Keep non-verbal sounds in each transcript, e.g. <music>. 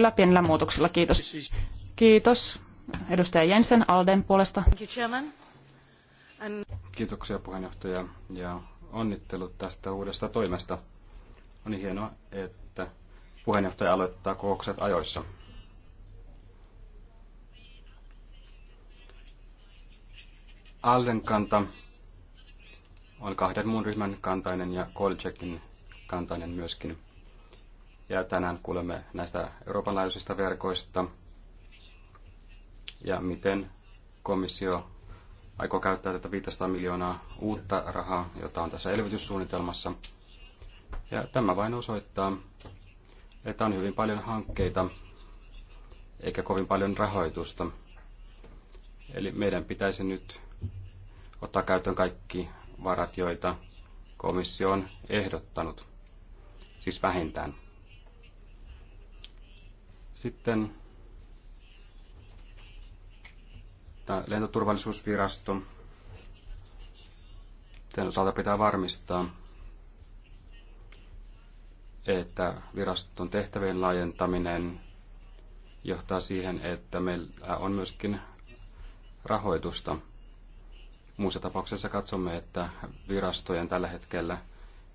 vielä pienillä muutoksilla. Kiitos. Kiitos. Edustaja Jensen Alden puolesta. Kiitoksia puheenjohtaja ja onnittelut tästä uudesta toimesta. On niin hienoa, että puheenjohtaja aloittaa kokoukset ajoissa. Alden kanta on kahden muun ryhmän kantainen ja Kolchekin kantainen myöskin ja tänään kuulemme näistä Euroopan laajuisista verkoista ja miten komissio aikoo käyttää tätä 500 miljoonaa uutta rahaa, jota on tässä elvytyssuunnitelmassa. Ja tämä vain osoittaa, että on hyvin paljon hankkeita eikä kovin paljon rahoitusta. Eli meidän pitäisi nyt ottaa käyttöön kaikki varat, joita komissio on ehdottanut, siis vähintään. Sitten lentoturvallisuusvirasto. Sen osalta pitää varmistaa, että viraston tehtävien laajentaminen johtaa siihen, että meillä on myöskin rahoitusta. Muussa tapauksessa katsomme, että virastojen tällä hetkellä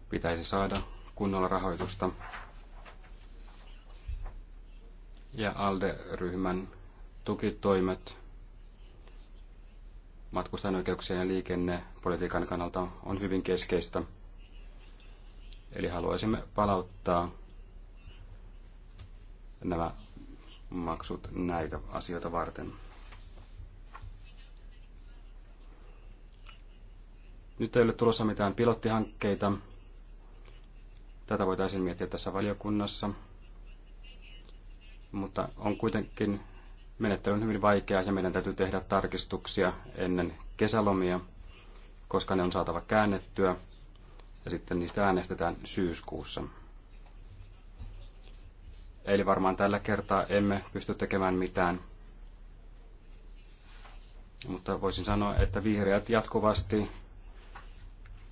pitäisi saada kunnolla rahoitusta ja ALDE-ryhmän tukitoimet matkustajan oikeuksien ja liikennepolitiikan kannalta on hyvin keskeistä. Eli haluaisimme palauttaa nämä maksut näitä asioita varten. Nyt ei ole tulossa mitään pilottihankkeita. Tätä voitaisiin miettiä tässä valiokunnassa mutta on kuitenkin menettely on hyvin vaikea ja meidän täytyy tehdä tarkistuksia ennen kesälomia, koska ne on saatava käännettyä ja sitten niistä äänestetään syyskuussa. Eli varmaan tällä kertaa emme pysty tekemään mitään. Mutta voisin sanoa, että vihreät jatkuvasti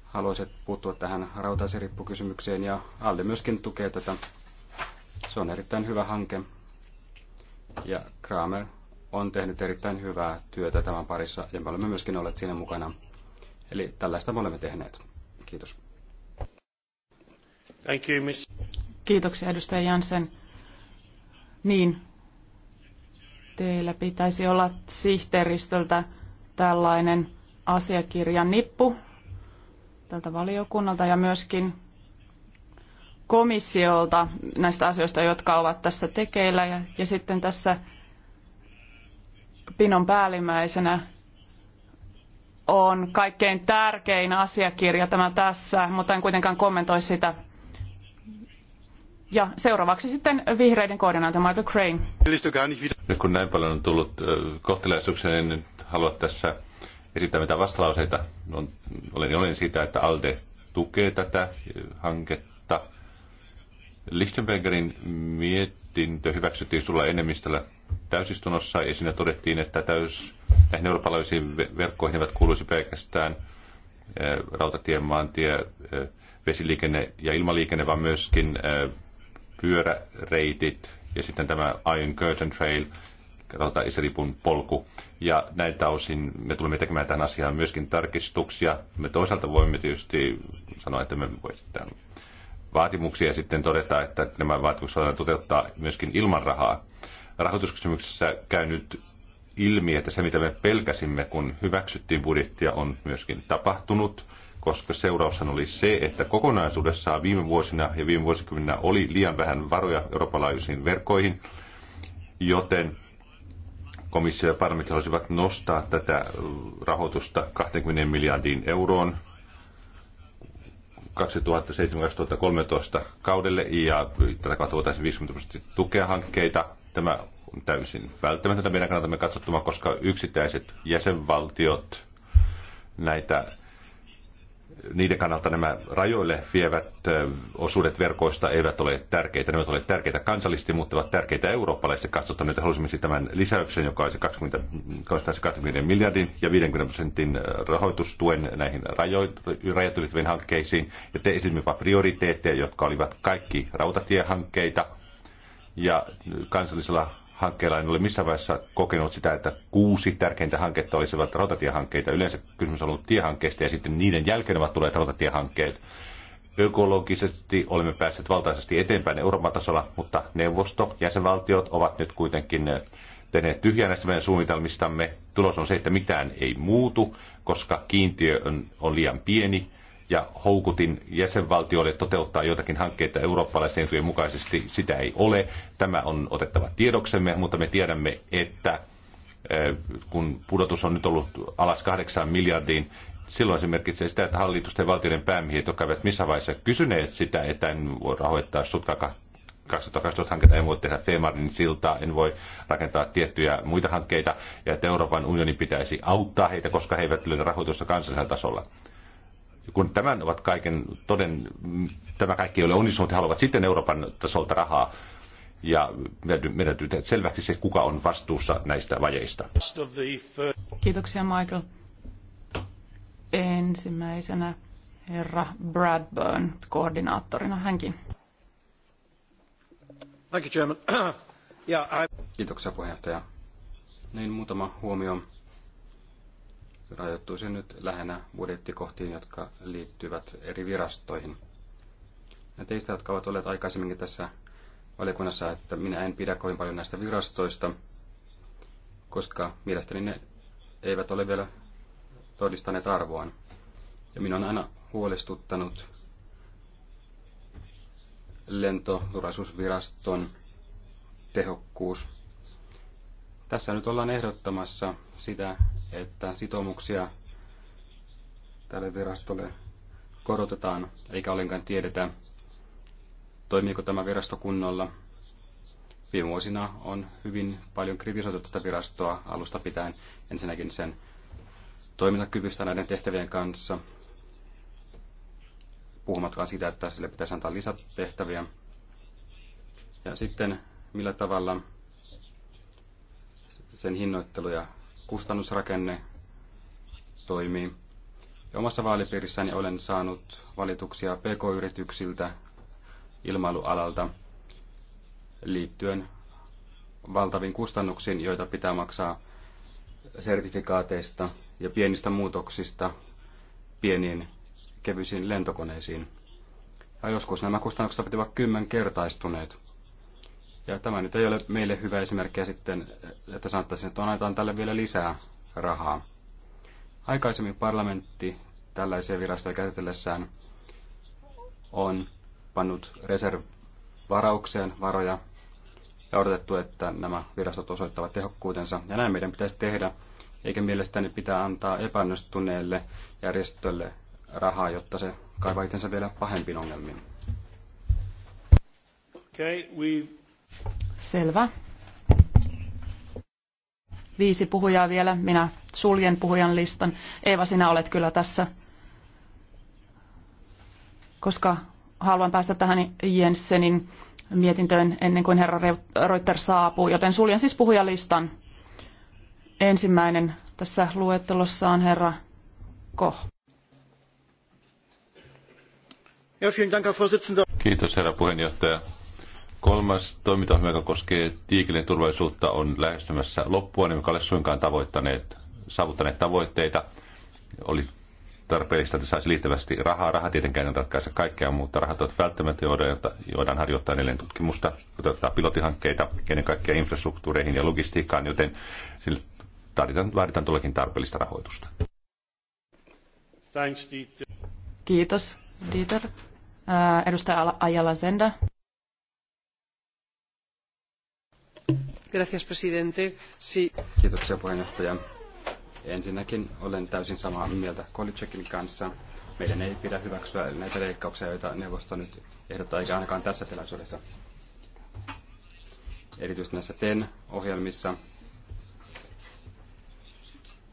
haluaisivat puuttua tähän rautaisirippukysymykseen ja Alli myöskin tukee tätä. Se on erittäin hyvä hanke ja Kramer on tehnyt erittäin hyvää työtä tämän parissa ja me olemme myöskin olleet siinä mukana. Eli tällaista me olemme tehneet. Kiitos. Thank you, miss. Kiitoksia edustaja Jansen. Niin, teillä pitäisi olla sihteeristöltä tällainen asiakirjan nippu tältä valiokunnalta ja myöskin komissiolta näistä asioista, jotka ovat tässä tekeillä. Ja, ja sitten tässä pinon päällimmäisenä on kaikkein tärkein asiakirja tämä tässä, mutta en kuitenkaan kommentoi sitä. Ja seuraavaksi sitten vihreiden koordinaatio Michael Crane. Nyt kun näin paljon on tullut kohtelaisuuksia, niin nyt halua tässä esittää mitään vastalauseita. Olen iloinen siitä, että ALDE tukee tätä hanketta Lichtenbergerin mietintö hyväksyttiin sulla enemmistöllä täysistunnossa ja siinä todettiin, että täys, näihin eurooppalaisiin verkkoihin eivät kuuluisi pelkästään rautatie, maantie, vesiliikenne ja ilmaliikenne, vaan myöskin pyöräreitit ja sitten tämä Iron Curtain Trail, rautaisripun polku. Ja näiltä osin me tulemme tekemään tähän asiaan myöskin tarkistuksia. Me toisaalta voimme tietysti sanoa, että me voisimme vaatimuksia ja sitten todeta, että nämä vaatimukset voidaan toteuttaa myöskin ilman rahaa. Rahoituskysymyksessä käy nyt ilmi, että se mitä me pelkäsimme, kun hyväksyttiin budjettia, on myöskin tapahtunut, koska seuraushan oli se, että kokonaisuudessaan viime vuosina ja viime vuosikymmeninä oli liian vähän varoja Euroopan laajuisiin verkkoihin, joten komissio ja parlamentti halusivat nostaa tätä rahoitusta 20 miljardiin euroon 2007-2013 kaudelle ja tätä kautta voitaisiin 50 prosenttia tukea hankkeita. Tämä on täysin välttämätöntä meidän kannaltamme katsottuna, koska yksittäiset jäsenvaltiot näitä niiden kannalta nämä rajoille vievät osuudet verkoista eivät ole tärkeitä. Ne eivät ole tärkeitä kansallisesti, mutta ovat tärkeitä eurooppalaisesti katsottuna. Nyt halusimme tämän lisäyksen, joka olisi 20, 20 miljardin ja 50 prosentin rahoitustuen näihin rajat ylittäviin hankkeisiin. Ja te esitimme jopa prioriteetteja, jotka olivat kaikki rautatiehankkeita. Ja kansallisella hankkeella en ole missään vaiheessa kokenut sitä, että kuusi tärkeintä hanketta olisivat rautatiehankkeita. Yleensä kysymys on ollut tiehankkeista ja sitten niiden jälkeen ovat tulleet rautatiehankkeet. Ökologisesti olemme päässeet valtaisesti eteenpäin Euroopan tasolla, mutta neuvosto, jäsenvaltiot ovat nyt kuitenkin eh, tehneet tyhjää näistä meidän suunnitelmistamme. Tulos on se, että mitään ei muutu, koska kiintiö on, on liian pieni – ja houkutin jäsenvaltioille toteuttaa joitakin hankkeita eurooppalaisten etujen mukaisesti. Sitä ei ole. Tämä on otettava tiedoksemme, mutta me tiedämme, että eh, kun pudotus on nyt ollut alas kahdeksaan miljardiin, silloin se merkitsee sitä, että hallitusten ja valtioiden päämiehet, jotka eivät missä vaiheessa kysyneet sitä, että en voi rahoittaa Sutka 2012 hanketta, en voi tehdä Femarin siltaa, en voi rakentaa tiettyjä muita hankkeita, ja että Euroopan unioni pitäisi auttaa heitä, koska he eivät löydä rahoitusta kansallisella tasolla kun tämän ovat kaiken toden, tämä kaikki ei ole onnistunut, he haluavat sitten Euroopan tasolta rahaa. Ja meidän täytyy tehdä selväksi se, kuka on vastuussa näistä vajeista. Kiitoksia Michael. Ensimmäisenä herra Bradburn koordinaattorina hänkin. Thank you, Chairman. <clears throat> yeah, I... Kiitoksia puheenjohtaja. Niin muutama huomio rajoittuisin nyt lähinnä budjettikohtiin, jotka liittyvät eri virastoihin. Ja teistä, jotka ovat olleet aikaisemminkin tässä valiokunnassa, että minä en pidä kovin paljon näistä virastoista, koska mielestäni ne eivät ole vielä todistaneet arvoaan. Ja minä on aina huolestuttanut lentoturvallisuusviraston tehokkuus. Tässä nyt ollaan ehdottamassa sitä, että sitoumuksia tälle virastolle korotetaan, eikä ollenkaan tiedetä, toimiiko tämä virasto kunnolla. Viime vuosina on hyvin paljon kritisoitu tätä virastoa alusta pitäen ensinnäkin sen toimintakyvystä näiden tehtävien kanssa, puhumattakaan siitä, että sille pitäisi antaa lisätehtäviä. Ja sitten millä tavalla sen hinnoittelu ja kustannusrakenne toimii. Ja omassa vaalipiirissäni olen saanut valituksia pk-yrityksiltä ilmailualalta liittyen valtaviin kustannuksiin, joita pitää maksaa sertifikaateista ja pienistä muutoksista pieniin kevyisiin lentokoneisiin. Ja joskus nämä kustannukset ovat jopa kymmenkertaistuneet. Ja tämä nyt ei ole meille hyvä esimerkki sitten, että sanottaisiin, että annetaan tälle vielä lisää rahaa. Aikaisemmin parlamentti tällaisia virastoja käsitellessään on pannut reservvaraukseen varoja ja odotettu, että nämä virastot osoittavat tehokkuutensa. Ja näin meidän pitäisi tehdä, eikä mielestäni pitää antaa epäonnistuneelle järjestölle rahaa, jotta se kaivaa itsensä vielä pahempiin ongelmiin. Okay, we've Selvä. Viisi puhujaa vielä. Minä suljen puhujan listan. Eeva, sinä olet kyllä tässä, koska haluan päästä tähän Jensenin mietintöön ennen kuin herra Reuter saapuu, joten suljen siis puhujalistan. Ensimmäinen tässä luettelossa on herra Koh. Kiitos herra puheenjohtaja. Kolmas toimintaohjelma, joka koskee tiikilien turvallisuutta, on lähestymässä loppua, niin ole suinkaan tavoittaneet, saavuttaneet tavoitteita. Oli tarpeellista, että saisi liittävästi rahaa. Raha tietenkään ei ratkaise kaikkea, mutta rahat ovat välttämättä, joita voidaan harjoittaa edelleen tutkimusta, toteuttaa pilotihankkeita, ennen kaikkea infrastruktuureihin ja logistiikkaan, joten sille tarvitaan, vaaditaan tuollakin tarpeellista rahoitusta. Thanks, Dieter. Kiitos, Dieter. Edustaja Ajala Senda. Gracias, presidente. Si... Kiitoksia puheenjohtaja. Ensinnäkin olen täysin samaa mieltä Kolicekin kanssa. Meidän ei pidä hyväksyä näitä leikkauksia, joita neuvosto nyt ehdottaa, eikä ainakaan tässä tilaisuudessa. Erityisesti näissä TEN-ohjelmissa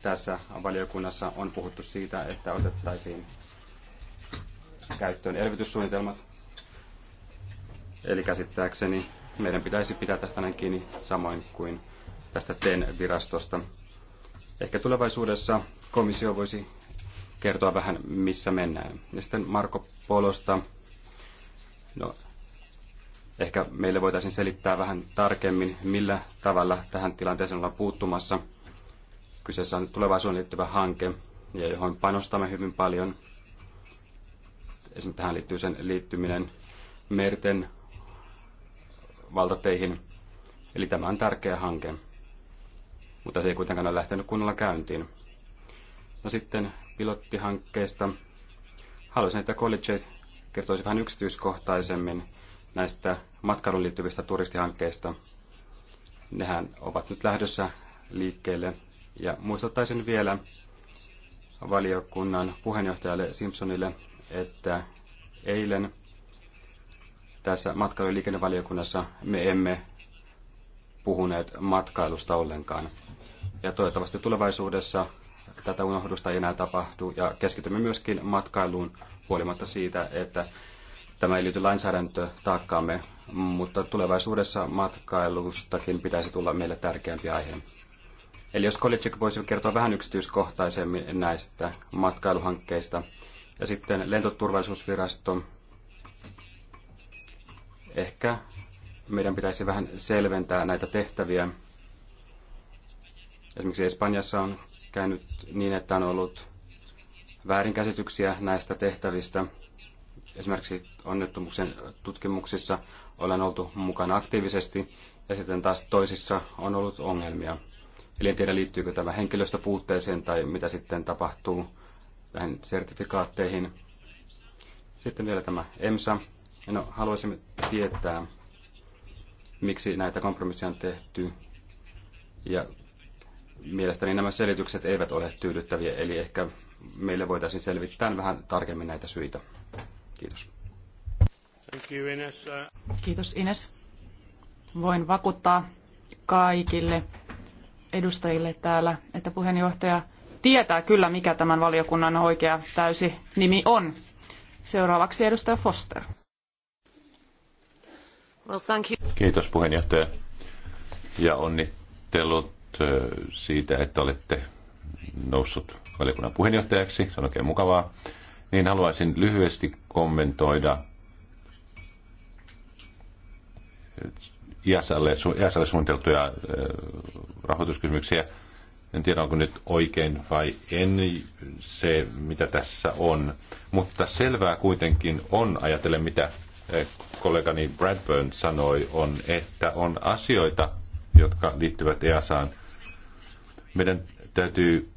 tässä valiokunnassa on puhuttu siitä, että otettaisiin käyttöön elvytyssuunnitelmat. Eli käsittääkseni meidän pitäisi pitää tästä näin kiinni samoin kuin tästä TEN-virastosta. Ehkä tulevaisuudessa komissio voisi kertoa vähän, missä mennään. Ja sitten Marko Polosta. No, ehkä meille voitaisiin selittää vähän tarkemmin, millä tavalla tähän tilanteeseen ollaan puuttumassa. Kyseessä on tulevaisuuden liittyvä hanke, ja johon panostamme hyvin paljon. Esimerkiksi tähän liittyy sen liittyminen merten valtateihin. Eli tämä on tärkeä hanke, mutta se ei kuitenkaan ole lähtenyt kunnolla käyntiin. No sitten pilottihankkeesta. Haluaisin, että College kertoisi vähän yksityiskohtaisemmin näistä matkailuun liittyvistä turistihankkeista. Nehän ovat nyt lähdössä liikkeelle. Ja muistuttaisin vielä valiokunnan puheenjohtajalle Simpsonille, että eilen tässä matkailu- ja liikennevaliokunnassa me emme puhuneet matkailusta ollenkaan. Ja toivottavasti tulevaisuudessa tätä unohdusta ei enää tapahdu ja keskitymme myöskin matkailuun huolimatta siitä, että tämä ei liity taakkaamme, mutta tulevaisuudessa matkailustakin pitäisi tulla meille tärkeämpi aihe. Eli jos Kolitsik voisi kertoa vähän yksityiskohtaisemmin näistä matkailuhankkeista. Ja sitten lentoturvallisuusvirasto Ehkä meidän pitäisi vähän selventää näitä tehtäviä. Esimerkiksi Espanjassa on käynyt niin, että on ollut väärinkäsityksiä näistä tehtävistä. Esimerkiksi onnettomuuksien tutkimuksissa olen oltu mukana aktiivisesti ja sitten taas toisissa on ollut ongelmia. Eli en tiedä, liittyykö tämä henkilöstöpuutteeseen tai mitä sitten tapahtuu näihin sertifikaatteihin. Sitten vielä tämä EMSA, No, haluaisimme tietää, miksi näitä kompromisseja on tehty. Ja mielestäni nämä selitykset eivät ole tyydyttäviä, eli ehkä meille voitaisiin selvittää vähän tarkemmin näitä syitä. Kiitos. Thank you, Ines. Kiitos Ines. Voin vakuuttaa kaikille edustajille täällä, että puheenjohtaja tietää kyllä, mikä tämän valiokunnan oikea täysi nimi on. Seuraavaksi edustaja Foster. Well, thank you. Kiitos puheenjohtaja ja onnittelut siitä, että olette noussut valiokunnan puheenjohtajaksi. Se on oikein mukavaa. Niin haluaisin lyhyesti kommentoida ISLlle, ISLlle suunniteltuja rahoituskysymyksiä. En tiedä, onko nyt oikein vai en se, mitä tässä on. Mutta selvää kuitenkin on ajatellen, mitä Eh, kollegani Bradburn sanoi, on, että on asioita, jotka liittyvät EASAan. Meidän täytyy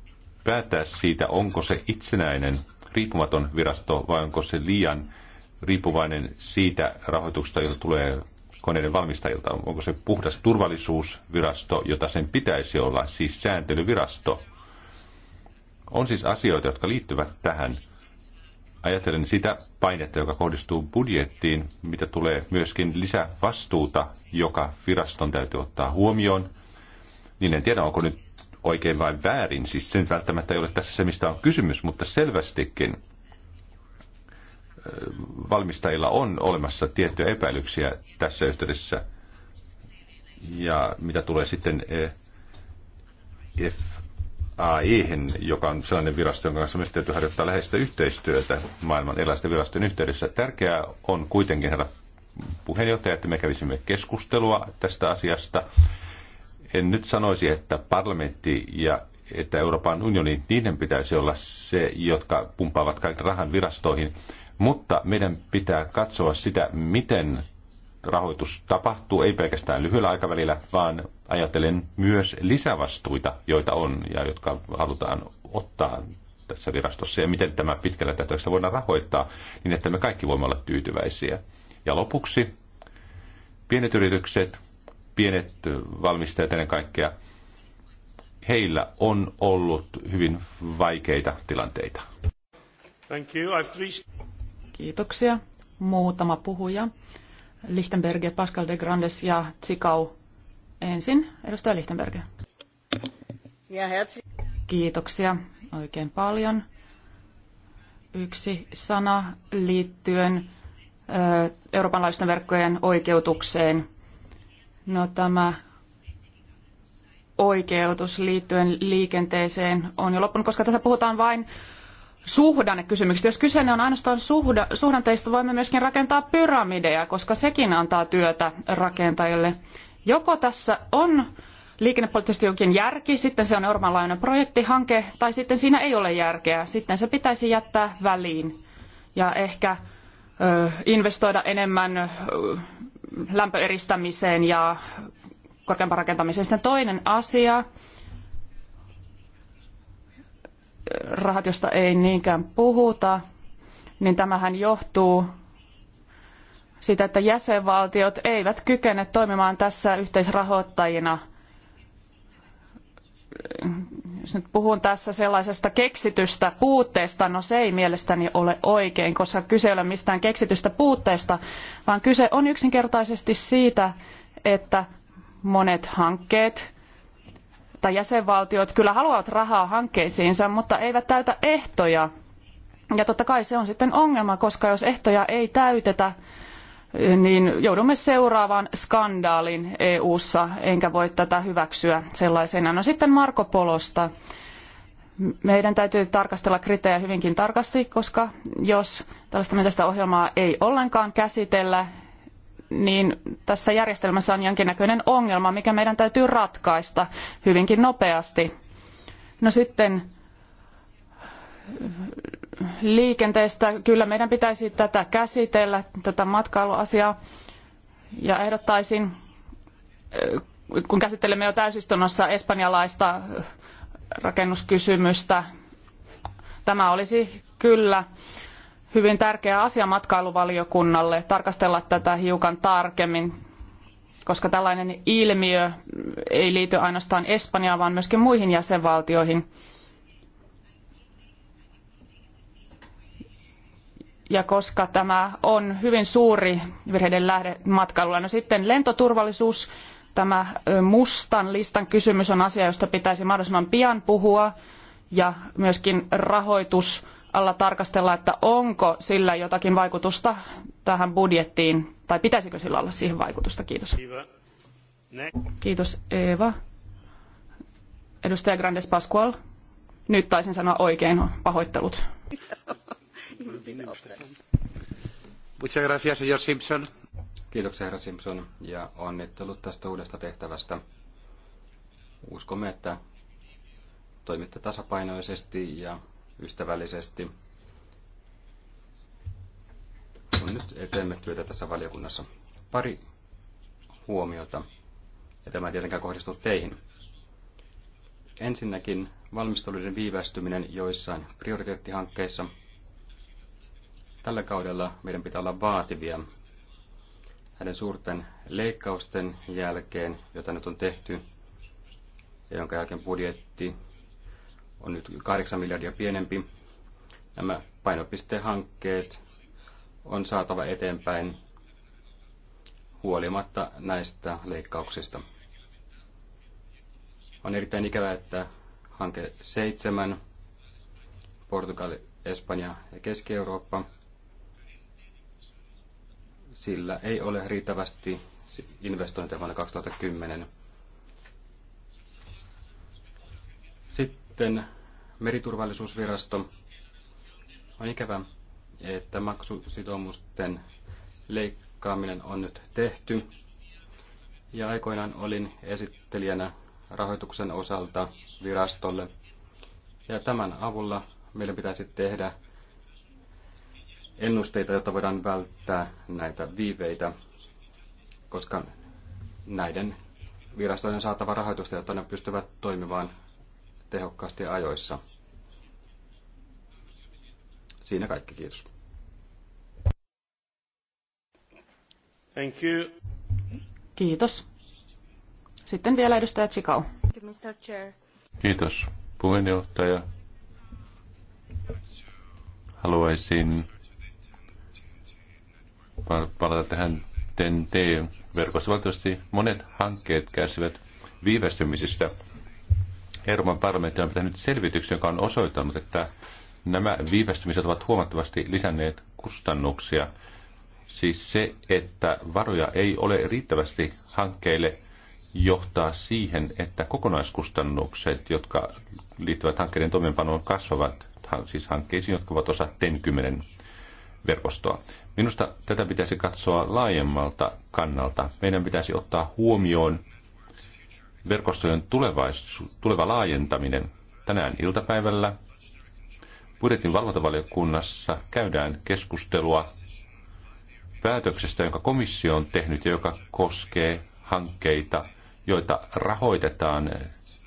päättää siitä, onko se itsenäinen, riippumaton virasto vai onko se liian riippuvainen siitä rahoituksesta, jota tulee koneiden valmistajilta. Onko se puhdas turvallisuusvirasto, jota sen pitäisi olla, siis sääntelyvirasto? On siis asioita, jotka liittyvät tähän – ajatellen sitä painetta, joka kohdistuu budjettiin, mitä tulee myöskin lisävastuuta, joka viraston täytyy ottaa huomioon, niin en tiedä, onko nyt oikein vai väärin. Siis sen välttämättä ei ole tässä se, mistä on kysymys, mutta selvästikin valmistajilla on olemassa tiettyjä epäilyksiä tässä yhteydessä. Ja mitä tulee sitten e, ai joka on sellainen virasto, jonka kanssa myös täytyy harjoittaa läheistä yhteistyötä maailman erilaisten virastojen yhteydessä. Tärkeää on kuitenkin, herra puheenjohtaja, että me kävisimme keskustelua tästä asiasta. En nyt sanoisi, että parlamentti ja että Euroopan unioni, niiden pitäisi olla se, jotka pumpaavat kaiken rahan virastoihin, mutta meidän pitää katsoa sitä, miten rahoitus tapahtuu, ei pelkästään lyhyellä aikavälillä, vaan ajatellen myös lisävastuita, joita on ja jotka halutaan ottaa tässä virastossa ja miten tämä pitkällä tähtäyksellä voidaan rahoittaa niin, että me kaikki voimme olla tyytyväisiä. Ja lopuksi pienet yritykset, pienet valmistajat ennen kaikkea, heillä on ollut hyvin vaikeita tilanteita. Thank you. I've Kiitoksia. Muutama puhuja. Lichtenberg, Pascal de Grandes ja Tsikau Ensin edustaja Lichtenberg. Kiitoksia oikein paljon. Yksi sana liittyen Euroopan laajuisten verkkojen oikeutukseen. No tämä oikeutus liittyen liikenteeseen on jo loppunut, koska tässä puhutaan vain suhdannekysymyksistä. Jos kyse on ainoastaan suhda, suhdanteista, voimme myöskin rakentaa pyramideja, koska sekin antaa työtä rakentajille. Joko tässä on liikennepoliittisesti jokin järki, sitten se on Euroopan laajuinen projektihanke, tai sitten siinä ei ole järkeä. Sitten se pitäisi jättää väliin ja ehkä ö, investoida enemmän ö, lämpöeristämiseen ja korkeampaan rakentamiseen. Sitten toinen asia, rahat, josta ei niinkään puhuta, niin tämähän johtuu sitä, että jäsenvaltiot eivät kykene toimimaan tässä yhteisrahoittajina. Jos nyt puhun tässä sellaisesta keksitystä puutteesta, no se ei mielestäni ole oikein, koska kyse ei ole mistään keksitystä puutteesta, vaan kyse on yksinkertaisesti siitä, että monet hankkeet tai jäsenvaltiot kyllä haluavat rahaa hankkeisiinsa, mutta eivät täytä ehtoja. Ja totta kai se on sitten ongelma, koska jos ehtoja ei täytetä, niin joudumme seuraavaan skandaalin EU-ssa, enkä voi tätä hyväksyä sellaisena. No sitten Marko Polosta. Meidän täytyy tarkastella kriteerejä hyvinkin tarkasti, koska jos tällaista myönteistä ohjelmaa ei ollenkaan käsitellä, niin tässä järjestelmässä on jonkinnäköinen ongelma, mikä meidän täytyy ratkaista hyvinkin nopeasti. No sitten liikenteestä. Kyllä meidän pitäisi tätä käsitellä, tätä matkailuasiaa, ja ehdottaisin, eh, kun käsittelemme jo täysistunnossa espanjalaista eh, rakennuskysymystä, tämä olisi kyllä hyvin tärkeä asia matkailuvaliokunnalle tarkastella tätä hiukan tarkemmin, koska tällainen ilmiö ei liity ainoastaan Espanjaan, vaan myöskin muihin jäsenvaltioihin. ja koska tämä on hyvin suuri virheiden lähde matkailulla. No sitten lentoturvallisuus, tämä mustan listan kysymys on asia, josta pitäisi mahdollisimman pian puhua ja myöskin rahoitus alla tarkastella, että onko sillä jotakin vaikutusta tähän budjettiin, tai pitäisikö sillä olla siihen vaikutusta. Kiitos. Kiitos Eeva. Edustaja Grandes Pascual. Nyt taisin sanoa oikein, pahoittelut. <laughs> Muchas gracias, señor Simpson. Kiitoksia, herra Simpson, ja onnittelut tästä uudesta tehtävästä. Uskomme, että toimitte tasapainoisesti ja ystävällisesti, kun no nyt eteemme työtä tässä valiokunnassa. Pari huomiota, ja tämä ei tietenkään kohdistu teihin. Ensinnäkin valmisteluiden viivästyminen joissain prioriteettihankkeissa – Tällä kaudella meidän pitää olla vaativia. Näiden suurten leikkausten jälkeen, joita nyt on tehty, ja jonka jälkeen budjetti on nyt 8 miljardia pienempi, nämä painopistehankkeet on saatava eteenpäin huolimatta näistä leikkauksista. On erittäin ikävää, että hanke 7, Portugali, Espanja ja Keski-Eurooppa, sillä ei ole riittävästi investointeja vuonna 2010. Sitten meriturvallisuusvirasto. On ikävä, että maksusitoumusten leikkaaminen on nyt tehty. Ja aikoinaan olin esittelijänä rahoituksen osalta virastolle. Ja tämän avulla meidän pitäisi tehdä ennusteita, jotta voidaan välttää näitä viiveitä, koska näiden virastojen saatava rahoitusta, jotta ne pystyvät toimimaan tehokkaasti ajoissa. Siinä kaikki, kiitos. Thank you. Kiitos. Sitten vielä edustaja Chikau. Kiitos puheenjohtaja. Haluaisin palata tähän ten t verkosta Valitettavasti monet hankkeet kärsivät viivästymisistä. Euroopan parlamentti on pitänyt selvityksen, joka on osoittanut, että nämä viivästymiset ovat huomattavasti lisänneet kustannuksia. Siis se, että varoja ei ole riittävästi hankkeille, johtaa siihen, että kokonaiskustannukset, jotka liittyvät hankkeiden toimeenpanoon, kasvavat, siis hankkeisiin, jotka ovat osa TEN 10 verkostoa. Minusta tätä pitäisi katsoa laajemmalta kannalta. Meidän pitäisi ottaa huomioon verkostojen tuleva laajentaminen. Tänään iltapäivällä budjetin valvontavaliokunnassa käydään keskustelua päätöksestä, jonka komissio on tehnyt ja joka koskee hankkeita, joita rahoitetaan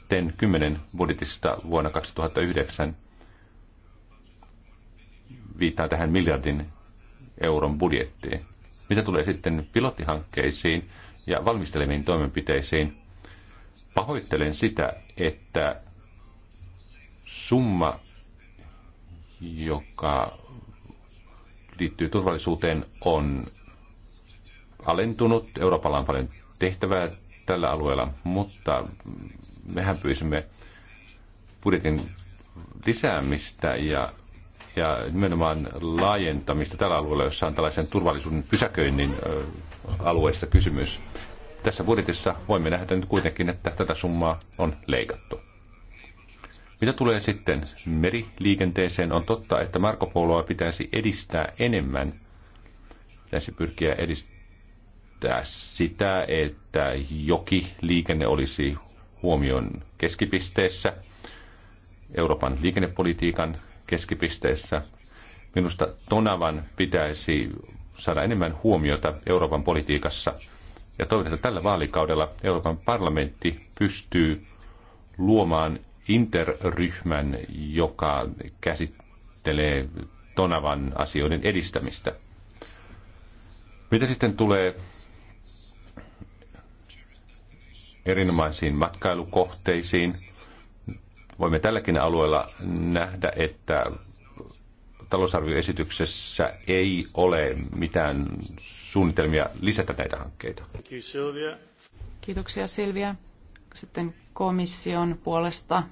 TEN 10 budjetista vuonna 2009 viittaa tähän miljardin euron budjettiin. Mitä tulee sitten pilottihankkeisiin ja valmisteleviin toimenpiteisiin, pahoittelen sitä, että summa, joka liittyy turvallisuuteen, on alentunut. Euroopalla on paljon tehtävää tällä alueella, mutta mehän pyysimme budjetin lisäämistä ja ja nimenomaan laajentamista tällä alueella, jossa on tällaisen turvallisuuden pysäköinnin alueesta kysymys. Tässä budjetissa voimme nähdä nyt kuitenkin, että tätä summaa on leikattu. Mitä tulee sitten meriliikenteeseen, on totta, että Marko Poloa pitäisi edistää enemmän. Pitäisi pyrkiä edistää sitä, että jokiliikenne olisi huomion keskipisteessä Euroopan liikennepolitiikan keskipisteessä. Minusta Tonavan pitäisi saada enemmän huomiota Euroopan politiikassa. Ja toivon, että tällä vaalikaudella Euroopan parlamentti pystyy luomaan interryhmän, joka käsittelee Tonavan asioiden edistämistä. Mitä sitten tulee erinomaisiin matkailukohteisiin, Voimme tälläkin alueella nähdä, että talousarvioesityksessä ei ole mitään suunnitelmia lisätä näitä hankkeita. Kiitoksia Silvia. Sitten komission puolesta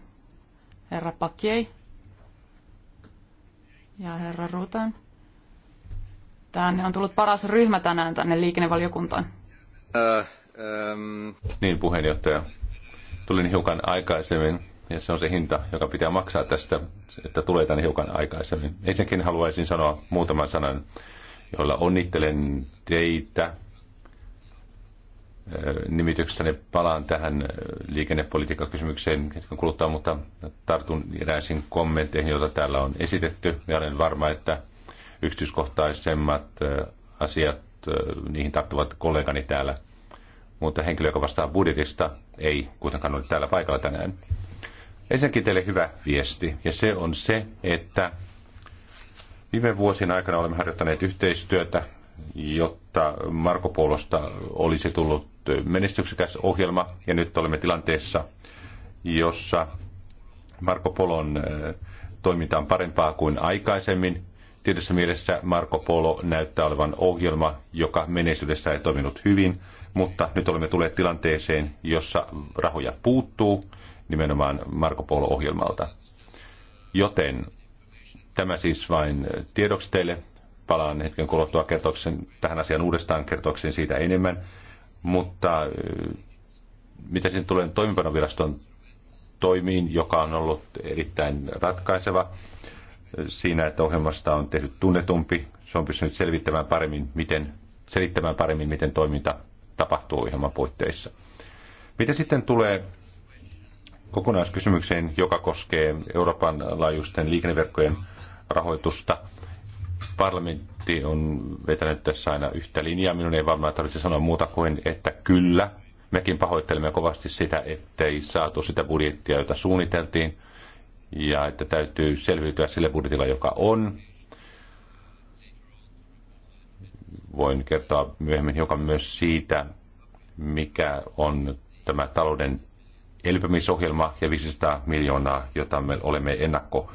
herra Pakiei ja herra Rutan. Tänne on tullut paras ryhmä tänään tänne liikennevaliokuntaan. Uh, um... Niin, puheenjohtaja. Tulin hiukan aikaisemmin ja se on se hinta, joka pitää maksaa tästä, että tulee tänne hiukan aikaisemmin. Ensinnäkin haluaisin sanoa muutaman sanan, jolla onnittelen teitä nimityksestäni palaan tähän liikennepolitiikkakysymykseen hetken kuluttua, mutta tartun eräisiin kommentteihin, joita täällä on esitetty. Ja olen varma, että yksityiskohtaisemmat asiat, niihin tarttuvat kollegani täällä. Mutta henkilö, joka vastaa budjetista, ei kuitenkaan ole täällä paikalla tänään. Ensinnäkin teille hyvä viesti, ja se on se, että viime vuosien aikana olemme harjoittaneet yhteistyötä, jotta Marko Polosta olisi tullut menestyksekäs ohjelma, ja nyt olemme tilanteessa, jossa Marko Polon äh, toiminta on parempaa kuin aikaisemmin. Tietyssä mielessä Marko Polo näyttää olevan ohjelma, joka menneisyydessä ei toiminut hyvin, mutta nyt olemme tulleet tilanteeseen, jossa rahoja puuttuu – nimenomaan Marko Polo-ohjelmalta. Joten tämä siis vain tiedoksi teille. Palaan hetken kuluttua kertoksen, tähän asiaan uudestaan kertokseen siitä enemmän. Mutta mitä sinne tulee toimipanoviraston toimiin, joka on ollut erittäin ratkaiseva siinä, että ohjelmasta on tehty tunnetumpi. Se on pystynyt selvittämään paremmin, miten, selittämään paremmin, miten toiminta tapahtuu ohjelman puitteissa. Mitä sitten tulee kokonaiskysymykseen, joka koskee Euroopan laajuisten liikenneverkkojen rahoitusta. Parlamentti on vetänyt tässä aina yhtä linjaa. Minun ei varmaan tarvitse sanoa muuta kuin, että kyllä, mekin pahoittelemme kovasti sitä, ettei saatu sitä budjettia, jota suunniteltiin, ja että täytyy selviytyä sillä budjetilla, joka on. Voin kertoa myöhemmin hiukan myös siitä, mikä on tämä talouden elpymisohjelma ja 500 miljoonaa, jota me olemme ennakko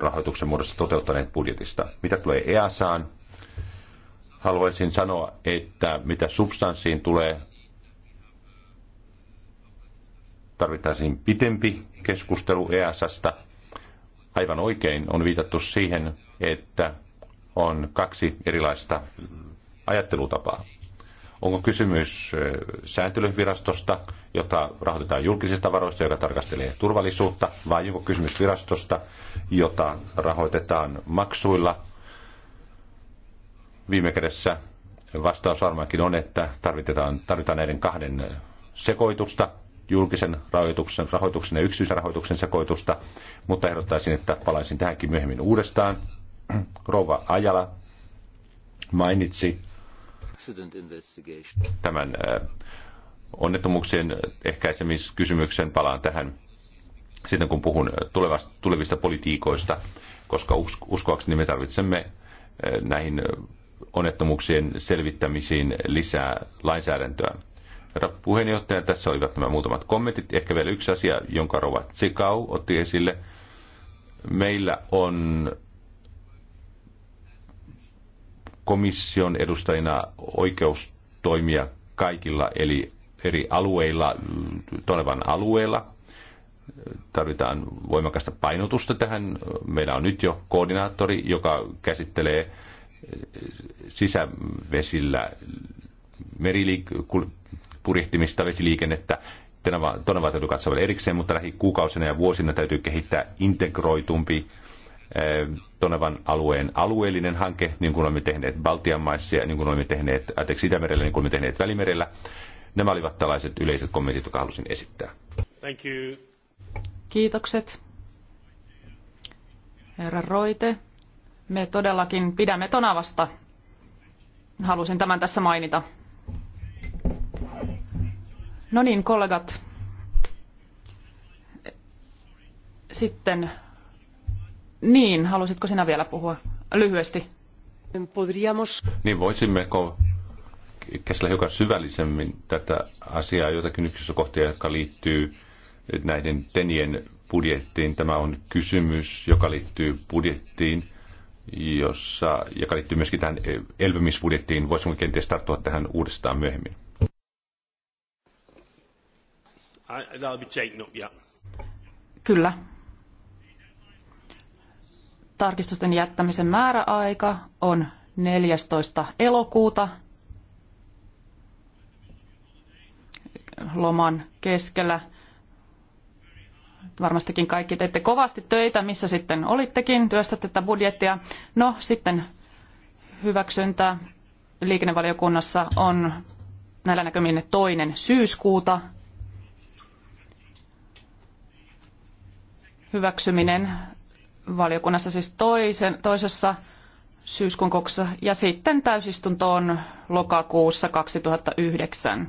rahoituksen muodossa toteuttaneet budjetista. Mitä tulee EASAan, haluaisin sanoa, että mitä substanssiin tulee, tarvittaisiin pitempi keskustelu EASasta. Aivan oikein on viitattu siihen, että on kaksi erilaista ajattelutapaa. Onko kysymys sääntelyvirastosta, jota rahoitetaan julkisista varoista, joka tarkastelee turvallisuutta, vai onko kysymys virastosta, jota rahoitetaan maksuilla? Viime kädessä vastaus varmaankin on, että tarvitaan, tarvitaan näiden kahden sekoitusta, julkisen rahoituksen, rahoituksen ja yksityisen rahoituksen sekoitusta, mutta ehdottaisin, että palaisin tähänkin myöhemmin uudestaan. Rouva Ajala mainitsi Tämän äh, onnettomuuksien ehkäisemiskysymyksen palaan tähän sitten, kun puhun tulevista politiikoista, koska uskoakseni me tarvitsemme äh, näihin onnettomuuksien selvittämisiin lisää lainsäädäntöä. Herra puheenjohtaja, tässä olivat nämä muutamat kommentit. Ehkä vielä yksi asia, jonka Rova Tsikau otti esille. Meillä on komission edustajina oikeus toimia kaikilla eli eri alueilla, Tolevan alueella. Tarvitaan voimakasta painotusta tähän. Meillä on nyt jo koordinaattori, joka käsittelee sisävesillä meriliik- purjehtimista, vesiliikennettä. Tonava täytyy katsoa vielä erikseen, mutta lähikuukausina ja vuosina täytyy kehittää integroitumpi Tonevan alueen alueellinen hanke, niin kuin olemme tehneet Baltian maissa ja niin kuin olemme tehneet, ateksi Itämerellä, niin kuin olemme tehneet Välimerellä. Nämä olivat tällaiset yleiset kommentit, jotka halusin esittää. Thank you. Kiitokset. Herra Roite, me todellakin pidämme Tonavasta. Halusin tämän tässä mainita. No niin, kollegat. Sitten niin, halusitko sinä vielä puhua lyhyesti? Podríamos... Niin voisimmeko käsillä hiukan syvällisemmin tätä asiaa, jotakin yksityiskohtia, jotka liittyy näiden tenien budjettiin. Tämä on kysymys, joka liittyy budjettiin, jossa, joka liittyy myöskin tähän elpymisbudjettiin. Voisimme kenties tarttua tähän uudestaan myöhemmin. Kyllä, Tarkistusten jättämisen määräaika on 14. elokuuta loman keskellä. Varmastikin kaikki teette kovasti töitä, missä sitten olittekin, työstätte tätä budjettia. No sitten hyväksyntä liikennevaliokunnassa on näillä näkymin toinen syyskuuta. Hyväksyminen valiokunnassa siis toisen, toisessa syyskuun kokouksessa ja sitten täysistuntoon lokakuussa 2009.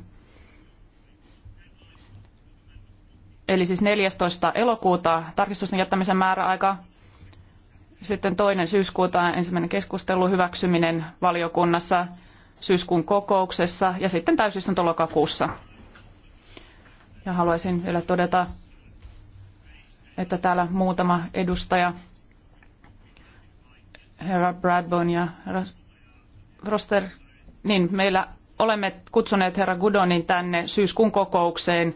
Eli siis 14. elokuuta tarkistusten jättämisen määräaika. Sitten toinen syyskuuta ensimmäinen keskustelu hyväksyminen valiokunnassa syyskuun kokouksessa ja sitten täysistunto lokakuussa. Ja haluaisin vielä todeta, että täällä muutama edustaja herra Bradbone ja herra Roster, niin meillä olemme kutsuneet herra Gudonin tänne syyskuun kokoukseen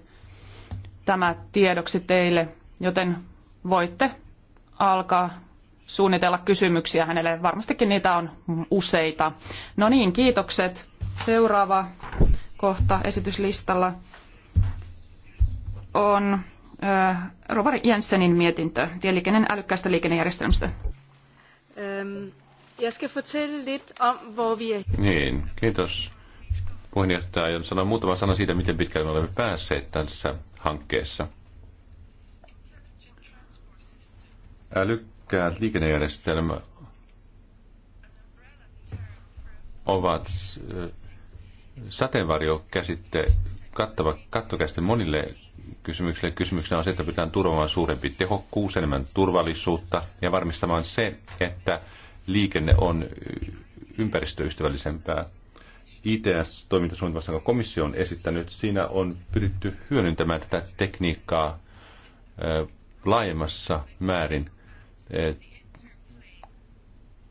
tämä tiedoksi teille, joten voitte alkaa suunnitella kysymyksiä hänelle. Varmastikin niitä on useita. No niin, kiitokset. Seuraava kohta esityslistalla on äh, Rovari Jensenin mietintö tieliikenteen älykkäästä liikennejärjestelmästä. Øhm, jeg er Niin, kiitos puheenjohtaja. Aion sanoa muutama sana siitä, miten pitkälle me olemme päässeet tässä hankkeessa. Älykkäät liikennejärjestelmät ovat sateenvarjokäsitte kattava kattokäsite monille kysymykselle. Kysymyksenä on se, että pitää turvaamaan suurempi tehokkuus, enemmän turvallisuutta ja varmistamaan se, että liikenne on ympäristöystävällisempää. ITS-toimintasuunnitelmassa, jonka komissio on esittänyt, siinä on pyritty hyödyntämään tätä tekniikkaa laajemmassa määrin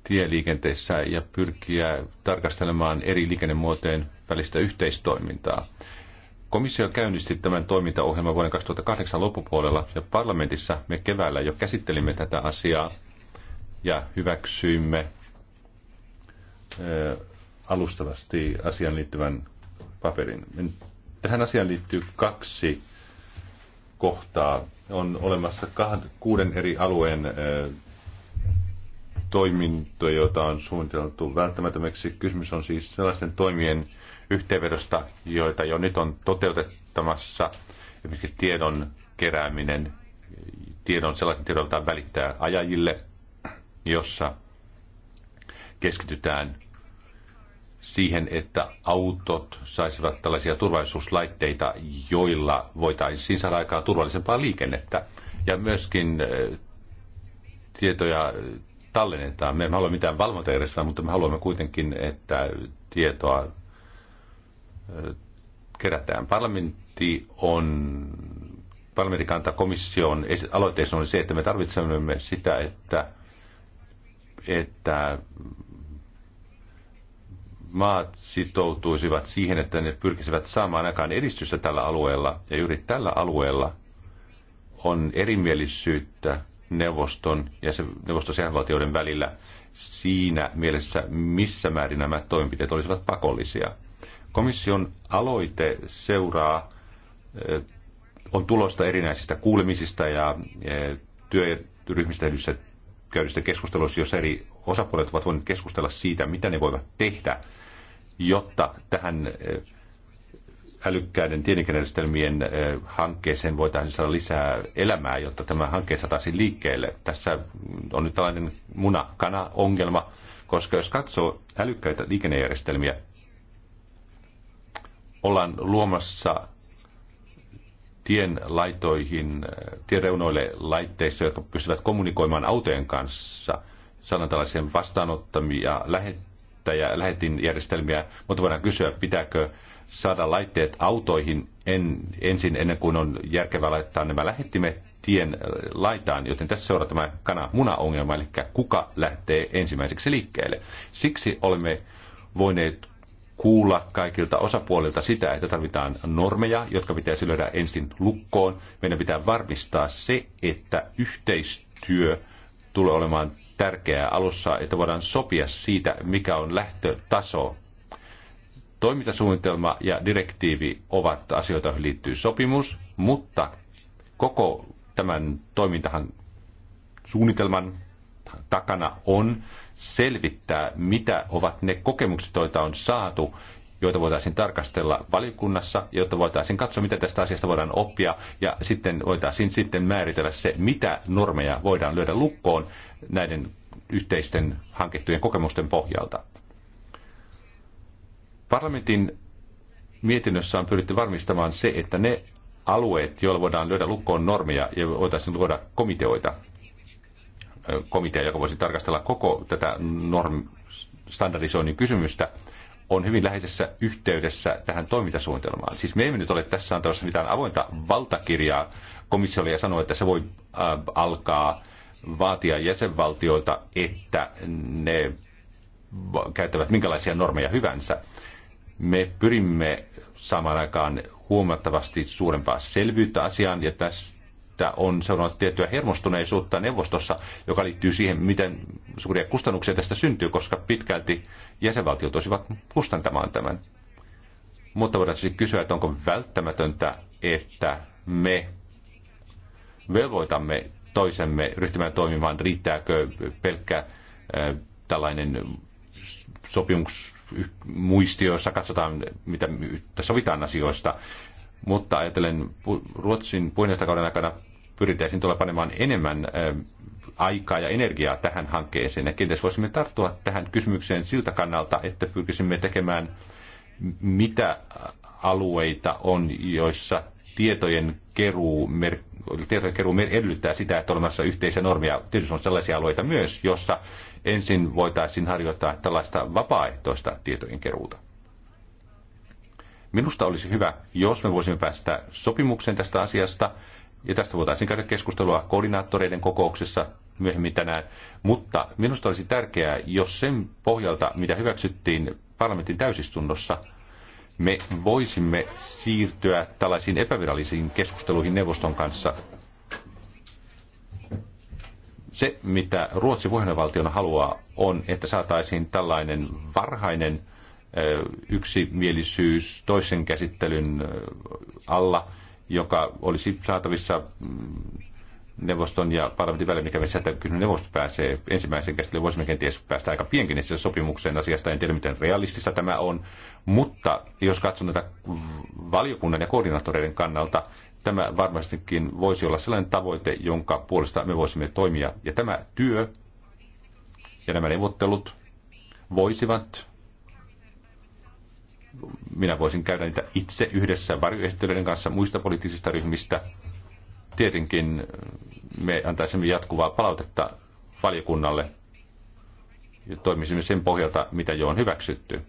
tieliikenteessä ja pyrkiä tarkastelemaan eri liikennemuotojen välistä yhteistoimintaa. Komissio käynnisti tämän toimintaohjelman vuoden 2008 loppupuolella ja parlamentissa me keväällä jo käsittelimme tätä asiaa ja hyväksyimme alustavasti asian liittyvän paperin. Tähän asiaan liittyy kaksi kohtaa. On olemassa kahden, kuuden eri alueen toimintoja, joita on suunniteltu välttämättömäksi. Kysymys on siis sellaisten toimien yhteenvedosta, joita jo nyt on toteutettamassa, esimerkiksi tiedon kerääminen, tiedon sellaisen tiedon, jota välittää ajajille, jossa keskitytään siihen, että autot saisivat tällaisia turvallisuuslaitteita, joilla voitaisiin saada aikaa turvallisempaa liikennettä. Ja myöskin eh, tietoja tallennetaan. Me emme halua mitään valvontajärjestelmää, mutta me haluamme kuitenkin, että tietoa kerätään. Parlamentti on, parlamentti kantaa komission aloitteessa on se, että me tarvitsemme sitä, että, että maat sitoutuisivat siihen, että ne pyrkisivät saamaan aikaan edistystä tällä alueella. Ja juuri tällä alueella on erimielisyyttä neuvoston ja se, neuvoston jäsenvaltioiden välillä siinä mielessä, missä määrin nämä toimenpiteet olisivat pakollisia. Komission aloite seuraa, eh, on tulosta erinäisistä kuulemisista ja eh, työryhmistä yhdessä käydystä keskusteluissa, jossa eri osapuolet ovat voineet keskustella siitä, mitä ne voivat tehdä, jotta tähän eh, älykkäiden tieliikennejärjestelmien hankkeeseen voitaisiin saada lisää elämää, jotta tämä hanke saataisiin liikkeelle. Tässä on nyt tällainen muna-kana-ongelma, koska jos katsoo älykkäitä liikennejärjestelmiä, ollaan luomassa tien laitoihin, tien laitteista, jotka pystyvät kommunikoimaan autojen kanssa. Saadaan tällaisia vastaanottamia lähettäjä, lähetin järjestelmiä. mutta voidaan kysyä, pitääkö saada laitteet autoihin en, ensin ennen kuin on järkevää laittaa nämä lähettimet tien laitaan, joten tässä seuraa tämä kana-muna-ongelma, eli kuka lähtee ensimmäiseksi liikkeelle. Siksi olemme voineet kuulla kaikilta osapuolilta sitä, että tarvitaan normeja, jotka pitäisi löydä ensin lukkoon. Meidän pitää varmistaa se, että yhteistyö tulee olemaan tärkeää alussa, että voidaan sopia siitä, mikä on lähtötaso. Toimintasuunnitelma ja direktiivi ovat asioita, joihin liittyy sopimus, mutta koko tämän toimintahan suunnitelman takana on selvittää, mitä ovat ne kokemukset, joita on saatu, joita voitaisiin tarkastella valiokunnassa, jotta voitaisiin katsoa, mitä tästä asiasta voidaan oppia, ja sitten voitaisiin sitten määritellä se, mitä normeja voidaan lyödä lukkoon näiden yhteisten hankittujen kokemusten pohjalta. Parlamentin mietinnössä on pyritty varmistamaan se, että ne alueet, joilla voidaan lyödä lukkoon normeja ja voitaisiin luoda komiteoita, komitea, joka voisi tarkastella koko tätä norm standardisoinnin kysymystä, on hyvin läheisessä yhteydessä tähän toimintasuunnitelmaan. Siis me emme nyt ole tässä antamassa mitään avointa valtakirjaa komissiolle ja sanoa, että se voi äh, alkaa vaatia jäsenvaltioita, että ne käyttävät minkälaisia normeja hyvänsä. Me pyrimme saamaan aikaan huomattavasti suurempaa selvyyttä asiaan ja tässä että on sanonut tiettyä hermostuneisuutta neuvostossa, joka liittyy siihen, miten suuria kustannuksia tästä syntyy, koska pitkälti jäsenvaltiot olisivat kustantamaan tämän. Mutta voidaan siis kysyä, että onko välttämätöntä, että me velvoitamme toisemme ryhtymään toimimaan, riittääkö pelkkä äh, tällainen sopimus muistio, jossa katsotaan, mitä sovitaan asioista, mutta ajatellen Ruotsin puheenjohtajakauden aikana pyritäisiin tulla panemaan enemmän aikaa ja energiaa tähän hankkeeseen. Ja kenties voisimme tarttua tähän kysymykseen siltä kannalta, että pyrkisimme tekemään mitä alueita on, joissa tietojen keruu, mer, tietojen keruu mer, edellyttää sitä, että olemassa yhteisiä normia. Tietysti on sellaisia alueita myös, jossa ensin voitaisiin harjoittaa tällaista vapaaehtoista tietojen keruuta. Minusta olisi hyvä, jos me voisimme päästä sopimukseen tästä asiasta, ja tästä voitaisiin käydä keskustelua koordinaattoreiden kokouksessa myöhemmin tänään. Mutta minusta olisi tärkeää, jos sen pohjalta, mitä hyväksyttiin parlamentin täysistunnossa, me voisimme siirtyä tällaisiin epävirallisiin keskusteluihin neuvoston kanssa. Se, mitä Ruotsi puheenvaltiona haluaa, on, että saataisiin tällainen varhainen yksimielisyys toisen käsittelyn alla, joka olisi saatavissa mm, neuvoston ja parlamentin välillä, mikä että kyllä neuvosto pääsee ensimmäisen käsittelyyn, voisimme kenties päästä aika pienkin sopimukseen asiasta, en tiedä miten realistista tämä on, mutta jos katson tätä valiokunnan ja koordinaattoreiden kannalta, tämä varmastikin voisi olla sellainen tavoite, jonka puolesta me voisimme toimia. Ja tämä työ ja nämä neuvottelut voisivat minä voisin käydä niitä itse yhdessä varjoesittelyiden kanssa muista poliittisista ryhmistä. Tietenkin me antaisimme jatkuvaa palautetta valiokunnalle ja toimisimme sen pohjalta, mitä jo on hyväksytty.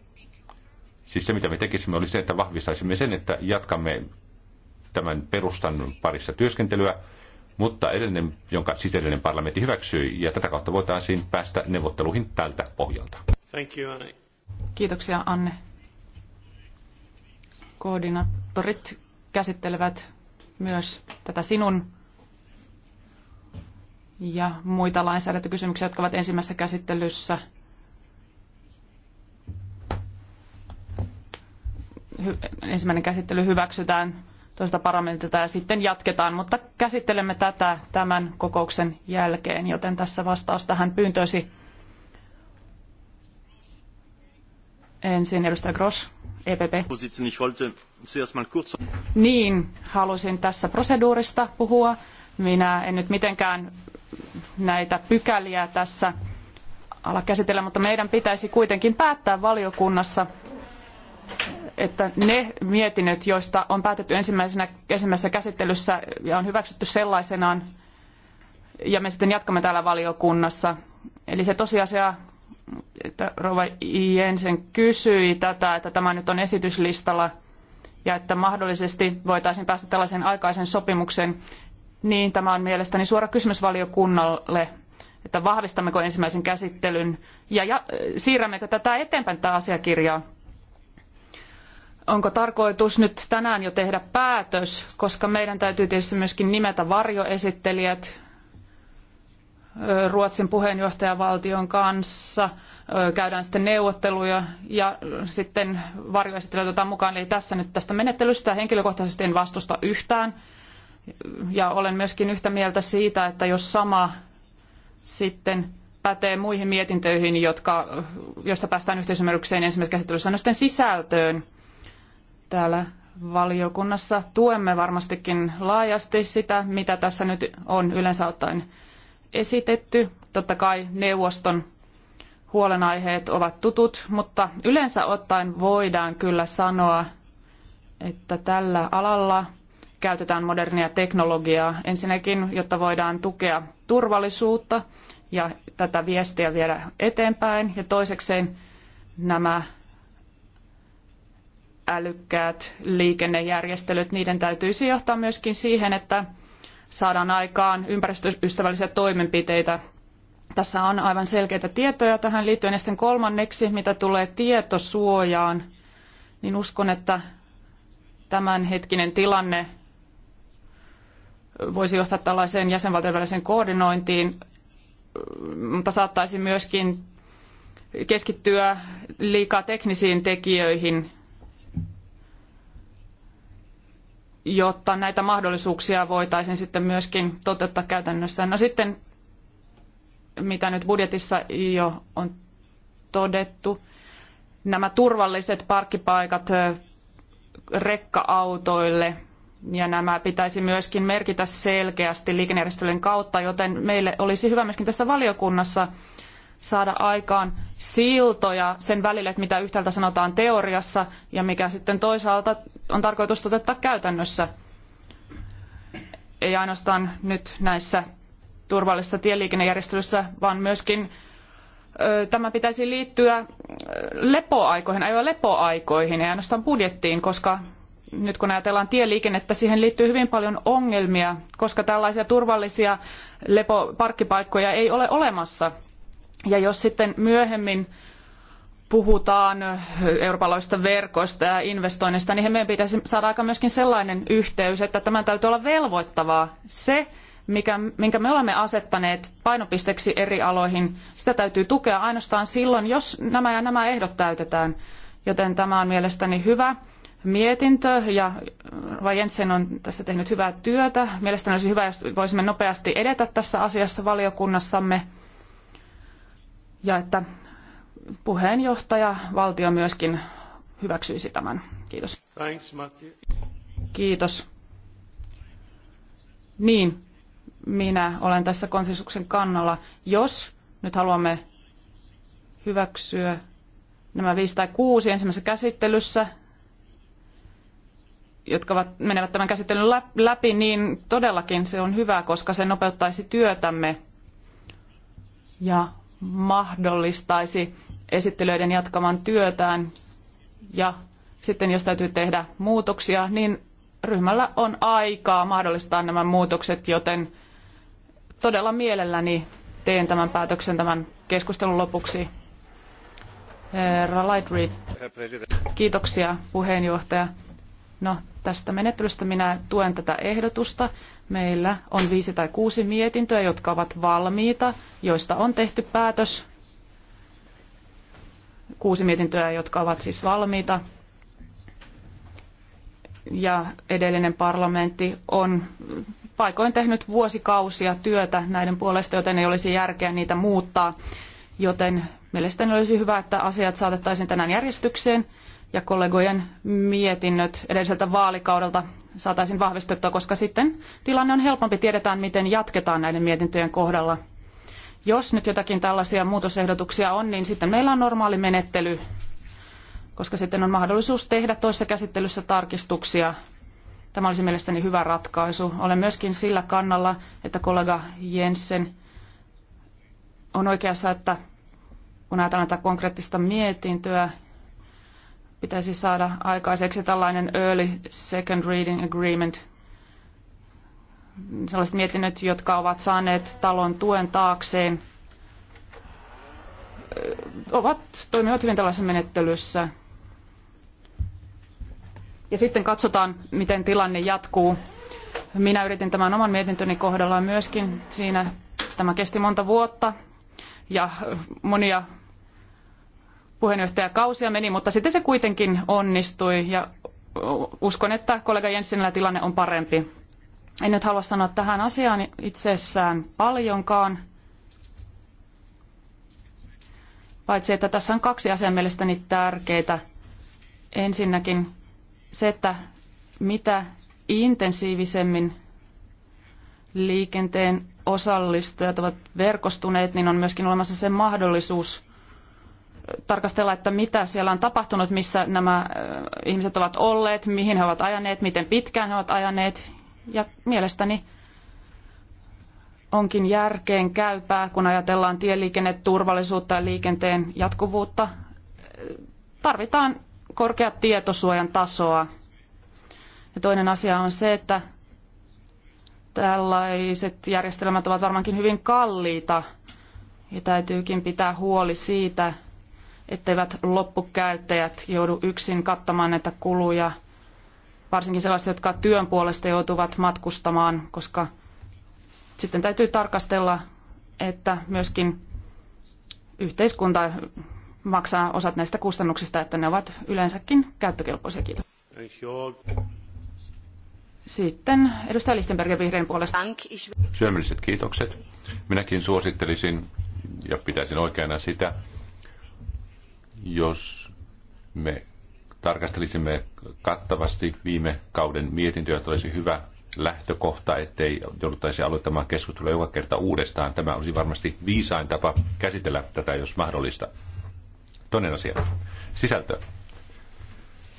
Siis se, mitä me tekisimme, oli se, että vahvistaisimme sen, että jatkamme tämän perustan parissa työskentelyä, mutta edellinen, jonka siis edellinen parlamentti hyväksyi, ja tätä kautta voitaisiin päästä neuvotteluihin tältä pohjalta. Thank you, Anne. Kiitoksia, Anne. Koordinaattorit käsittelevät myös tätä sinun ja muita lainsäädäntökysymyksiä, jotka ovat ensimmäisessä käsittelyssä. ensimmäinen käsittely hyväksytään toista parlamentilta ja sitten jatketaan, mutta käsittelemme tätä tämän kokouksen jälkeen, joten tässä vastaus tähän pyyntöisi Ensin edustaja Gross. EPP. Niin, halusin tässä proseduurista puhua. Minä en nyt mitenkään näitä pykäliä tässä ala käsitellä, mutta meidän pitäisi kuitenkin päättää valiokunnassa, että ne mietinnöt, joista on päätetty ensimmäisenä, ensimmäisessä käsittelyssä ja on hyväksytty sellaisenaan, ja me sitten jatkamme täällä valiokunnassa. Eli se tosiasia että Rova Jensen kysyi tätä, että tämä nyt on esityslistalla ja että mahdollisesti voitaisiin päästä tällaisen aikaisen sopimuksen, niin tämä on mielestäni suora kysymys valiokunnalle, että vahvistammeko ensimmäisen käsittelyn ja, ja siirrämmekö tätä eteenpäin tätä asiakirjaa. Onko tarkoitus nyt tänään jo tehdä päätös, koska meidän täytyy tietysti myöskin nimetä varjoesittelijät Ruotsin puheenjohtajavaltion kanssa käydään sitten neuvotteluja ja sitten varjoesittelyt otetaan mukaan. Eli tässä nyt tästä menettelystä henkilökohtaisesti en vastusta yhtään. Ja olen myöskin yhtä mieltä siitä, että jos sama sitten pätee muihin mietintöihin, jotka, joista päästään yhteisymmärrykseen ensimmäisessä käsittelyssä, no sitten sisältöön täällä valiokunnassa tuemme varmastikin laajasti sitä, mitä tässä nyt on yleensä ottaen esitetty. Totta kai neuvoston huolenaiheet ovat tutut, mutta yleensä ottaen voidaan kyllä sanoa, että tällä alalla käytetään modernia teknologiaa ensinnäkin, jotta voidaan tukea turvallisuutta ja tätä viestiä viedä eteenpäin. Ja toisekseen nämä älykkäät liikennejärjestelyt, niiden täytyisi johtaa myöskin siihen, että saadaan aikaan ympäristöystävällisiä toimenpiteitä. Tässä on aivan selkeitä tietoja tähän liittyen. Ja sitten kolmanneksi, mitä tulee tietosuojaan, niin uskon, että tämänhetkinen tilanne voisi johtaa tällaiseen jäsenvaltioiden väliseen koordinointiin, mutta saattaisi myöskin keskittyä liikaa teknisiin tekijöihin – jotta näitä mahdollisuuksia voitaisiin sitten myöskin toteuttaa käytännössä. No sitten, mitä nyt budjetissa jo on todettu, nämä turvalliset parkkipaikat rekka-autoille ja nämä pitäisi myöskin merkitä selkeästi liikennejärjestelyjen kautta, joten meille olisi hyvä myöskin tässä valiokunnassa saada aikaan siltoja sen välille, että mitä yhtäältä sanotaan teoriassa ja mikä sitten toisaalta on tarkoitus toteuttaa käytännössä. Ei ainoastaan nyt näissä turvallisissa tieliikennejärjestelyissä, vaan myöskin tämä pitäisi liittyä lepoaikoihin, ajo- lepoaikoihin, ei ainoastaan budjettiin, koska nyt kun ajatellaan tieliikennettä, siihen liittyy hyvin paljon ongelmia, koska tällaisia turvallisia lepo- parkkipaikkoja ei ole olemassa. Ja jos sitten myöhemmin puhutaan eurooppalaisista verkoista ja investoinneista, niin meidän pitäisi saada aika myöskin sellainen yhteys, että tämän täytyy olla velvoittavaa. Se, mikä, minkä me olemme asettaneet painopisteeksi eri aloihin, sitä täytyy tukea ainoastaan silloin, jos nämä ja nämä ehdot täytetään. Joten tämä on mielestäni hyvä mietintö ja Jensen on tässä tehnyt hyvää työtä. Mielestäni olisi hyvä, jos voisimme nopeasti edetä tässä asiassa valiokunnassamme ja että puheenjohtaja valtio myöskin hyväksyisi tämän. Kiitos. Thanks, Kiitos. Niin, minä olen tässä konsensuksen kannalla. Jos nyt haluamme hyväksyä nämä viisi tai kuusi ensimmäisessä käsittelyssä, jotka ovat, menevät tämän käsittelyn läpi, niin todellakin se on hyvä, koska se nopeuttaisi työtämme. Ja mahdollistaisi esittelijöiden jatkavan työtään ja sitten jos täytyy tehdä muutoksia, niin ryhmällä on aikaa mahdollistaa nämä muutokset, joten todella mielelläni teen tämän päätöksen tämän keskustelun lopuksi. Herra Kiitoksia puheenjohtaja. No, tästä menettelystä minä tuen tätä ehdotusta. Meillä on viisi tai kuusi mietintöä, jotka ovat valmiita, joista on tehty päätös. Kuusi mietintöä, jotka ovat siis valmiita. Ja edellinen parlamentti on paikoin tehnyt vuosikausia työtä näiden puolesta, joten ei olisi järkeä niitä muuttaa. Joten mielestäni olisi hyvä, että asiat saatettaisiin tänään järjestykseen ja kollegojen mietinnöt edelliseltä vaalikaudelta saataisiin vahvistettua, koska sitten tilanne on helpompi, tiedetään miten jatketaan näiden mietintöjen kohdalla. Jos nyt jotakin tällaisia muutosehdotuksia on, niin sitten meillä on normaali menettely, koska sitten on mahdollisuus tehdä toisessa käsittelyssä tarkistuksia. Tämä olisi mielestäni hyvä ratkaisu. Olen myöskin sillä kannalla, että kollega Jensen on oikeassa, että kun ajatellaan tätä konkreettista mietintöä, pitäisi saada aikaiseksi tällainen early second reading agreement. Sellaiset mietinnöt, jotka ovat saaneet talon tuen taakseen, ovat, toimivat hyvin tällaisessa menettelyssä. Ja sitten katsotaan, miten tilanne jatkuu. Minä yritin tämän oman mietintöni kohdalla myöskin. Siinä tämä kesti monta vuotta ja monia puheenjohtajakausia meni, mutta sitten se kuitenkin onnistui ja uskon, että kollega Jenssinillä tilanne on parempi. En nyt halua sanoa tähän asiaan itsessään paljonkaan, paitsi että tässä on kaksi asiaa mielestäni tärkeitä. Ensinnäkin se, että mitä intensiivisemmin liikenteen osallistujat ovat verkostuneet, niin on myöskin olemassa se mahdollisuus, tarkastella, että mitä siellä on tapahtunut, missä nämä ihmiset ovat olleet, mihin he ovat ajaneet, miten pitkään he ovat ajaneet. Ja mielestäni onkin järkeen käypää, kun ajatellaan tieliikenneturvallisuutta ja liikenteen jatkuvuutta. Tarvitaan korkea tietosuojan tasoa. Ja toinen asia on se, että tällaiset järjestelmät ovat varmaankin hyvin kalliita ja täytyykin pitää huoli siitä, etteivät loppukäyttäjät joudu yksin kattamaan näitä kuluja, varsinkin sellaiset, jotka työn puolesta joutuvat matkustamaan, koska sitten täytyy tarkastella, että myöskin yhteiskunta maksaa osat näistä kustannuksista, että ne ovat yleensäkin käyttökelpoisia. Kiitos. Sitten edustaja Lichtenberger vihreän puolesta. Syömilliset kiitokset. Minäkin suosittelisin ja pitäisin oikeana sitä, jos me tarkastelisimme kattavasti viime kauden mietintöä, että olisi hyvä lähtökohta, ettei jouduttaisi aloittamaan keskustelua joka kerta uudestaan. Tämä olisi varmasti viisain tapa käsitellä tätä, jos mahdollista. Toinen asia. Sisältö.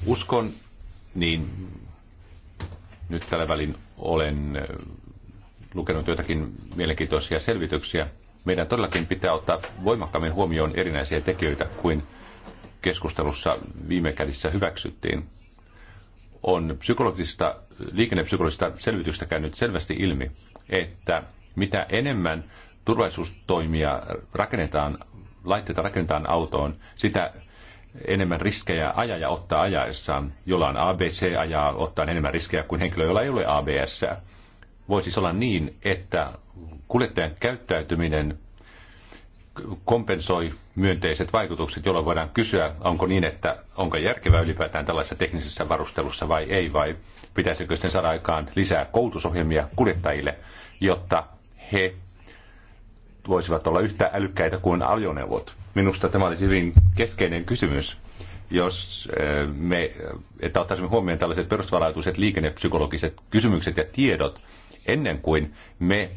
Uskon, niin nyt tällä välin olen äh, lukenut joitakin mielenkiintoisia selvityksiä. Meidän todellakin pitää ottaa voimakkaammin huomioon erinäisiä tekijöitä kuin keskustelussa viime kädessä hyväksyttiin, on psykologista, liikennepsykologista selvitystä käynyt selvästi ilmi, että mitä enemmän turvallisuustoimia rakennetaan, laitteita rakennetaan autoon, sitä enemmän riskejä ajaja ottaa ajaessaan. Jolla on ABC ajaa ottaa enemmän riskejä kuin henkilö, jolla ei ole ABS. Voisi siis olla niin, että kuljettajan käyttäytyminen kompensoi myönteiset vaikutukset, jolloin voidaan kysyä, onko niin, että onko järkevää ylipäätään tällaisessa teknisessä varustelussa vai ei, vai pitäisikö sitten saada aikaan lisää koulutusohjelmia kuljettajille, jotta he voisivat olla yhtä älykkäitä kuin ajoneuvot. Minusta tämä olisi hyvin keskeinen kysymys, jos eh, me, että ottaisimme huomioon tällaiset perustavanlaatuiset liikennepsykologiset kysymykset ja tiedot ennen kuin me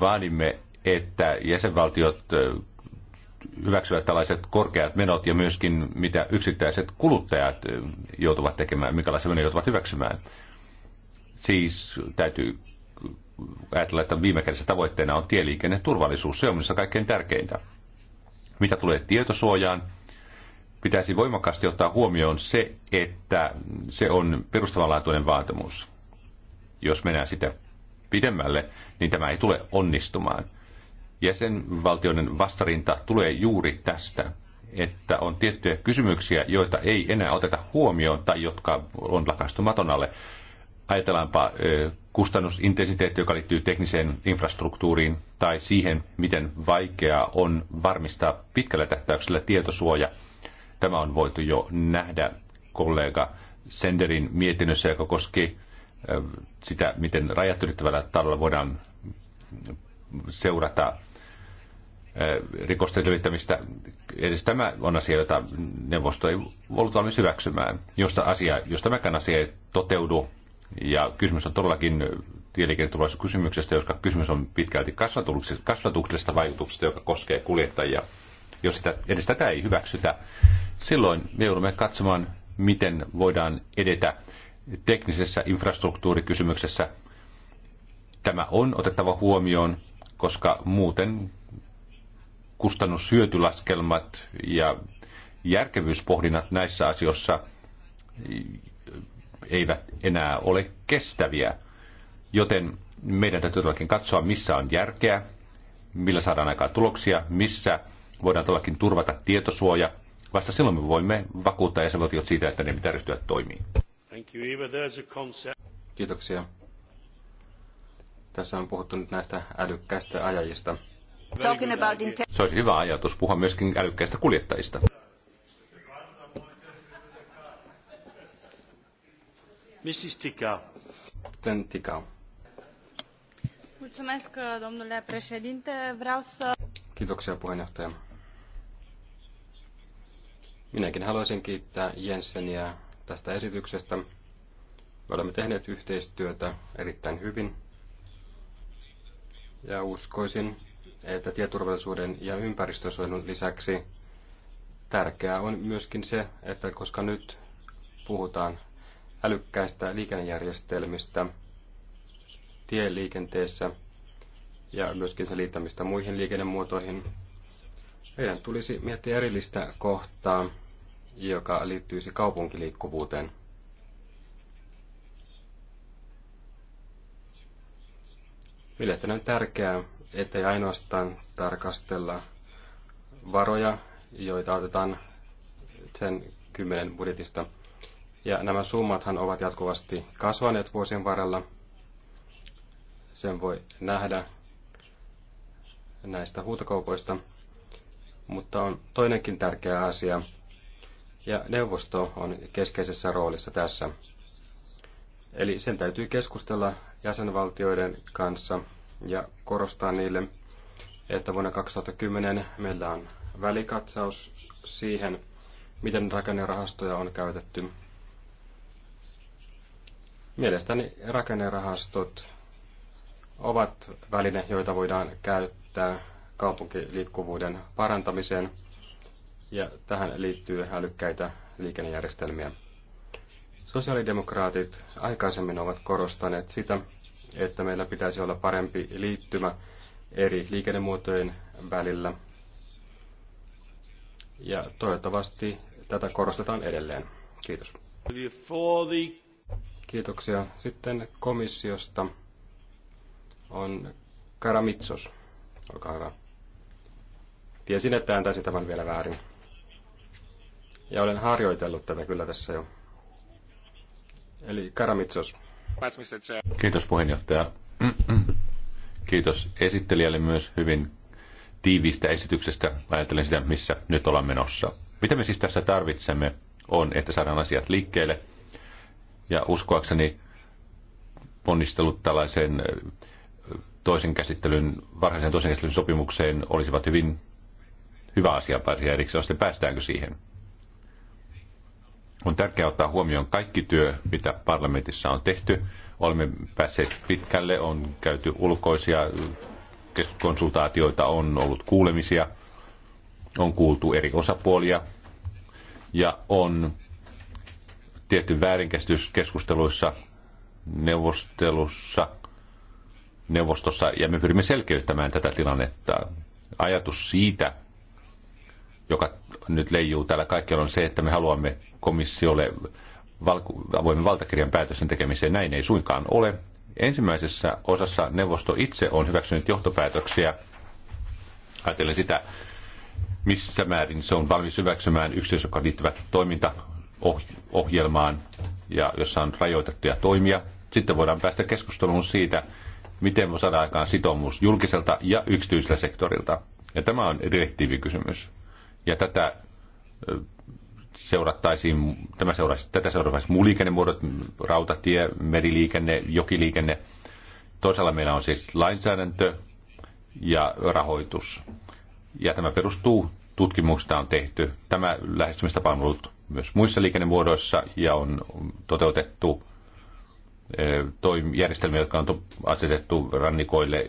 vaadimme että jäsenvaltiot hyväksyvät tällaiset korkeat menot ja myöskin mitä yksittäiset kuluttajat joutuvat tekemään, minkälaisia menoja joutuvat hyväksymään. Siis täytyy ajatella, että viime kädessä tavoitteena on tieliikenneturvallisuus. Se on minusta kaikkein tärkeintä. Mitä tulee tietosuojaan, pitäisi voimakkaasti ottaa huomioon se, että se on perustavanlaatuinen vaatimus. Jos mennään sitä pidemmälle, niin tämä ei tule onnistumaan – jäsenvaltioiden vastarinta tulee juuri tästä, että on tiettyjä kysymyksiä, joita ei enää oteta huomioon tai jotka on lakastu maton alle. Ajatellaanpa kustannusintensiteetti, joka liittyy tekniseen infrastruktuuriin tai siihen, miten vaikeaa on varmistaa pitkällä tähtäyksellä tietosuoja. Tämä on voitu jo nähdä kollega Senderin mietinnössä, joka koski sitä, miten rajat ylittävällä tasolla voidaan seurata rikosten selvittämistä. Edes tämä on asia, jota neuvosto ei ollut valmis hyväksymään. Josta asia, jos tämäkään asia ei toteudu, ja kysymys on todellakin kysymyksestä, koska kysymys on pitkälti kasvatuksellisesta vaikutuksesta, joka koskee kuljettajia. Jos sitä, edes tätä ei hyväksytä, silloin me joudumme katsomaan, miten voidaan edetä teknisessä infrastruktuurikysymyksessä. Tämä on otettava huomioon, koska muuten kustannushyötylaskelmat ja järkevyyspohdinnat näissä asioissa eivät enää ole kestäviä. Joten meidän täytyy todellakin katsoa, missä on järkeä, millä saadaan aikaa tuloksia, missä voidaan todellakin turvata tietosuoja. Vasta silloin me voimme vakuuttaa jäsenvaltiot siitä, että ne pitää ryhtyä toimiin. Kiitoksia. Tässä on puhuttu nyt näistä älykkäistä ajajista. Se olisi hyvä ajatus puhua myöskin älykkäistä kuljettajista. Mrs. Tica. Ten Tica. Mulțumesc, domnule președinte. Vreau să... Kiitoksia, puheenjohtaja. Minäkin haluaisin kiittää Jenseniä tästä esityksestä. Me olemme tehneet yhteistyötä erittäin hyvin. Ja uskoisin, että tieturvallisuuden ja ympäristönsuojelun lisäksi tärkeää on myöskin se, että koska nyt puhutaan älykkäistä liikennejärjestelmistä tieliikenteessä ja myöskin sen liittämistä muihin liikennemuotoihin, meidän tulisi miettiä erillistä kohtaa, joka liittyisi kaupunkiliikkuvuuteen. Mielestäni on tärkeää, ettei ainoastaan tarkastella varoja, joita otetaan sen kymmenen budjetista. Ja nämä summathan ovat jatkuvasti kasvaneet vuosien varrella. Sen voi nähdä näistä huutokaupoista. Mutta on toinenkin tärkeä asia, ja neuvosto on keskeisessä roolissa tässä. Eli sen täytyy keskustella jäsenvaltioiden kanssa ja korostaa niille, että vuonna 2010 meillä on välikatsaus siihen, miten rakennerahastoja on käytetty. Mielestäni rakennerahastot ovat väline, joita voidaan käyttää kaupunkiliikkuvuuden parantamiseen, ja tähän liittyy älykkäitä liikennejärjestelmiä. Sosiaalidemokraatit aikaisemmin ovat korostaneet sitä, että meillä pitäisi olla parempi liittymä eri liikennemuotojen välillä. Ja toivottavasti tätä korostetaan edelleen. Kiitos. Kiitoksia. Sitten komissiosta on Karamitsos. Olkaa hyvä. Tiesin, että ääntäisin tämän vielä väärin. Ja olen harjoitellut tätä kyllä tässä jo. Eli Karamitsos. Kiitos puheenjohtaja. Kiitos esittelijälle myös hyvin tiiviistä esityksestä. Ajattelen sitä, missä nyt ollaan menossa. Mitä me siis tässä tarvitsemme on, että saadaan asiat liikkeelle. Ja uskoakseni ponnistelut tällaisen toisen käsittelyn, varhaisen toisen käsittelyn sopimukseen olisivat hyvin hyvä asia pääsiä erikseen, sitten päästäänkö siihen. On tärkeää ottaa huomioon kaikki työ, mitä parlamentissa on tehty. Olemme päässeet pitkälle, on käyty ulkoisia konsultaatioita, on ollut kuulemisia, on kuultu eri osapuolia ja on tietty väärinkäsitys keskusteluissa, neuvostelussa, neuvostossa ja me pyrimme selkeyttämään tätä tilannetta. Ajatus siitä, joka nyt leijuu täällä kaikkialla, on se, että me haluamme komissiolle valku, avoimen valtakirjan päätösten tekemiseen. Näin ei suinkaan ole. Ensimmäisessä osassa neuvosto itse on hyväksynyt johtopäätöksiä. Ajatellen sitä, missä määrin se on valmis hyväksymään yksityiskohtaan liittyvät toimintaohjelmaan ja jossa on rajoitettuja toimia. Sitten voidaan päästä keskusteluun siitä, miten saadaan aikaan sitoumus julkiselta ja yksityisellä sektorilta. Ja tämä on direktiivikysymys. Ja tätä seurattaisiin, tämä seuraisi, tätä seuraavaksi muu liikennemuodot, rautatie, meriliikenne, jokiliikenne. Toisaalla meillä on siis lainsäädäntö ja rahoitus. Ja tämä perustuu tutkimuksesta on tehty. Tämä lähestymistapa on ollut myös muissa liikennemuodoissa ja on toteutettu eh, järjestelmiä, jotka on asetettu rannikoille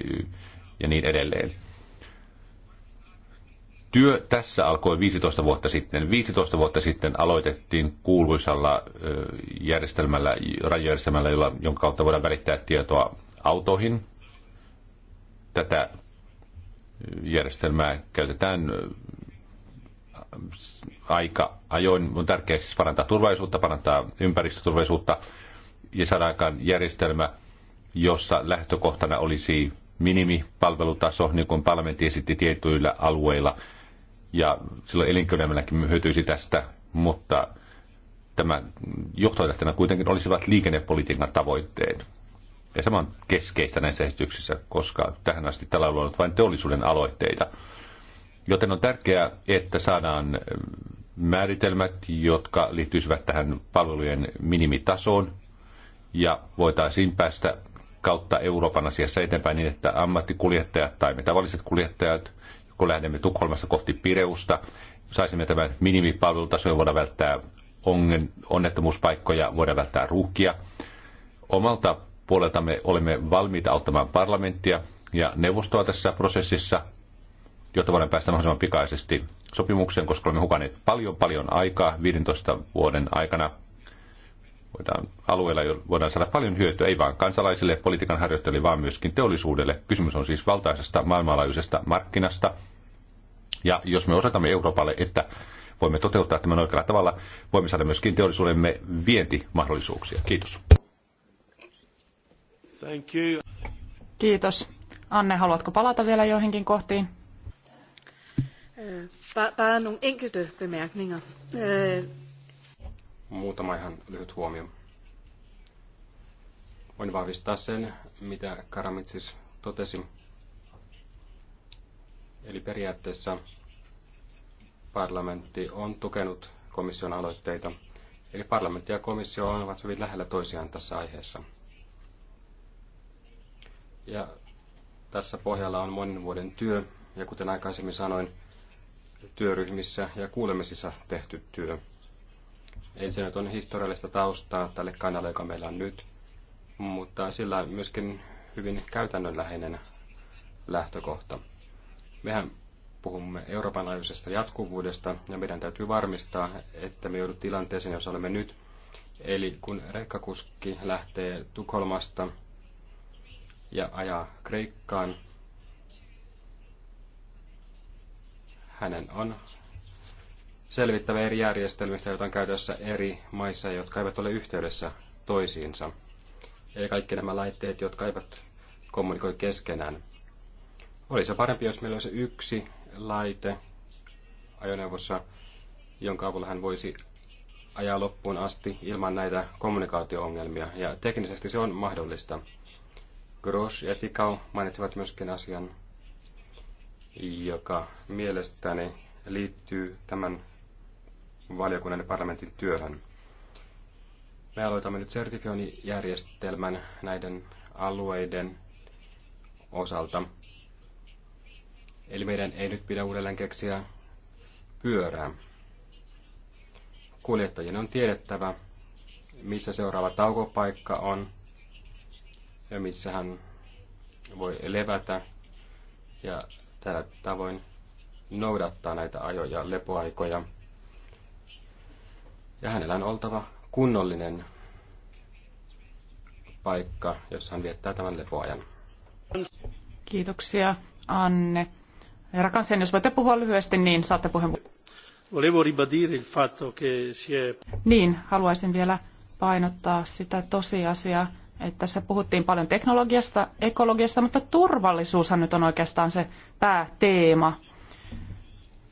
ja niin edelleen. Työ tässä alkoi 15 vuotta sitten. 15 vuotta sitten aloitettiin kuuluisalla järjestelmällä, radiojärjestelmällä, jolla, jonka kautta voidaan välittää tietoa autoihin. Tätä järjestelmää käytetään aika ajoin. On tärkeää siis parantaa turvallisuutta, parantaa ympäristöturvallisuutta ja saada aikaan järjestelmä, jossa lähtökohtana olisi minimipalvelutaso, niin kuin parlamentti esitti tietyillä alueilla – ja silloin elinkeinoelämäkin hyötyisi tästä, mutta tämä johtotähtenä kuitenkin olisivat liikennepolitiikan tavoitteet. Ja sama on keskeistä näissä esityksissä, koska tähän asti tällä on ollut vain teollisuuden aloitteita. Joten on tärkeää, että saadaan eh, määritelmät, jotka liittyisivät tähän palvelujen minimitasoon, ja voitaisiin päästä kautta Euroopan asiassa eteenpäin niin, että ammattikuljettajat tai me tavalliset kuljettajat kun lähdemme Tukholmasta kohti Pireusta, saisimme tämän minimipalvelutason, voidaan välttää onnettomuuspaikkoja, voidaan välttää ruuhkia. Omalta puoleltamme olemme valmiita auttamaan parlamenttia ja neuvostoa tässä prosessissa, jotta voidaan päästä mahdollisimman pikaisesti sopimukseen, koska olemme hukaneet paljon paljon aikaa 15 vuoden aikana. Voidaan, alueella voidaan saada paljon hyötyä, ei vain kansalaisille, politiikan harjoittajille, vaan myöskin teollisuudelle. Kysymys on siis valtaisesta maailmanlaajuisesta markkinasta – ja jos me osoitamme Euroopalle, että voimme toteuttaa tämän oikealla tavalla, voimme saada myöskin teollisuudemme vientimahdollisuuksia. Kiitos. Thank you. Kiitos. Anne, haluatko palata vielä joihinkin kohtiin? Tämä eh, on enkelte eh. Muutama ihan lyhyt huomio. Voin vahvistaa sen, mitä Karamitsis totesi. Eli periaatteessa parlamentti on tukenut komission aloitteita. Eli parlamentti ja komissio ovat hyvin lähellä toisiaan tässä aiheessa. Ja tässä pohjalla on monen vuoden työ, ja kuten aikaisemmin sanoin, työryhmissä ja kuulemisissa tehty työ. Ei se nyt on historiallista taustaa tälle kannalle, joka meillä on nyt, mutta sillä on myöskin hyvin käytännönläheinen lähtökohta. Mehän puhumme Euroopan laajuisesta jatkuvuudesta ja meidän täytyy varmistaa, että me joudut tilanteeseen, jossa olemme nyt. Eli kun rekkakuski lähtee Tukholmasta ja ajaa Kreikkaan, hänen on selvittävä eri järjestelmistä, joita on käytössä eri maissa, jotka eivät ole yhteydessä toisiinsa. Eli kaikki nämä laitteet, jotka eivät kommunikoi keskenään. Oli se parempi, jos meillä olisi yksi laite ajoneuvossa, jonka avulla hän voisi ajaa loppuun asti ilman näitä kommunikaatioongelmia. ja teknisesti se on mahdollista. Grosch ja Tikau mainitsivat myöskin asian, joka mielestäni liittyy tämän valiokunnan ja parlamentin työhön. Me aloitamme nyt sertifioinnijärjestelmän näiden alueiden osalta. Eli meidän ei nyt pidä uudelleen keksiä pyörää. Kuljettajien on tiedettävä, missä seuraava taukopaikka on ja missä hän voi levätä ja tällä tavoin noudattaa näitä ajoja, lepoaikoja. Ja hänellä on oltava kunnollinen paikka, jossa hän viettää tämän lepoajan. Kiitoksia, Anne. Herra Kansen, jos voitte puhua lyhyesti, niin saatte puheenvuoron. Niin, haluaisin vielä painottaa sitä tosiasiaa, että tässä puhuttiin paljon teknologiasta, ekologiasta, mutta turvallisuushan nyt on oikeastaan se pääteema.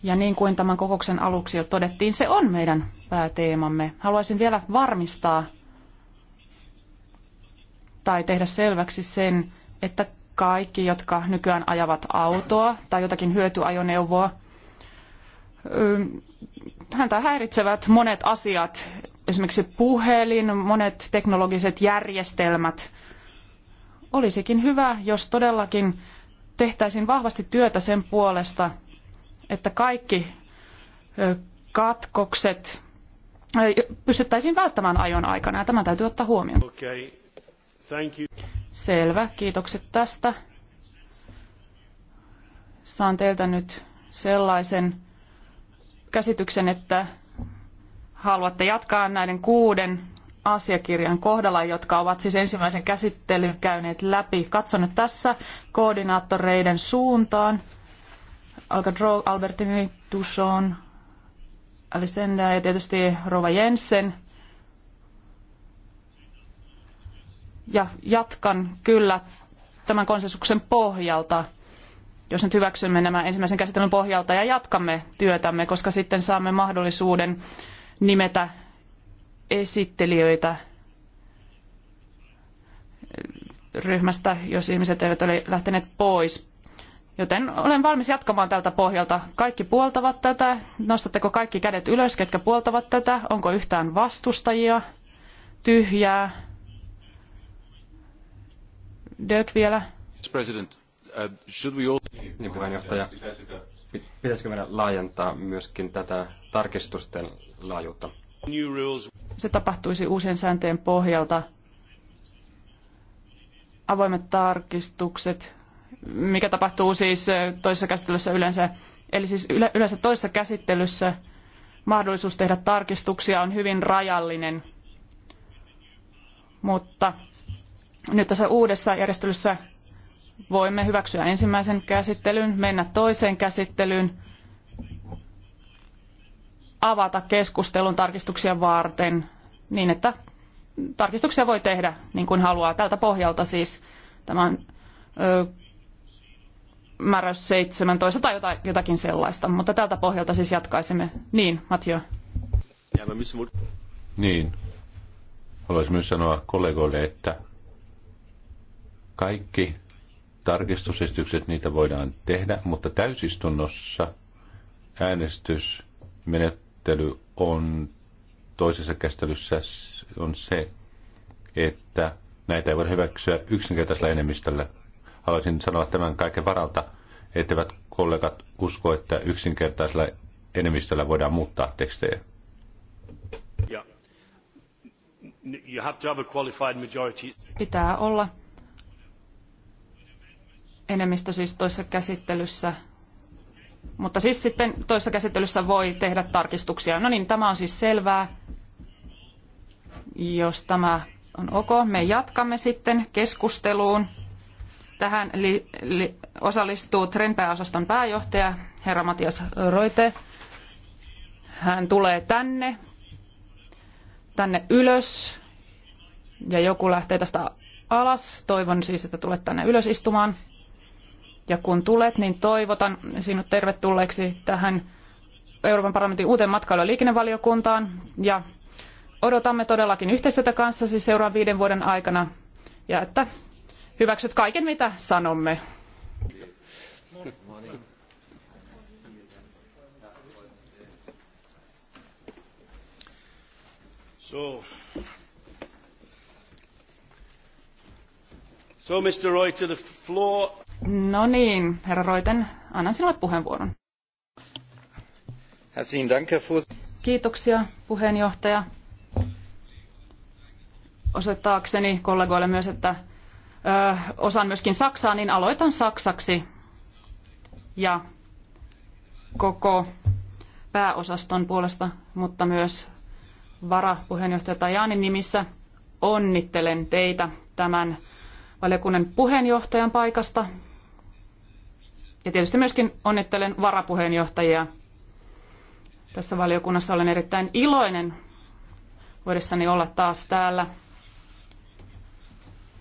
Ja niin kuin tämän kokouksen aluksi jo todettiin, se on meidän pääteemamme. Haluaisin vielä varmistaa tai tehdä selväksi sen, että kaikki, jotka nykyään ajavat autoa tai jotakin hyötyajoneuvoa, häntä häiritsevät monet asiat, esimerkiksi puhelin, monet teknologiset järjestelmät. Olisikin hyvä, jos todellakin tehtäisiin vahvasti työtä sen puolesta, että kaikki katkokset pystyttäisiin välttämään ajon aikana, ja tämä täytyy ottaa huomioon. Okay. Thank you. Selvä, kiitokset tästä. Saan teiltä nyt sellaisen käsityksen, että haluatte jatkaa näiden kuuden asiakirjan kohdalla, jotka ovat siis ensimmäisen käsittelyn käyneet läpi. Katson nyt tässä koordinaattoreiden suuntaan. Alcadro, Albertini, Tusson, Alessandra ja tietysti Rova Jensen – ja jatkan kyllä tämän konsensuksen pohjalta, jos nyt hyväksymme nämä ensimmäisen käsittelyn pohjalta ja jatkamme työtämme, koska sitten saamme mahdollisuuden nimetä esittelijöitä ryhmästä, jos ihmiset eivät ole lähteneet pois. Joten olen valmis jatkamaan tältä pohjalta. Kaikki puoltavat tätä. Nostatteko kaikki kädet ylös, ketkä puoltavat tätä? Onko yhtään vastustajia? Tyhjää? Dirk uh, niin, puheenjohtaja, pitäisikö meidän laajentaa myöskin tätä tarkistusten laajuutta? Se tapahtuisi uusien sääntöjen pohjalta. Avoimet tarkistukset, mikä tapahtuu siis eh, toisessa käsittelyssä yleensä, eli siis yleensä toisessa käsittelyssä mahdollisuus tehdä tarkistuksia on hyvin rajallinen, mutta nyt tässä uudessa järjestelyssä voimme hyväksyä ensimmäisen käsittelyn, mennä toiseen käsittelyyn, avata keskustelun tarkistuksia varten niin, että tarkistuksia voi tehdä niin kuin haluaa. Tältä pohjalta siis tämä on ö, määräys 17 tai jotakin sellaista, mutta tältä pohjalta siis jatkaisimme. Niin, Matjo. Niin. Haluaisin myös sanoa kollegoille, että kaikki tarkistusestykset, niitä voidaan tehdä, mutta täysistunnossa äänestysmenettely on toisessa käsittelyssä on se, että näitä ei voida hyväksyä yksinkertaisella enemmistöllä. Haluaisin sanoa tämän kaiken varalta, etteivät kollegat usko, että yksinkertaisella enemmistöllä voidaan muuttaa tekstejä. Pitää olla enemmistö siis toisessa käsittelyssä. Mutta siis sitten toisessa käsittelyssä voi tehdä tarkistuksia. No niin, tämä on siis selvää. Jos tämä on ok, me jatkamme sitten keskusteluun. Tähän li, li, osallistuu Trendpääosaston pääjohtaja, herra Matias Roite. Hän tulee tänne, tänne ylös ja joku lähtee tästä alas. Toivon siis, että tulet tänne ylös istumaan. Ja kun tulet, niin toivotan sinut tervetulleeksi tähän Euroopan parlamentin uuteen matkailu- ja liikennevaliokuntaan. Ja odotamme todellakin yhteistyötä kanssasi seuraavan viiden vuoden aikana. Ja että hyväksyt kaiken, mitä sanomme. So, so Mr. to the floor No niin, herra Roiten, annan sinulle puheenvuoron. Kiitoksia, puheenjohtaja. Osoittaakseni kollegoille myös, että ö, osaan myöskin saksaa, niin aloitan saksaksi. Ja koko pääosaston puolesta, mutta myös varapuheenjohtaja Tajanin nimissä onnittelen teitä tämän valiokunnan puheenjohtajan paikasta ja tietysti myöskin onnittelen varapuheenjohtajia. Tässä valiokunnassa olen erittäin iloinen voidessani olla taas täällä.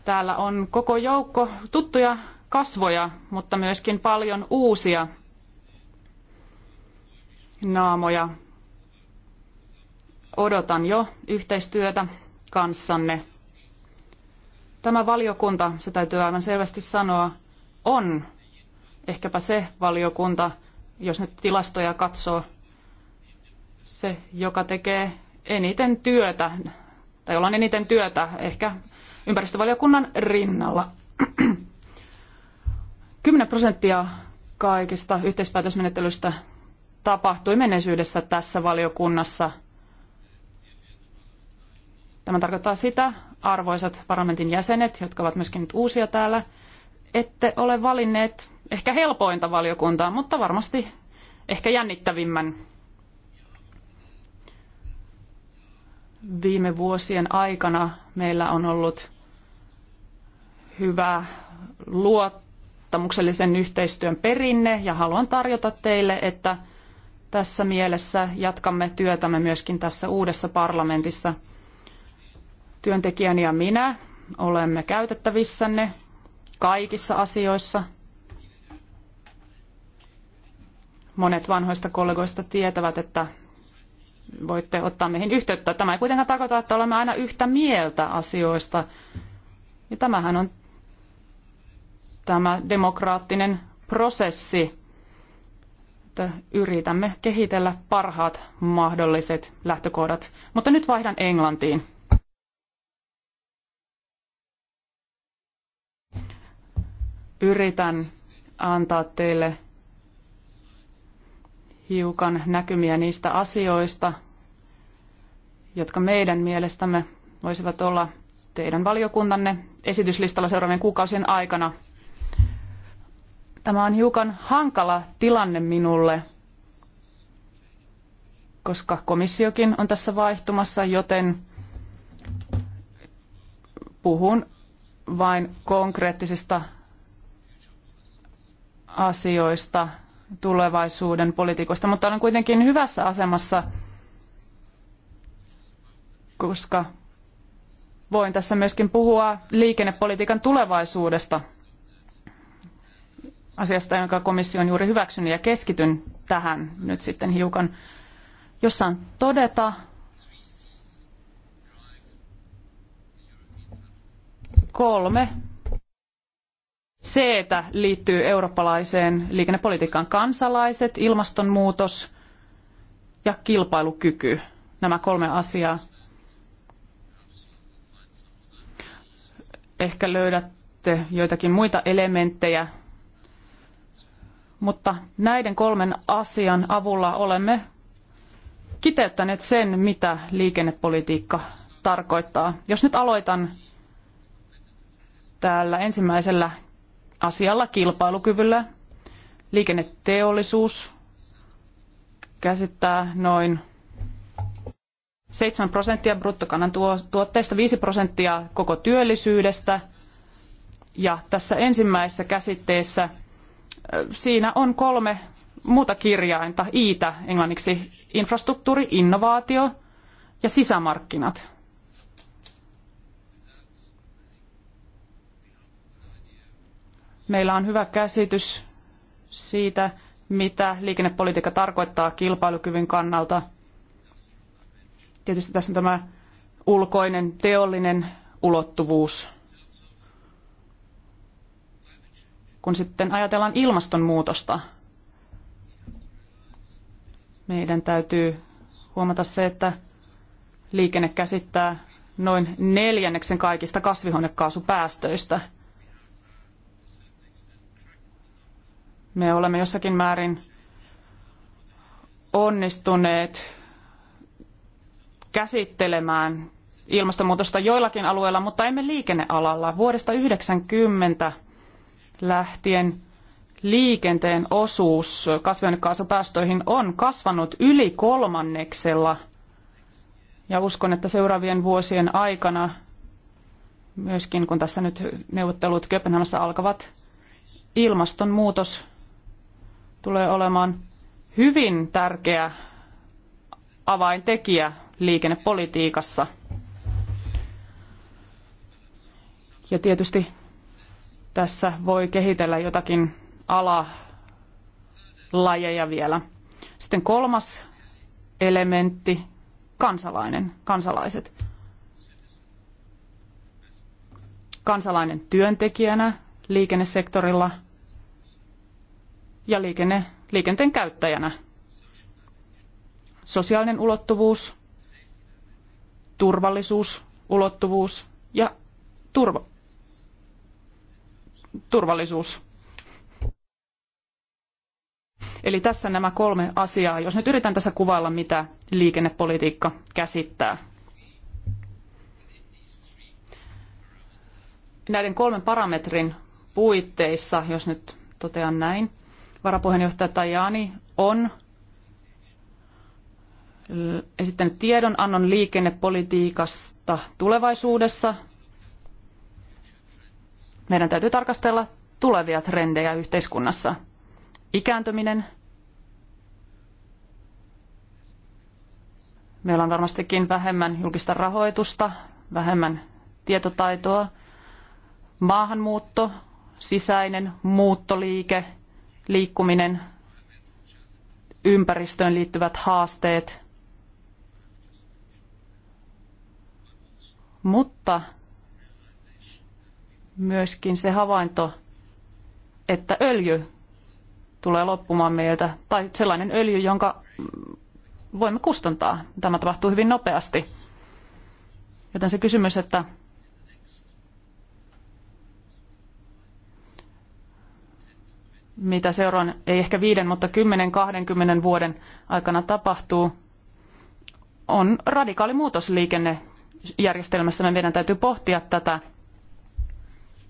Täällä on koko joukko tuttuja kasvoja, mutta myöskin paljon uusia naamoja. Odotan jo yhteistyötä kanssanne. Tämä valiokunta, se täytyy aivan selvästi sanoa, on ehkäpä se valiokunta, jos nyt tilastoja katsoo, se, joka tekee eniten työtä, tai jolla on eniten työtä ehkä ympäristövaliokunnan rinnalla. 10 <clears throat> prosenttia kaikista yhteispäätösmenettelystä tapahtui menneisyydessä tässä valiokunnassa. Tämä tarkoittaa sitä, arvoisat parlamentin jäsenet, jotka ovat myöskin nyt uusia täällä – ette ole valinneet ehkä helpointa valiokuntaa, mutta varmasti ehkä jännittävimmän. Viime vuosien aikana meillä on ollut hyvä luottamuksellisen yhteistyön perinne ja haluan tarjota teille, että tässä mielessä jatkamme työtämme myöskin tässä uudessa parlamentissa. Työntekijäni ja minä olemme käytettävissänne kaikissa asioissa. Monet vanhoista kollegoista tietävät, että voitte ottaa meihin yhteyttä. Tämä ei kuitenkaan tarkoita, että olemme aina yhtä mieltä asioista. Ja tämähän on tämä demokraattinen prosessi, että yritämme kehitellä parhaat mahdolliset lähtökohdat. Mutta nyt vaihdan Englantiin. yritän antaa teille hiukan näkymiä niistä asioista, jotka meidän mielestämme voisivat olla teidän valiokuntanne esityslistalla seuraavien kuukausien aikana. Tämä on hiukan hankala tilanne minulle, koska komissiokin on tässä vaihtumassa, joten puhun vain konkreettisista asioista, tulevaisuuden politiikoista, mutta olen kuitenkin hyvässä asemassa, koska voin tässä myöskin puhua liikennepolitiikan tulevaisuudesta asiasta, jonka komissio on juuri hyväksynyt ja keskityn tähän nyt sitten hiukan, Jos saan todeta kolme c liittyy eurooppalaiseen liikennepolitiikkaan kansalaiset, ilmastonmuutos ja kilpailukyky. Nämä kolme asiaa. Ehkä löydätte joitakin muita elementtejä, mutta näiden kolmen asian avulla olemme kiteyttäneet sen, mitä liikennepolitiikka tarkoittaa. Jos nyt aloitan täällä ensimmäisellä asialla kilpailukyvyllä. Liikenneteollisuus käsittää noin 7 prosenttia bruttokanantuotteesta, 5 prosenttia koko työllisyydestä. Ja tässä ensimmäisessä käsitteessä siinä on kolme muuta kirjainta, iitä englanniksi infrastruktuuri, innovaatio ja sisämarkkinat. Meillä on hyvä käsitys siitä, mitä liikennepolitiikka tarkoittaa kilpailukyvyn kannalta. Tietysti tässä on tämä ulkoinen teollinen ulottuvuus. Kun sitten ajatellaan ilmastonmuutosta, meidän täytyy huomata se, että liikenne käsittää noin neljänneksen kaikista kasvihuonekaasupäästöistä – Me olemme jossakin määrin onnistuneet käsittelemään ilmastonmuutosta joillakin alueilla, mutta emme liikennealalla. Vuodesta 1990 lähtien liikenteen osuus kasvihuonekaasupäästöihin on kasvanut yli kolmanneksella. Ja uskon, että seuraavien vuosien aikana, myöskin kun tässä nyt neuvottelut Kööpenhaminassa alkavat, ilmastonmuutos tulee olemaan hyvin tärkeä avaintekijä liikennepolitiikassa. Ja tietysti tässä voi kehitellä jotakin alalajeja vielä. Sitten kolmas elementti, kansalainen, kansalaiset. Kansalainen työntekijänä liikennesektorilla – ja liikenne, liikenteen käyttäjänä. Sosiaalinen ulottuvuus, turvallisuus, ulottuvuus ja turva, turvallisuus. Eli tässä nämä kolme asiaa, jos nyt yritän tässä kuvailla, mitä liikennepolitiikka käsittää. Näiden kolmen parametrin puitteissa, jos nyt totean näin, varapuheenjohtaja Tajani on esittänyt tiedonannon liikennepolitiikasta tulevaisuudessa. Meidän täytyy tarkastella tulevia trendejä yhteiskunnassa. Ikääntyminen. Meillä on varmastikin vähemmän julkista rahoitusta, vähemmän tietotaitoa, maahanmuutto, sisäinen muuttoliike – liikkuminen, ympäristöön liittyvät haasteet. Mutta myöskin se havainto, että öljy tulee loppumaan meiltä, tai sellainen öljy, jonka voimme kustantaa. Tämä tapahtuu hyvin nopeasti. Joten se kysymys, että mitä seuraan, ei ehkä viiden, mutta 10-20 vuoden aikana tapahtuu, on radikaali muutos liikennejärjestelmässä. Meidän täytyy pohtia tätä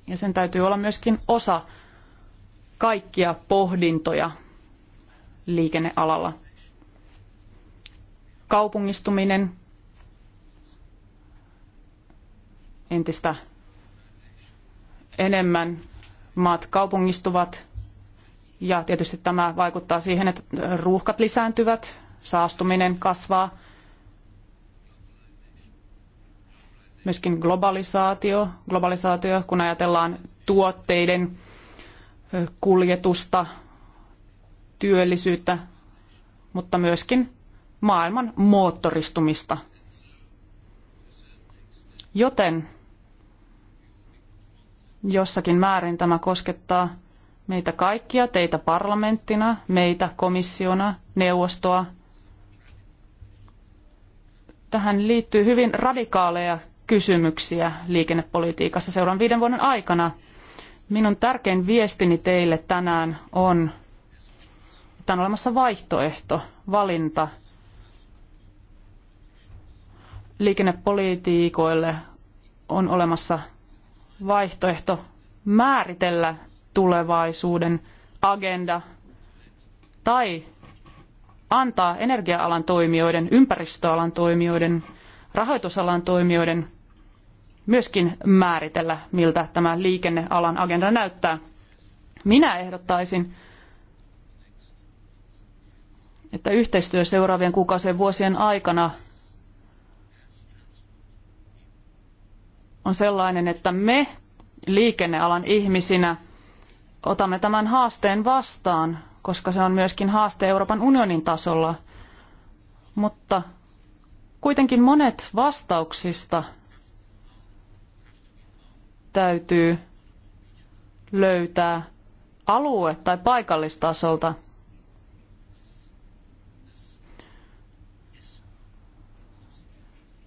ja sen täytyy olla myöskin osa kaikkia pohdintoja liikennealalla. Kaupungistuminen, entistä enemmän maat kaupungistuvat, ja tietysti tämä vaikuttaa siihen, että ruuhkat lisääntyvät, saastuminen kasvaa, myöskin globalisaatio, globalisaatio kun ajatellaan tuotteiden kuljetusta, työllisyyttä, mutta myöskin maailman moottoristumista. Joten jossakin määrin tämä koskettaa meitä kaikkia, teitä parlamenttina, meitä komissiona, neuvostoa. Tähän liittyy hyvin radikaaleja kysymyksiä liikennepolitiikassa seuraavan viiden vuoden aikana. Minun tärkein viestini teille tänään on, että on olemassa vaihtoehto, valinta liikennepolitiikoille on olemassa vaihtoehto määritellä tulevaisuuden agenda tai antaa energia-alan toimijoiden, ympäristöalan toimijoiden, rahoitusalan toimijoiden myöskin määritellä, miltä tämä liikennealan agenda näyttää. Minä ehdottaisin, että yhteistyö seuraavien kuukausien vuosien aikana on sellainen, että me liikennealan ihmisinä – otamme tämän haasteen vastaan, koska se on myöskin haaste Euroopan unionin tasolla. Mutta kuitenkin monet vastauksista täytyy löytää alue- tai paikallistasolta.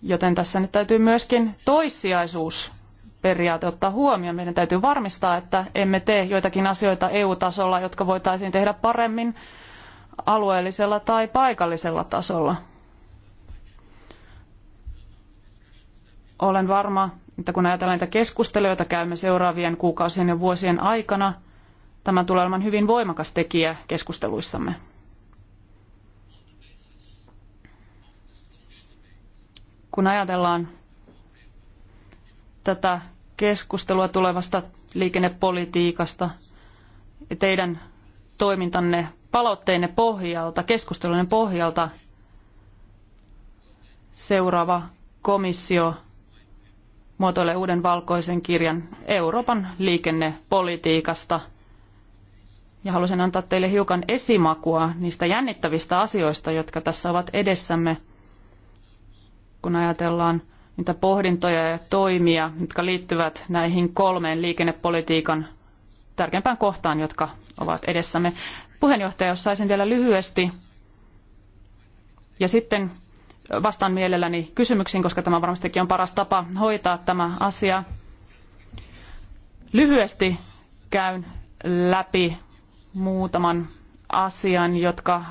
Joten tässä nyt täytyy myöskin toissijaisuus periaate ottaa huomioon. Meidän täytyy varmistaa, että emme tee joitakin asioita EU-tasolla, jotka voitaisiin tehdä paremmin alueellisella tai paikallisella tasolla. Olen varma, että kun ajatellaan niitä keskusteluja, joita käymme seuraavien kuukausien ja vuosien aikana, tämä tulee olemaan hyvin voimakas tekijä keskusteluissamme. Kun ajatellaan tätä keskustelua tulevasta liikennepolitiikasta ja teidän toimintanne palautteenne pohjalta, keskustelujen pohjalta seuraava komissio muotoilee uuden valkoisen kirjan Euroopan liikennepolitiikasta. Ja haluaisin antaa teille hiukan esimakua niistä jännittävistä asioista, jotka tässä ovat edessämme, kun ajatellaan niitä pohdintoja ja toimia, jotka liittyvät näihin kolmeen liikennepolitiikan tärkeimpään kohtaan, jotka ovat edessämme. Puheenjohtaja, jos saisin vielä lyhyesti ja sitten vastaan mielelläni kysymyksiin, koska tämä varmastikin on paras tapa hoitaa tämä asia. Lyhyesti käyn läpi muutaman asian, jotka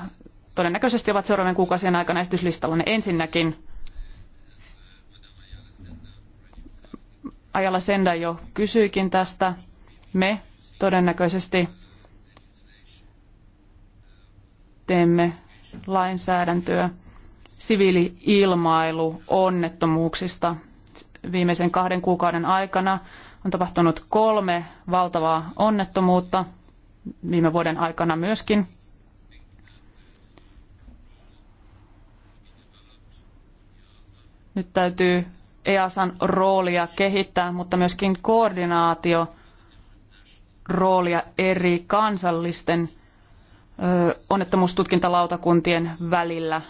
todennäköisesti ovat seuraavien kuukausien aikana esityslistallamme. Ensinnäkin Ajalla Senda jo kysyikin tästä. Me todennäköisesti teemme lainsäädäntöä siviili-ilmailu onnettomuuksista. Viimeisen kahden kuukauden aikana on tapahtunut kolme valtavaa onnettomuutta, viime vuoden aikana myöskin. Nyt täytyy EASan roolia kehittää, mutta myöskin koordinaatio roolia eri kansallisten ö, onnettomuustutkintalautakuntien välillä.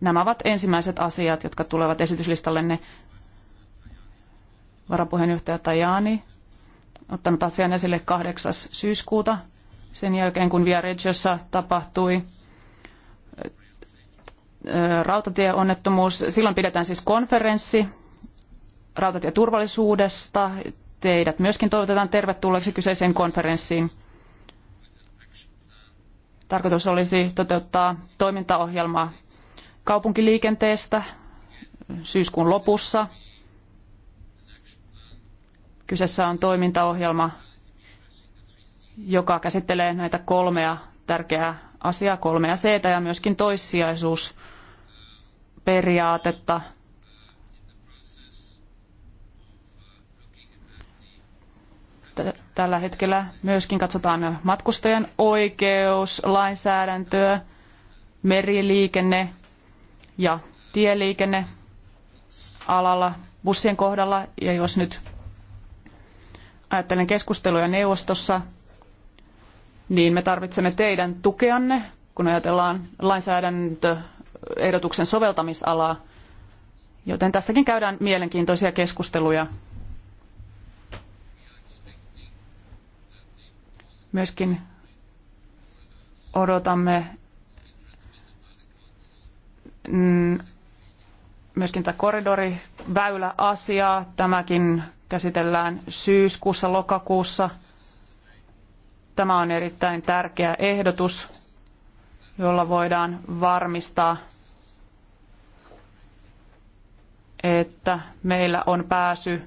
Nämä ovat ensimmäiset asiat, jotka tulevat esityslistallenne. Varapuheenjohtaja Tajani ottanut asian esille 8. syyskuuta sen jälkeen, kun Regiossa tapahtui rautatieonnettomuus. Silloin pidetään siis konferenssi rautatieturvallisuudesta. Teidät myöskin toivotetaan tervetulleeksi kyseiseen konferenssiin. Tarkoitus olisi toteuttaa toimintaohjelma kaupunkiliikenteestä syyskuun lopussa. Kyseessä on toimintaohjelma, joka käsittelee näitä kolmea tärkeää asiaa, kolmea c ja myöskin toissijaisuus periaatetta. Tällä hetkellä myöskin katsotaan matkustajan oikeus, lainsäädäntöä, meriliikenne ja tieliikenne alalla bussien kohdalla. Ja jos nyt ajattelen keskusteluja neuvostossa, niin me tarvitsemme teidän tukeanne, kun ajatellaan lainsäädäntö ehdotuksen soveltamisalaa, joten tästäkin käydään mielenkiintoisia keskusteluja. Myöskin odotamme mm, myöskin tätä koridoriväyläasiaa. Tämäkin käsitellään syyskuussa, lokakuussa. Tämä on erittäin tärkeä ehdotus, jolla voidaan varmistaa että meillä on pääsy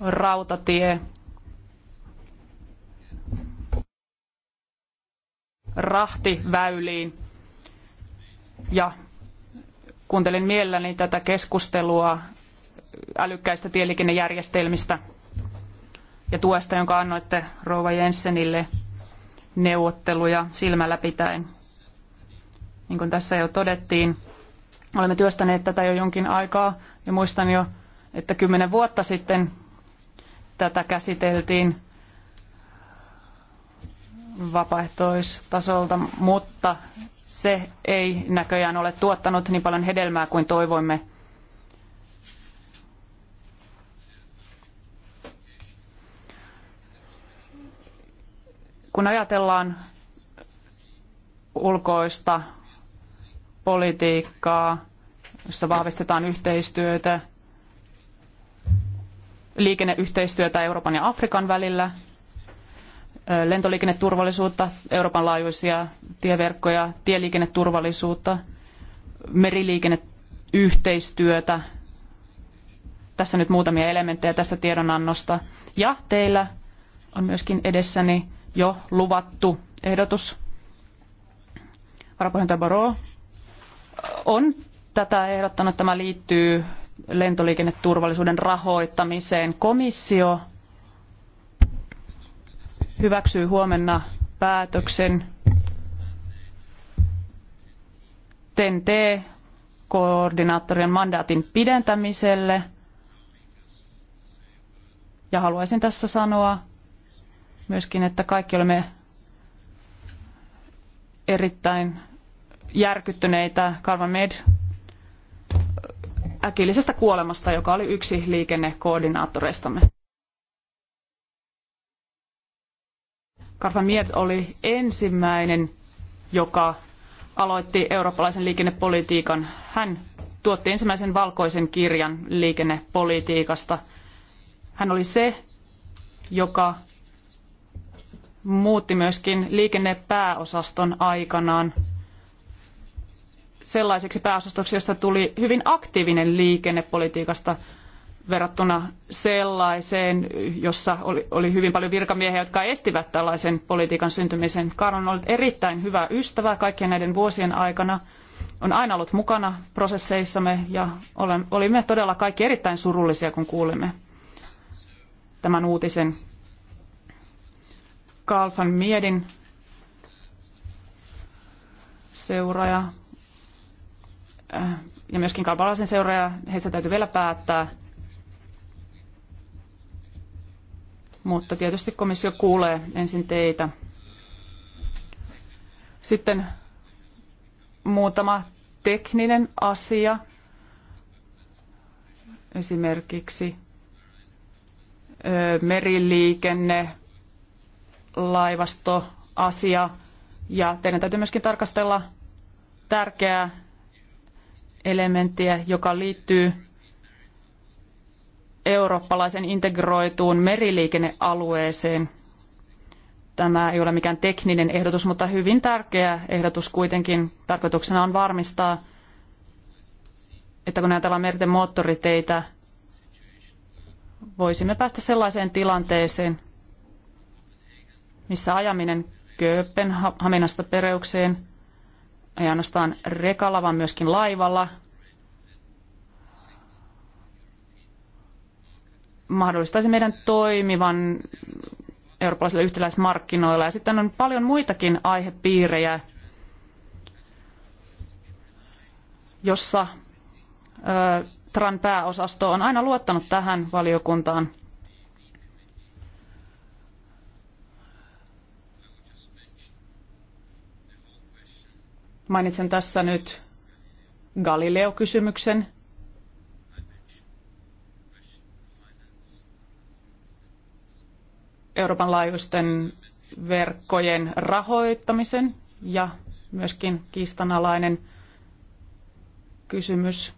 rautatie rahtiväyliin. Ja kuuntelin mielelläni tätä keskustelua älykkäistä tieliikennejärjestelmistä ja tuesta, jonka annoitte Rouva Jensenille neuvotteluja silmällä pitäen. Niin kuin tässä jo todettiin, olemme työstäneet tätä jo jonkin aikaa ja muistan jo, että kymmenen vuotta sitten tätä käsiteltiin vapaaehtoistasolta, mutta se ei näköjään ole tuottanut niin paljon hedelmää kuin toivoimme. Kun ajatellaan ulkoista politiikkaa, jossa vahvistetaan yhteistyötä, liikenneyhteistyötä Euroopan ja Afrikan välillä, lentoliikenneturvallisuutta, Euroopan laajuisia tieverkkoja, tieliikenneturvallisuutta, meriliikenneyhteistyötä. Tässä nyt muutamia elementtejä tästä tiedonannosta. Ja teillä on myöskin edessäni jo luvattu ehdotus. Varapuheenjohtaja Baro on tätä ehdottanut. Tämä liittyy lentoliikenneturvallisuuden rahoittamiseen. Komissio hyväksyy huomenna päätöksen TEN-T-koordinaattorien mandaatin pidentämiselle. Ja haluaisin tässä sanoa myöskin, että kaikki olemme erittäin järkyttyneitä Calva Med äkillisestä kuolemasta, joka oli yksi liikennekoordinaattoreistamme. Karfa Miet oli ensimmäinen, joka aloitti eurooppalaisen liikennepolitiikan. Hän tuotti ensimmäisen valkoisen kirjan liikennepolitiikasta. Hän oli se, joka muutti myöskin liikennepääosaston aikanaan sellaiseksi pääosastoksi, josta tuli hyvin aktiivinen liikennepolitiikasta verrattuna sellaiseen, jossa oli, oli hyvin paljon virkamiehiä, jotka estivät tällaisen politiikan syntymisen. Karl on ollut erittäin hyvä ystävä kaikkien näiden vuosien aikana. On aina ollut mukana prosesseissamme ja olimme todella kaikki erittäin surullisia, kun kuulimme tämän uutisen. Karl van Miedin seuraaja Äh, ja myöskin kaupalaisen seuraaja, heistä täytyy vielä päättää. Mutta tietysti komissio kuulee ensin teitä. Sitten muutama tekninen asia. Esimerkiksi meriliikenne, laivastoasia. Ja teidän täytyy myöskin tarkastella tärkeää elementtiä, joka liittyy eurooppalaisen integroituun meriliikennealueeseen. Tämä ei ole mikään tekninen ehdotus, mutta hyvin tärkeä ehdotus kuitenkin. Tarkoituksena on varmistaa, että kun ajatellaan merten moottoriteitä, voisimme päästä sellaiseen tilanteeseen, missä ajaminen Kööpenhaminasta Pereukseen – ei ainoastaan rekalla, vaan myöskin laivalla. Mahdollistaisi meidän toimivan eurooppalaisilla yhtäläismarkkinoilla. Ja sitten on paljon muitakin aihepiirejä, jossa ö, TRAN pääosasto on aina luottanut tähän valiokuntaan – Mainitsen tässä nyt Galileo-kysymyksen. Euroopan laajuisten verkkojen rahoittamisen ja myöskin kiistanalainen kysymys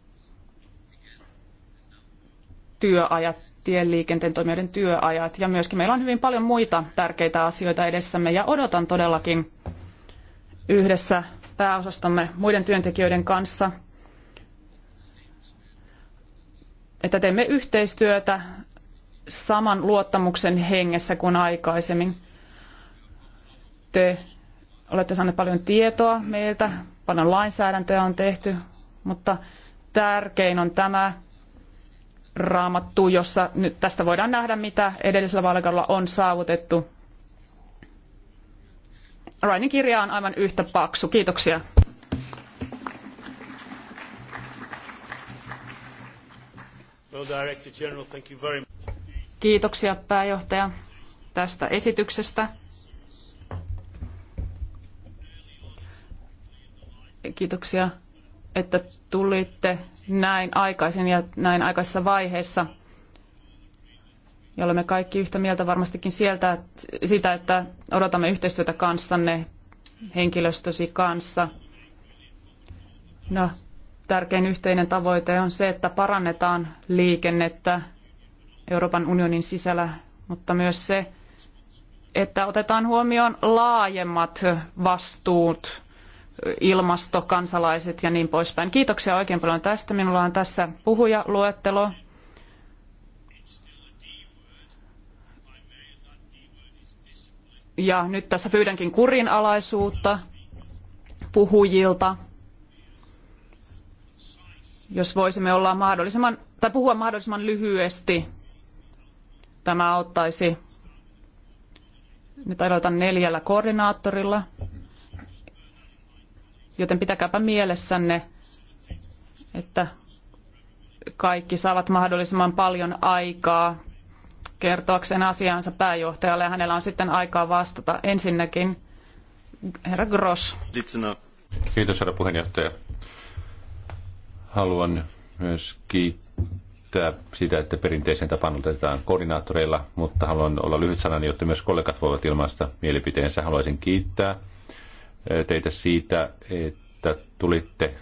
työajat, tieliikenteen toimijoiden työajat ja myöskin meillä on hyvin paljon muita tärkeitä asioita edessämme ja odotan todellakin yhdessä pääosastomme muiden työntekijöiden kanssa, että teemme yhteistyötä saman luottamuksen hengessä kuin aikaisemmin. Te olette saaneet paljon tietoa meiltä, paljon lainsäädäntöä on tehty, mutta tärkein on tämä raamattu, jossa nyt tästä voidaan nähdä, mitä edellisellä vaalikaudella on saavutettu. Rainin kirja on aivan yhtä paksu. Kiitoksia. Kiitoksia pääjohtaja tästä esityksestä. Kiitoksia, että tulitte näin aikaisin ja näin aikaisessa vaiheessa – ja olemme kaikki yhtä mieltä varmastikin sieltä, sitä, että odotamme yhteistyötä kanssanne, henkilöstösi kanssa. No, tärkein yhteinen tavoite on se, että parannetaan liikennettä Euroopan unionin sisällä, mutta myös se, että otetaan huomioon laajemmat vastuut, ilmasto, kansalaiset ja niin poispäin. Kiitoksia oikein paljon tästä. Minulla on tässä puhujaluettelo. luettelo Ja nyt tässä pyydänkin kurinalaisuutta puhujilta. Jos voisimme olla mahdollisimman, tai puhua mahdollisimman lyhyesti, tämä auttaisi. Nyt aloitan neljällä koordinaattorilla, joten pitäkääpä mielessänne, että kaikki saavat mahdollisimman paljon aikaa kertoakseen asiansa pääjohtajalle ja hänellä on sitten aikaa vastata. Ensinnäkin herra Gross. Kiitos herra puheenjohtaja. Haluan myös kiittää sitä, että perinteisen tapaan otetaan koordinaattoreilla, mutta haluan olla lyhyt sanani, jotta myös kollegat voivat ilmaista mielipiteensä. Haluaisin kiittää eh, teitä siitä, että tulitte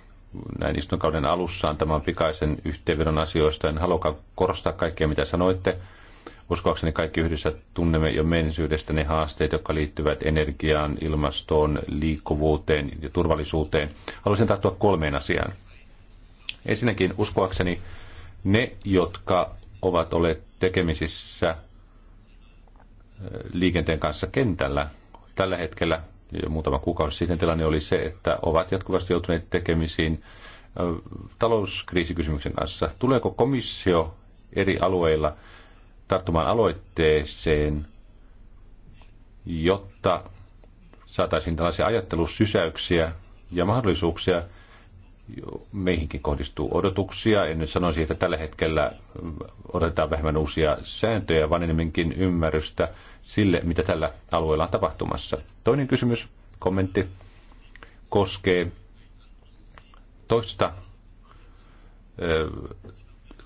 näin istuntokauden alussa antamaan pikaisen yhteenvedon asioista. En halua korostaa kaikkea, mitä sanoitte, Uskoakseni kaikki yhdessä tunnemme jo menneisyydestä ne haasteet, jotka liittyvät energiaan, ilmastoon, liikkuvuuteen ja turvallisuuteen. Haluaisin tarttua kolmeen asiaan. Ensinnäkin uskoakseni ne, jotka ovat olleet tekemisissä liikenteen kanssa kentällä tällä hetkellä, jo muutama kuukausi sitten tilanne oli se, että ovat jatkuvasti joutuneet tekemisiin talouskriisikysymyksen kanssa. Tuleeko komissio eri alueilla tarttumaan aloitteeseen, jotta saataisiin tällaisia ajattelusysäyksiä ja mahdollisuuksia. Meihinkin kohdistuu odotuksia. En nyt sanoisi, että tällä hetkellä odotetaan vähemmän uusia sääntöjä, vaan enemmänkin ymmärrystä sille, mitä tällä alueella on tapahtumassa. Toinen kysymys, kommentti, koskee toista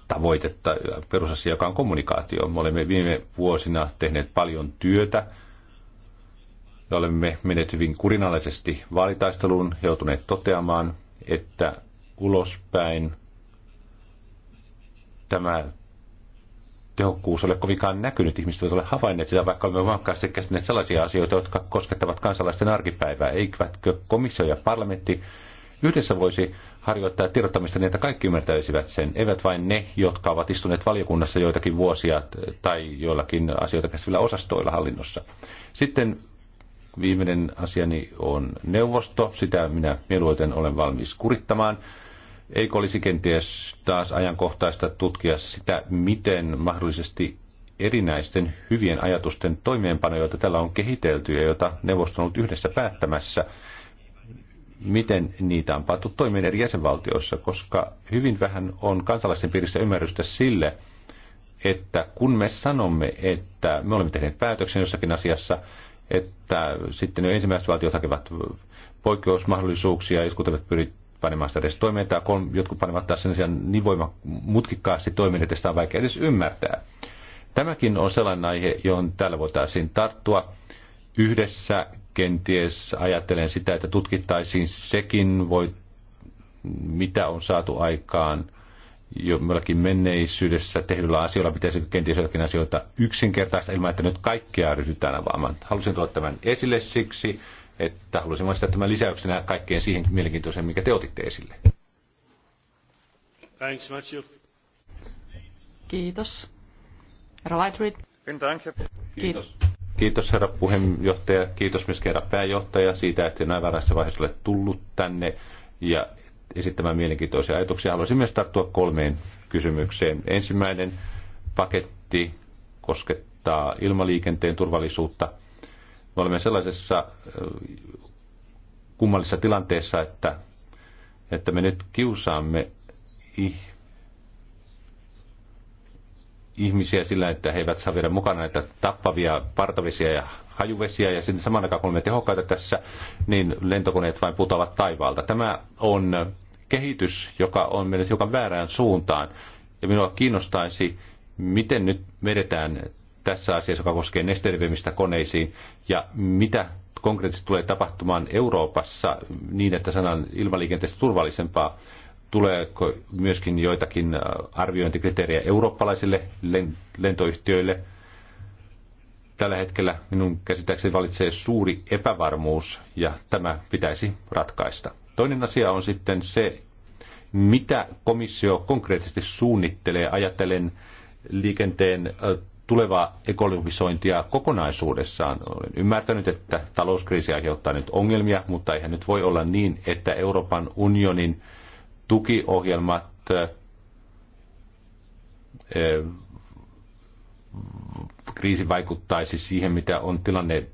tavoitetta, perusasia, joka on kommunikaatio. Me olemme viime vuosina tehneet paljon työtä ja olemme menneet hyvin kurinalaisesti vaalitaisteluun, joutuneet toteamaan, että ulospäin tämä tehokkuus ole kovinkaan näkynyt. Ihmiset eivät ole havainneet sitä, vaikka olemme vankkaasti käsineet sellaisia asioita, jotka koskettavat kansalaisten arkipäivää. Eivätkö komissio ja parlamentti yhdessä voisi harjoittaa tiedottamista niin, että kaikki ymmärtäisivät sen, eivät vain ne, jotka ovat istuneet valiokunnassa joitakin vuosia tai joillakin asioita käsivillä osastoilla hallinnossa. Sitten viimeinen asiani on neuvosto. Sitä minä mieluiten olen valmis kurittamaan. Eikö olisi kenties taas ajankohtaista tutkia sitä, miten mahdollisesti erinäisten hyvien ajatusten toimeenpano, joita tällä on kehitelty ja jota neuvosto on ollut yhdessä päättämässä – miten niitä on pattu toimiin eri jäsenvaltioissa, koska hyvin vähän on kansalaisten piirissä ymmärrystä sille, että kun me sanomme, että me olemme tehneet päätöksen jossakin asiassa, että sitten jo ensimmäiset valtiot hakevat poikkeusmahdollisuuksia, jotkut eivät pyri panemaan sitä edes toimeen, tai jotkut panevat taas sen asian niin voima mutkikkaasti toimeen, että sitä on vaikea edes ymmärtää. Tämäkin on sellainen aihe, johon täällä voitaisiin tarttua yhdessä kenties ajattelen sitä, että tutkittaisiin sekin, voi, mitä on saatu aikaan jo jollakin menneisyydessä tehdyllä asioilla, pitäisi kenties jotakin asioita yksinkertaista ilman, että nyt kaikkea ryhdytään avaamaan. Halusin tuoda tämän esille siksi, että halusin mainita tämän lisäyksenä kaikkeen siihen mielenkiintoiseen, mikä te otitte esille. Kiitos. Kiitos. Kiitos herra puheenjohtaja, kiitos myöskin herra pääjohtaja siitä, että näin väärässä vaiheessa olet tullut tänne ja esittämään mielenkiintoisia ajatuksia. Haluaisin myös tarttua kolmeen kysymykseen. Ensimmäinen paketti koskettaa ilmaliikenteen turvallisuutta. Me olemme sellaisessa äh, kummallisessa tilanteessa, että, että me nyt kiusaamme ihmisiä ihmisiä sillä, että he eivät saa viedä mukana näitä tappavia partavisia ja hajuvesiä ja sitten saman aikaan kun olemme tehokkaita tässä, niin lentokoneet vain putoavat taivaalta. Tämä on kehitys, joka on mennyt hiukan väärään suuntaan ja minua kiinnostaisi, miten nyt vedetään tässä asiassa, joka koskee nesteiden koneisiin ja mitä konkreettisesti tulee tapahtumaan Euroopassa niin, että sanan ilmaliikenteestä turvallisempaa Tuleeko myöskin joitakin äh, arviointikriteerejä eurooppalaisille lentoyhtiöille? Tällä hetkellä minun käsittääkseni valitsee suuri epävarmuus ja tämä pitäisi ratkaista. Toinen asia on sitten se, mitä komissio konkreettisesti suunnittelee ajatellen liikenteen äh, tulevaa ekologisointia kokonaisuudessaan. Olen ymmärtänyt, että talouskriisi aiheuttaa nyt ongelmia, mutta eihän nyt voi olla niin, että Euroopan unionin tukiohjelmat kriisi vaikuttaisi siihen, mitä on tilanne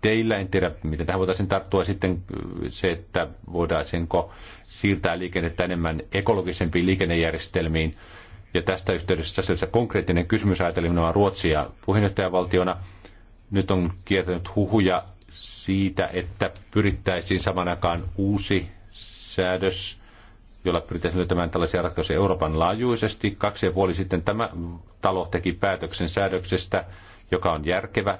teillä. En tiedä, miten tähän voitaisiin tarttua sitten se, että voidaanko siirtää liikennettä enemmän ekologisempiin liikennejärjestelmiin. Ja tästä yhteydessä, tässä konkreettinen kysymys ajatellen minua Ruotsia puheenjohtajavaltiona. Nyt on kiertänyt huhuja siitä, että pyrittäisiin saman aikaan uusi säädös jolla pyritään löytämään tällaisia ratkaisuja Euroopan laajuisesti. Kaksi ja puoli sitten tämä talo teki päätöksen säädöksestä, joka on järkevä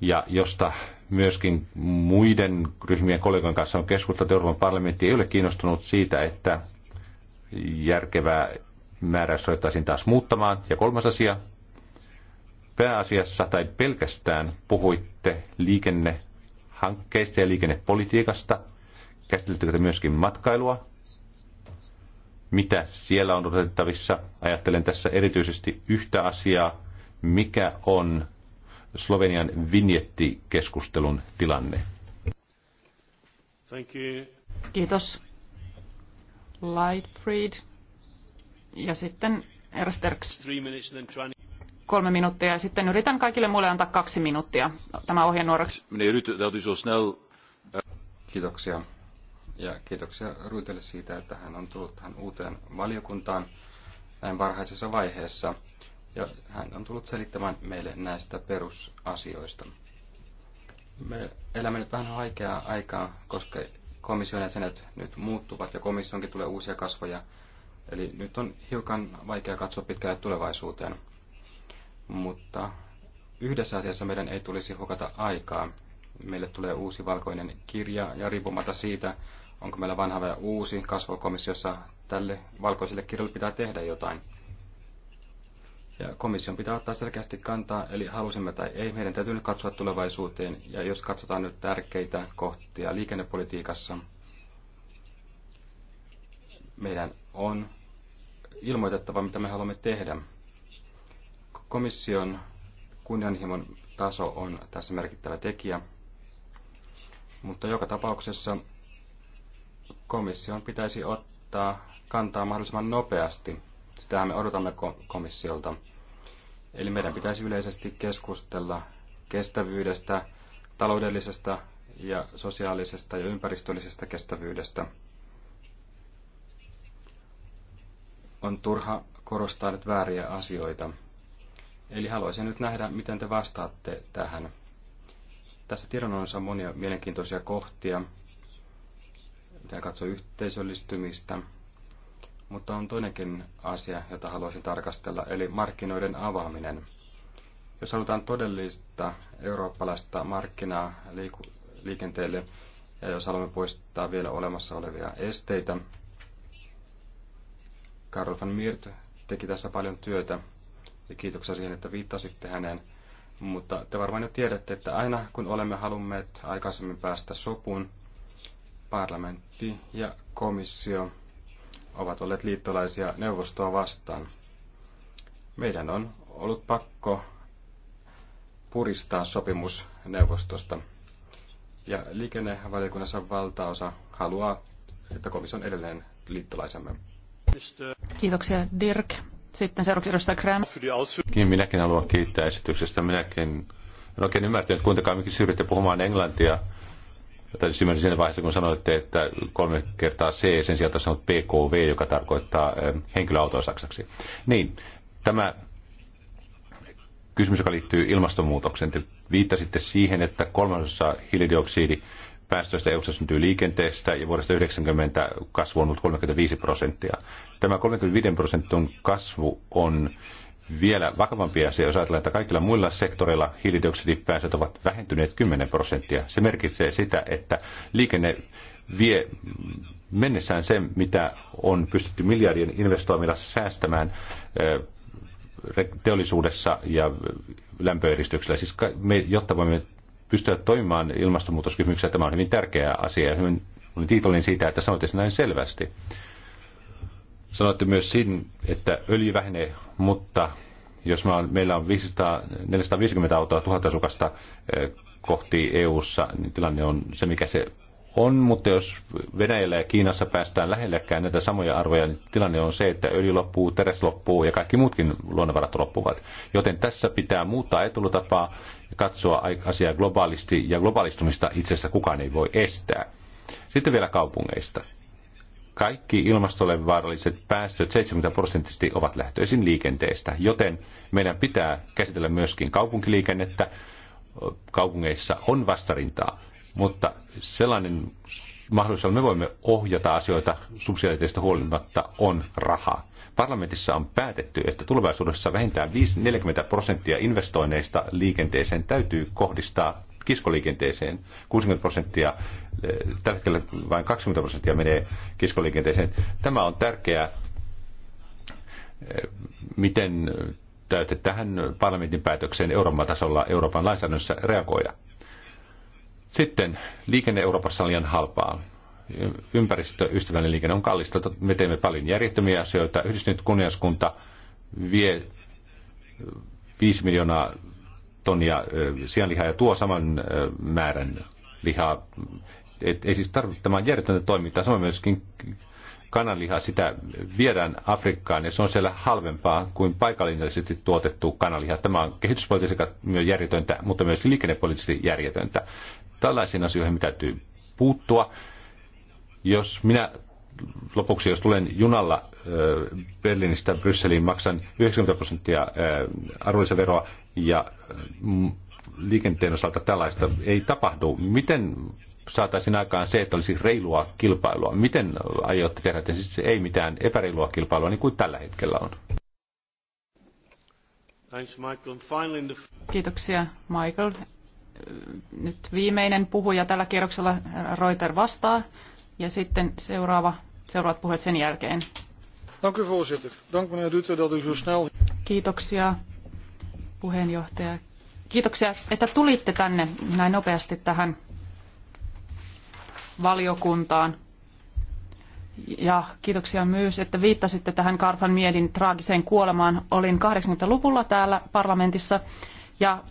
ja josta myöskin muiden ryhmien kollegojen kanssa on keskusteltu. Euroopan parlamentti ei ole kiinnostunut siitä, että järkevää määräys ruvettaisiin taas muuttamaan. Ja kolmas asia, pääasiassa tai pelkästään puhuitte liikennehankkeista ja liikennepolitiikasta. Käsiteltykö te myöskin matkailua? Mitä siellä on odotettavissa? Ajattelen tässä erityisesti yhtä asiaa. Mikä on Slovenian vinjettikeskustelun tilanne? Thank you. Kiitos. Lightfried. Ja sitten Ersterks. Kolme minuuttia ja sitten yritän kaikille muille antaa kaksi minuuttia. Tämä ohjenuoraksi. Eh- Kiitoksia. Ja kiitoksia Ruitelle siitä, että hän on tullut tähän uuteen valiokuntaan näin varhaisessa vaiheessa. Ja hän on tullut selittämään meille näistä perusasioista. Me elämme nyt vähän haikeaa aikaa, koska komission jäsenet nyt muuttuvat ja komissionkin tulee uusia kasvoja. Eli nyt on hiukan vaikea katsoa pitkälle tulevaisuuteen. Mutta yhdessä asiassa meidän ei tulisi hukata aikaa. Meille tulee uusi valkoinen kirja ja riippumatta siitä, Onko meillä vanha vai uusi kasvokomissiossa Tälle valkoiselle kirjalle pitää tehdä jotain. Ja komission pitää ottaa selkeästi kantaa, eli halusimme tai ei, meidän täytyy nyt katsoa tulevaisuuteen. Ja jos katsotaan nyt tärkeitä kohtia liikennepolitiikassa, meidän on ilmoitettava, mitä me haluamme tehdä. Komission kunnianhimon taso on tässä merkittävä tekijä, mutta joka tapauksessa komission pitäisi ottaa kantaa mahdollisimman nopeasti. Sitähän me odotamme komissiolta. Eli meidän pitäisi yleisesti keskustella kestävyydestä, taloudellisesta ja sosiaalisesta ja ympäristöllisestä kestävyydestä. On turha korostaa nyt vääriä asioita. Eli haluaisin nyt nähdä, miten te vastaatte tähän. Tässä tiedonannossa on monia mielenkiintoisia kohtia, pitää katsoa yhteisöllistymistä. Mutta on toinenkin asia, jota haluaisin tarkastella, eli markkinoiden avaaminen. Jos halutaan todellista eurooppalaista markkinaa liiku- liikenteelle, ja jos haluamme poistaa vielä olemassa olevia esteitä, Karl van Miert teki tässä paljon työtä, ja kiitoksia siihen, että viittasitte häneen. Mutta te varmaan jo tiedätte, että aina kun olemme halunneet aikaisemmin päästä sopuun, parlamentti ja komissio ovat olleet liittolaisia neuvostoa vastaan. Meidän on ollut pakko puristaa sopimus neuvostosta. Ja liikennevaliokunnassa valtaosa haluaa, että komissio on edelleen liittolaisemme. Kiitoksia Dirk. Sitten seuraavaksi edustaja Kram. Niin, minäkin haluan kiittää esityksestä. Minäkin en oikein ymmärtänyt, kuinka miksi siirrytte puhumaan englantia tai ymmärsin siinä vaiheessa, kun sanoitte, että kolme kertaa C sen sijaan sanot PKV, joka tarkoittaa eh, henkilöautoa saksaksi. Niin, tämä kysymys, joka liittyy ilmastonmuutokseen. Te viittasitte siihen, että kolmasosa hiilidioksidi päästöistä EU syntyy liikenteestä ja vuodesta 90 kasvu on ollut 35 prosenttia. Tämä 35 prosentin kasvu on vielä vakavampi asia, jos ajatellaan, että kaikilla muilla sektoreilla hiilidioksidipäästöt ovat vähentyneet 10 prosenttia. Se merkitsee sitä, että liikenne vie mennessään sen, mitä on pystytty miljardien investoimilla säästämään teollisuudessa ja lämpöeristyksellä. Siis me, jotta voimme pystyä toimimaan ilmastonmuutoskysymyksessä, tämä on hyvin tärkeä asia. Hyvin, olin tiitollinen siitä, että sanoitte sen näin selvästi. Sanoitte myös siinä, että öljy vähenee, mutta jos meillä on 500, 450 autoa asukasta eh, kohti EU-ssa, niin tilanne on se, mikä se on, mutta jos Venäjällä ja Kiinassa päästään lähellekään näitä samoja arvoja, niin tilanne on se, että öljy loppuu, teräs loppuu ja kaikki muutkin luonnonvarat loppuvat. Joten tässä pitää muuttaa etulotapaa ja katsoa asiaa globaalisti, ja globaalistumista itse asiassa kukaan ei voi estää. Sitten vielä kaupungeista kaikki ilmastolle vaaralliset päästöt 70 prosenttisesti ovat lähtöisin liikenteestä, joten meidän pitää käsitellä myöskin kaupunkiliikennettä. Kaupungeissa on vastarintaa, mutta sellainen mahdollisuus, me voimme ohjata asioita subsidiariteista huolimatta, on rahaa. Parlamentissa on päätetty, että tulevaisuudessa vähintään 40 prosenttia investoinneista liikenteeseen täytyy kohdistaa kiskoliikenteeseen. 60 prosenttia, eh, tällä hetkellä vain 20 prosenttia menee kiskoliikenteeseen. Tämä on tärkeää, eh, miten täytä tähän parlamentin päätökseen Euroopan tasolla Euroopan lainsäädännössä reagoida. Sitten liikenne Euroopassa on liian halpaa ympäristöystävällinen liikenne on kallista. Me teemme paljon järjettömiä asioita. Yhdistynyt kunnianskunta vie 5 miljoonaa tonnia sianlihaa ja tuo saman määrän lihaa. Et, ei siis tarvitse tämä järjetöntä toimintaa. Samoin myöskin kananlihaa, sitä viedään Afrikkaan ja se on siellä halvempaa kuin paikallisesti tuotettu kananliha. Tämä on kehityspolitiikka myös järjetöntä, mutta myös liikennepoliittisesti järjetöntä. Tällaisiin asioihin täytyy puuttua. Jos minä lopuksi, jos tulen junalla Berliinistä Brysseliin, maksan 90 prosenttia arvonlisäveroa ja liikenteen osalta tällaista ei tapahdu. Miten saataisiin aikaan se, että olisi reilua kilpailua? Miten aiotte tehdä, että siis ei mitään epäreilua kilpailua niin kuin tällä hetkellä on? Kiitoksia Michael. Nyt viimeinen puhuja tällä kierroksella Reuter vastaa ja sitten seuraava seuraavat puheet sen jälkeen. Dank u voorzitter. Dank meneer Rutte dat u zo snel... Kiitoksia puheenjohtaja. Kiitoksia, että tulitte tänne näin nopeasti tähän valiokuntaan. Ja kiitoksia myös, että viittasitte tähän Karfan Miedin traagiseen kuolemaan. Olin 80-luvulla täällä parlamentissa ja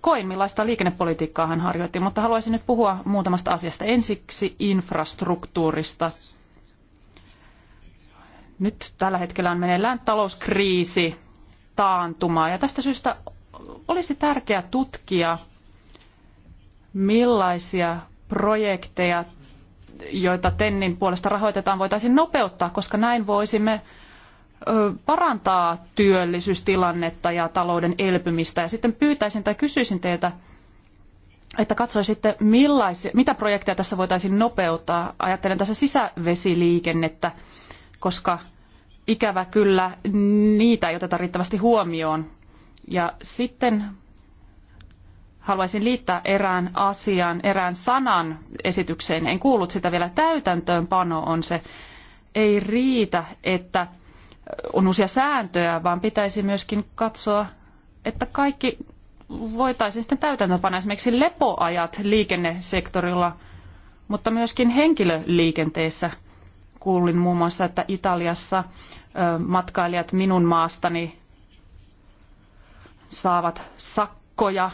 koin, millaista liikennepolitiikkaa hän harjoitti, mutta haluaisin nyt puhua muutamasta asiasta. Ensiksi infrastruktuurista. Nyt tällä hetkellä on meneillään talouskriisi, taantuma ja tästä syystä olisi tärkeää tutkia, millaisia projekteja, joita TENNin puolesta rahoitetaan, voitaisiin nopeuttaa, koska näin voisimme parantaa työllisyystilannetta ja talouden elpymistä. Ja sitten pyytäisin tai kysyisin teiltä, että katsoisitte, millaisia, mitä projekteja tässä voitaisiin nopeuttaa. Ajattelen tässä sisävesiliikennettä, koska ikävä kyllä niitä ei oteta riittävästi huomioon. Ja sitten haluaisin liittää erään asian, erään sanan esitykseen. En kuullut sitä vielä. Täytäntöönpano on se. Ei riitä, että on uusia sääntöjä, vaan pitäisi myöskin katsoa, että kaikki voitaisiin sitten täytäntöönpana esimerkiksi lepoajat liikennesektorilla, mutta myöskin henkilöliikenteessä – kuulin muun muassa, että Italiassa matkailijat minun maastani saavat sakkoja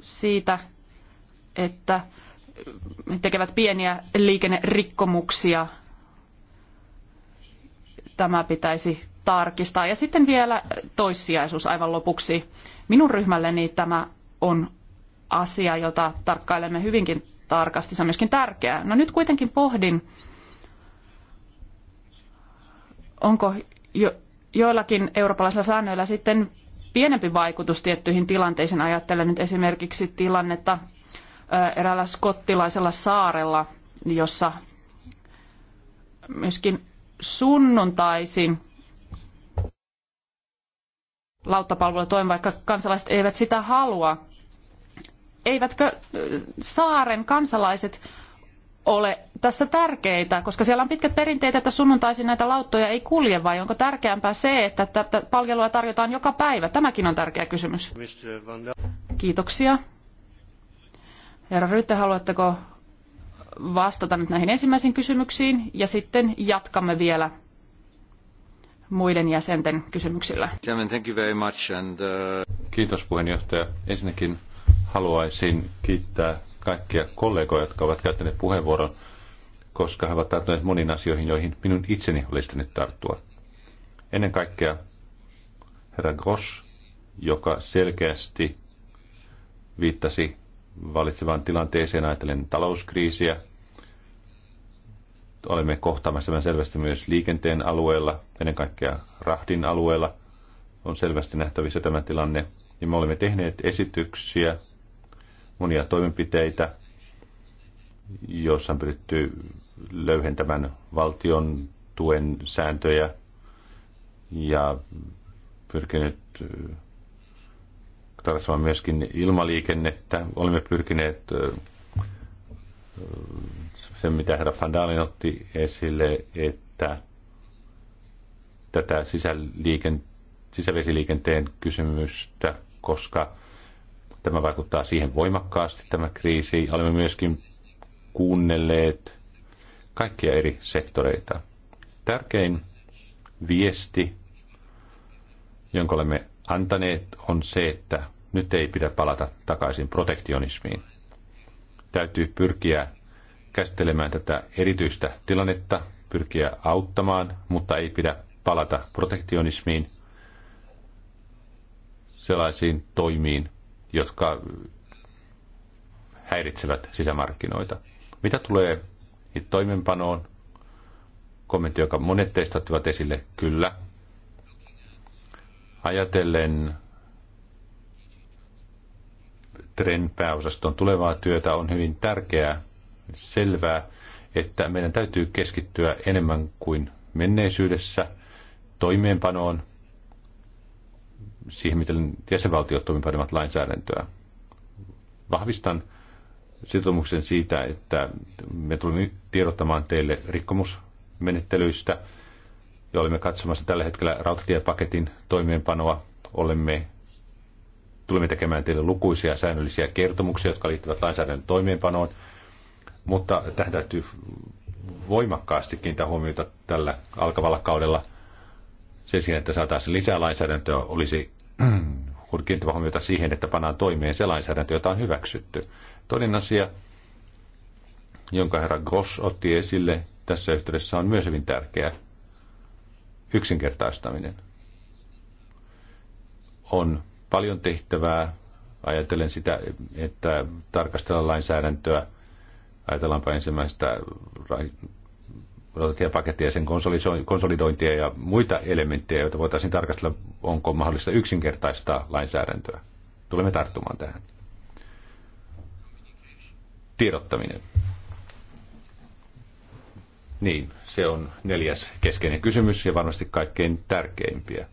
siitä, että tekevät pieniä liikennerikkomuksia. Tämä pitäisi tarkistaa. Ja sitten vielä toissijaisuus aivan lopuksi. Minun ryhmälleni tämä on asia, jota tarkkailemme hyvinkin tarkasti. Se on myöskin tärkeää. No nyt kuitenkin pohdin, onko jo, joillakin eurooppalaisilla säännöillä sitten pienempi vaikutus tiettyihin tilanteisiin. Ajattelen nyt esimerkiksi tilannetta eräällä skottilaisella saarella, jossa myöskin sunnuntaisin lauttapalvelu toimii, vaikka kansalaiset eivät sitä halua. Eivätkö saaren kansalaiset ole tässä tärkeitä, koska siellä on pitkät perinteet, että sunnuntaisin näitä lauttoja ei kulje, vai onko tärkeämpää se, että tätä palvelua tarjotaan joka päivä? Tämäkin on tärkeä kysymys. Kiitoksia. Herra Rytte, haluatteko vastata nyt näihin ensimmäisiin kysymyksiin, ja sitten jatkamme vielä muiden jäsenten kysymyksillä. Uh, Kiitos puheenjohtaja. Ensinnäkin haluaisin kiittää kaikkia kollegoja, jotka ovat käyttäneet puheenvuoron, koska he ovat tarttuneet moniin asioihin, joihin minun itseni olisi nyt tarttua. Ennen kaikkea herra Gross, joka selkeästi viittasi valitsevaan tilanteeseen ajatellen talouskriisiä. Olemme kohtaamassa tämän selvästi myös liikenteen alueella, ennen kaikkea rahdin alueella on selvästi nähtävissä tämä tilanne. Ja me olemme tehneet esityksiä monia toimenpiteitä, joissa on pyritty löyhentämään valtion tuen sääntöjä ja pyrkinyt äh, tarvitsemaan myöskin ilmaliikennettä. Olemme pyrkineet äh, äh, sen, mitä herra Fandalin otti esille, että tätä sisäliiken, sisävesiliikenteen kysymystä, koska Tämä vaikuttaa siihen voimakkaasti, tämä kriisi. Olemme myöskin kuunnelleet kaikkia eri sektoreita. Tärkein viesti, jonka olemme antaneet, on se, että nyt ei pidä palata takaisin protektionismiin. Täytyy pyrkiä käsittelemään tätä erityistä tilannetta, pyrkiä auttamaan, mutta ei pidä palata protektionismiin sellaisiin toimiin, jotka häiritsevät sisämarkkinoita. Mitä tulee toimenpanoon? Kommentti, joka monet teistä ottivat esille, kyllä. Ajatellen trendpääosaston tulevaa työtä on hyvin tärkeää, selvää, että meidän täytyy keskittyä enemmän kuin menneisyydessä toimeenpanoon – siihen, miten jäsenvaltiot toimivat lainsäädäntöä. Vahvistan sitoumuksen siitä, että me tulemme tiedottamaan teille rikkomusmenettelyistä ja olemme katsomassa tällä hetkellä rautatiepaketin toimeenpanoa. Olemme, tulemme tekemään teille lukuisia säännöllisiä kertomuksia, jotka liittyvät lainsäädännön toimeenpanoon, mutta tähän täytyy voimakkaasti kiinnittää huomiota tällä alkavalla kaudella. Sen sijaan, että saataisiin lisää lainsäädäntöä, olisi <clears throat> kiinnittävä huomiota siihen, että pannaan toimeen se lainsäädäntö, jota on hyväksytty. Toinen asia, jonka herra Gross otti esille tässä yhteydessä, on myös hyvin tärkeä. Yksinkertaistaminen. On paljon tehtävää, ajatellen sitä, että tarkastellaan lainsäädäntöä. Ajatellaanpa ensimmäistä rautatiepakettia, sen konsolidointia ja muita elementtejä, joita voitaisiin tarkastella, onko mahdollista yksinkertaistaa lainsäädäntöä. Tulemme tarttumaan tähän. Tiedottaminen. Niin, se on neljäs keskeinen kysymys ja varmasti kaikkein tärkeimpiä.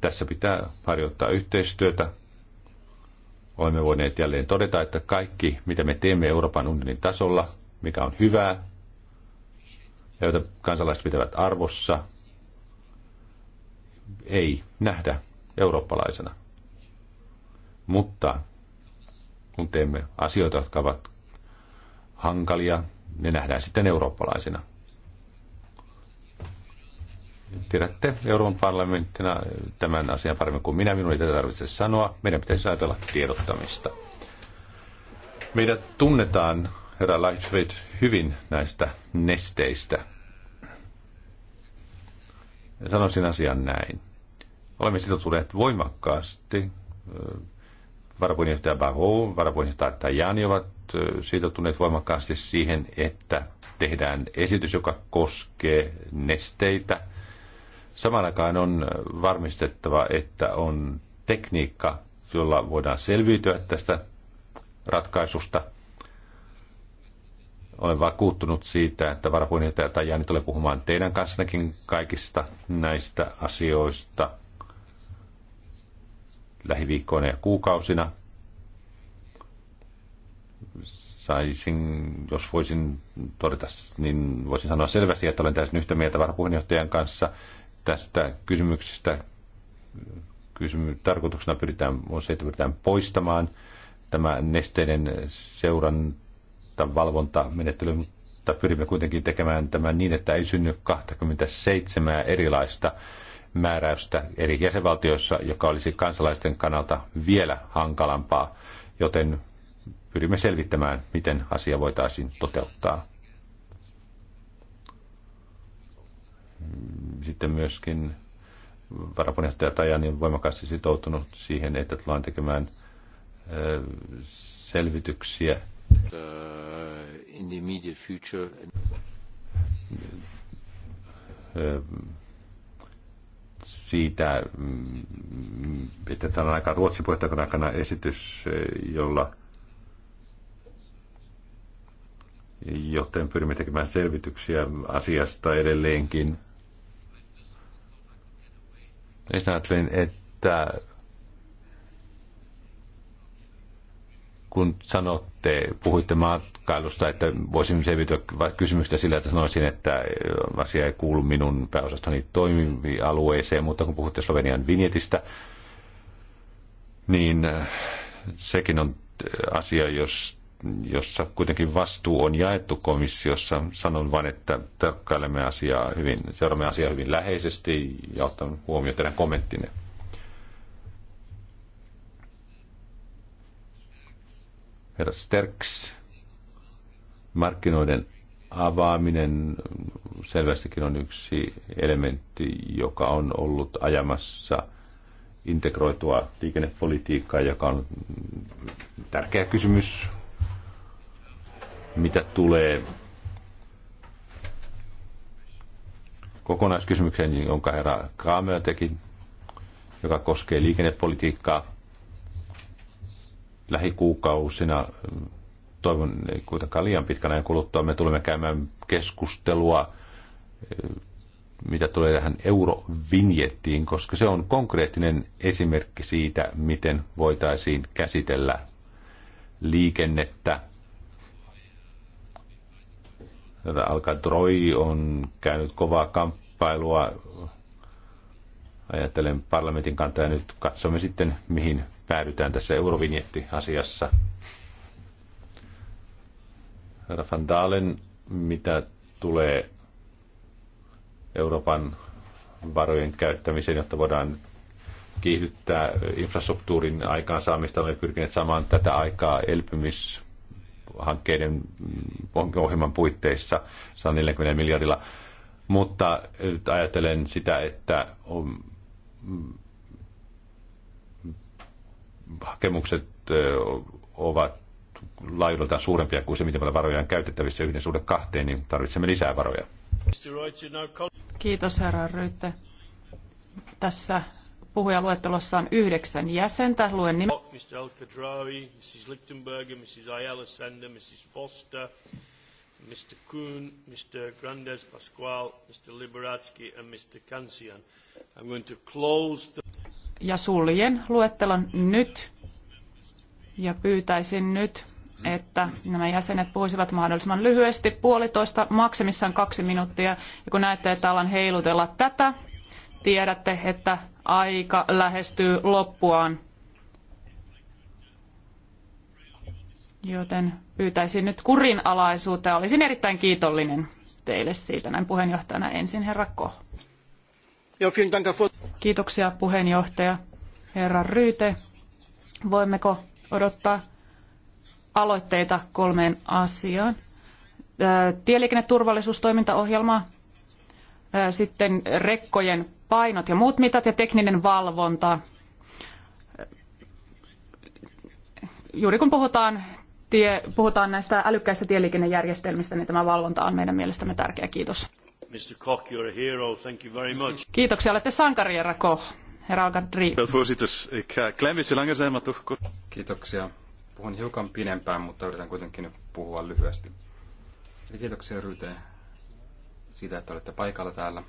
Tässä pitää harjoittaa yhteistyötä. Olemme voineet jälleen todeta, että kaikki, mitä me teemme Euroopan unionin tasolla, mikä on hyvää ja joita kansalaiset pitävät arvossa, ei nähdä eurooppalaisena. Mutta kun teemme asioita, jotka ovat hankalia, ne nähdään sitten eurooppalaisina. Tiedätte Euroopan parlamenttina tämän asian paremmin kuin minä. Minun ei tätä tarvitse sanoa. Meidän pitäisi ajatella tiedottamista. Meidät tunnetaan herra Lightfried hyvin näistä nesteistä. Sanoisin asian näin. Olemme sitoutuneet voimakkaasti. Varapuheenjohtaja Baho, varapuheenjohtaja Tajani ovat sitoutuneet voimakkaasti siihen, että tehdään esitys, joka koskee nesteitä. Samaan aikaan on varmistettava, että on tekniikka, jolla voidaan selviytyä tästä ratkaisusta. Olen vakuuttunut siitä, että varapuheenjohtaja Tajani tulee puhumaan teidän kanssakin kaikista näistä asioista lähiviikkoina ja kuukausina. Saisin, jos voisin todeta, niin voisin sanoa selvästi, että olen täysin yhtä mieltä varapuheenjohtajan kanssa tästä kysymyksestä. Kysymy- tarkoituksena pyritään, on se, että pyritään poistamaan tämä nesteiden seuran tämän valvontamenettelyn, mutta pyrimme kuitenkin tekemään tämän niin, että ei synny 27 erilaista määräystä eri jäsenvaltioissa, joka olisi kansalaisten kannalta vielä hankalampaa, joten pyrimme selvittämään, miten asia voitaisiin toteuttaa. Sitten myöskin varapuheenjohtaja Tajani on voimakkaasti sitoutunut siihen, että tullaan tekemään selvityksiä – Uh, in the immediate future. Siitä, mm, että tämä on aika Ruotsin puheenjohtajan aikana esitys, jolla joten pyrimme tekemään selvityksiä asiasta edelleenkin. Ensin että kun sanotte, puhuitte matkailusta, että voisin selviytyä kysymystä sillä, että sanoisin, että asia ei kuulu minun pääosastoni alueeseen, mutta kun puhutte Slovenian vinjetistä, niin sekin on asia, jos, jossa kuitenkin vastuu on jaettu komissiossa. Sanon vain, että tarkkailemme asiaa hyvin, seuraamme asiaa hyvin läheisesti ja otan huomioon teidän kommenttinne. Herra Sterks, markkinoiden avaaminen selvästikin on yksi elementti, joka on ollut ajamassa integroitua liikennepolitiikkaa, joka on tärkeä kysymys, mitä tulee kokonaiskysymykseen, jonka herra Kramer teki, joka koskee liikennepolitiikkaa lähikuukausina, toivon ei kuitenkaan liian pitkän ajan kuluttua, me tulemme käymään keskustelua, mitä tulee tähän eurovinjettiin, koska se on konkreettinen esimerkki siitä, miten voitaisiin käsitellä liikennettä. Tätä Troi on käynyt kovaa kamppailua. Ajattelen parlamentin kantaa ja nyt katsomme sitten, mihin päädytään tässä Eurovinjetti-asiassa. Herra Dalen, mitä tulee Euroopan varojen käyttämiseen, jotta voidaan kiihdyttää infrastruktuurin aikaansaamista. Olemme pyrkineet saamaan tätä aikaa elpymishankkeiden ohjelman puitteissa 140 miljardilla. Mutta nyt ajattelen sitä, että on hakemukset ovat laajuudeltaan suurempia kuin se, miten paljon varoja on käytettävissä yhden suhde kahteen, niin tarvitsemme lisää varoja. Kiitos herra Ryytte. Tässä puhujaluettelossa on yhdeksän jäsentä. Luen nimen. Mr. Mrs. Lichtenberger, Mrs. Ayala Sander, Mrs. Foster, Mr. Kuhn, Mr. Grandes Pascual, Mr. Liberatsky and Mr. Kansian. I'm going to close the... Ja suljen luettelon nyt ja pyytäisin nyt, että nämä jäsenet puhuisivat mahdollisimman lyhyesti, puolitoista, maksimissaan kaksi minuuttia. Ja kun näette, että alan heilutella tätä, tiedätte, että aika lähestyy loppuaan. Joten pyytäisin nyt kurinalaisuutta ja olisin erittäin kiitollinen teille siitä näin puheenjohtajana ensin herra Koh. Kiitoksia puheenjohtaja herra Ryyte. Voimmeko odottaa aloitteita kolmeen asiaan? Tieliikenneturvallisuustoimintaohjelmaa, sitten rekkojen painot ja muut mitat ja tekninen valvonta. Juuri kun puhutaan tie, puhutaan näistä älykkäistä tieliikennejärjestelmistä, niin tämä valvonta on meidän mielestämme tärkeä. Kiitos. Mr. Koch, you're a hero. Thank you very much. Kiitoksia, olette sankari, herra Koch. Herra Algadri. Eh, kiitoksia. Puhun hiukan pidempään, mutta yritän kuitenkin puhua lyhyesti. Eli kiitoksia Ryte siitä, että olette paikalla täällä.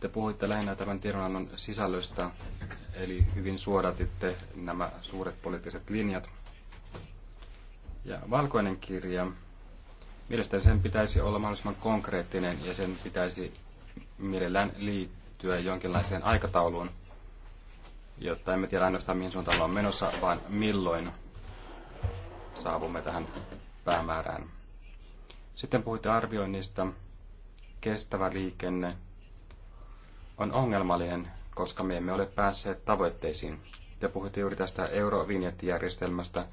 Te puhuitte lähinnä tämän tiedonannon sisällöstä, eli hyvin suodatitte nämä suuret poliittiset linjat. Ja valkoinen kirja, mielestäni sen pitäisi olla mahdollisimman konkreettinen ja sen pitäisi mielellään liittyä jonkinlaiseen aikatauluun, jotta emme tiedä ainoastaan mihin suuntaan ollaan menossa, vaan milloin saavumme tähän päämäärään. Sitten puhuitte arvioinnista, kestävä liikenne – on ongelmallinen, koska me emme ole päässeet tavoitteisiin. Te puhutte juuri tästä eurovinjettijärjestelmästä,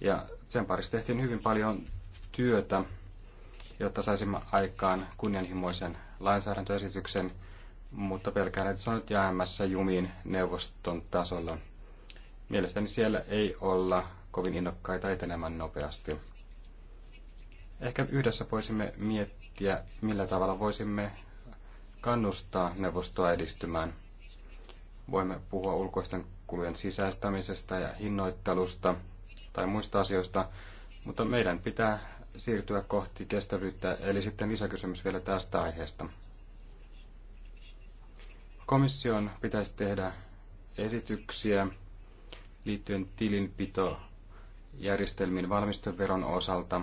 ja sen parissa tehtiin hyvin paljon työtä, jotta saisimme aikaan kunnianhimoisen lainsäädäntöesityksen, mutta pelkään, että se on nyt jäämässä jumiin neuvoston tasolla. Mielestäni siellä ei olla kovin innokkaita etenemään nopeasti. Ehkä yhdessä voisimme miettiä, millä tavalla voisimme kannustaa neuvostoa edistymään. Voimme puhua ulkoisten kulujen sisäistämisestä ja hinnoittelusta tai muista asioista, mutta meidän pitää siirtyä kohti kestävyyttä, eli sitten lisäkysymys vielä tästä aiheesta. Komission pitäisi tehdä esityksiä liittyen tilinpitojärjestelmiin valmisteveron osalta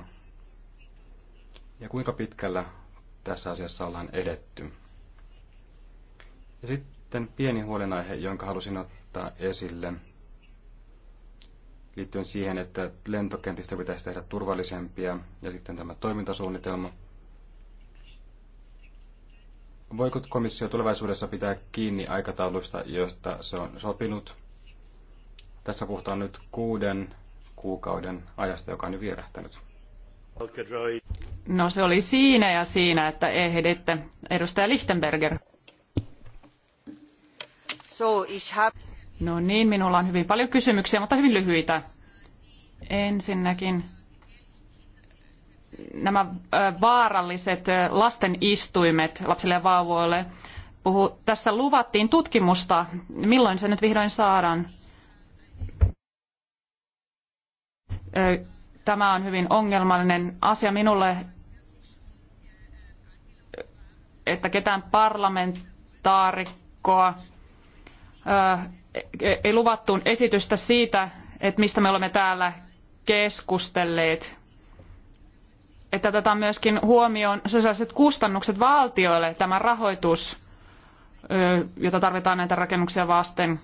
ja kuinka pitkällä tässä asiassa ollaan edetty. Ja sitten pieni huolenaihe, jonka halusin ottaa esille liittyen siihen, että lentokentistä pitäisi tehdä turvallisempia ja sitten tämä toimintasuunnitelma. Voiko komissio tulevaisuudessa pitää kiinni aikatauluista, joista se on sopinut? Tässä puhutaan nyt kuuden kuukauden ajasta, joka on nyt vierähtänyt. No se oli siinä ja siinä, että ehditte. Edustaja Lichtenberger. No niin, minulla on hyvin paljon kysymyksiä, mutta hyvin lyhyitä. Ensinnäkin nämä vaaralliset lasten istuimet lapsille ja vauvoille. Puhu, tässä luvattiin tutkimusta. Milloin se nyt vihdoin saadaan? Tämä on hyvin ongelmallinen asia minulle, että ketään parlamentaarikkoa E, ei luvattuun esitystä siitä, että mistä me olemme täällä keskustelleet. Että otetaan myöskin huomioon sosiaaliset kustannukset valtioille, tämä rahoitus, jota tarvitaan näitä rakennuksia vasten.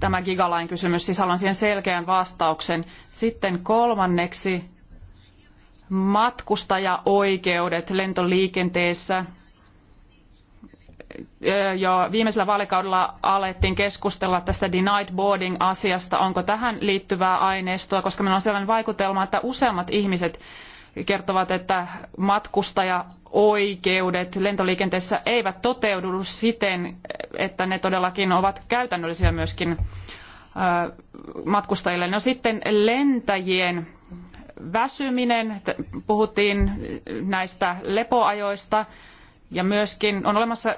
Tämä gigalain kysymys, siis haluan siihen selkeän vastauksen. Sitten kolmanneksi matkustajaoikeudet lentoliikenteessä – jo viimeisellä vaalikaudella alettiin keskustella tästä denied boarding-asiasta, onko tähän liittyvää aineistoa, koska meillä on sellainen vaikutelma, että useammat ihmiset kertovat, että matkustajaoikeudet lentoliikenteessä eivät toteudu siten, että ne todellakin ovat käytännöllisiä myöskin matkustajille. No sitten lentäjien väsyminen, puhuttiin näistä lepoajoista, ja myöskin on olemassa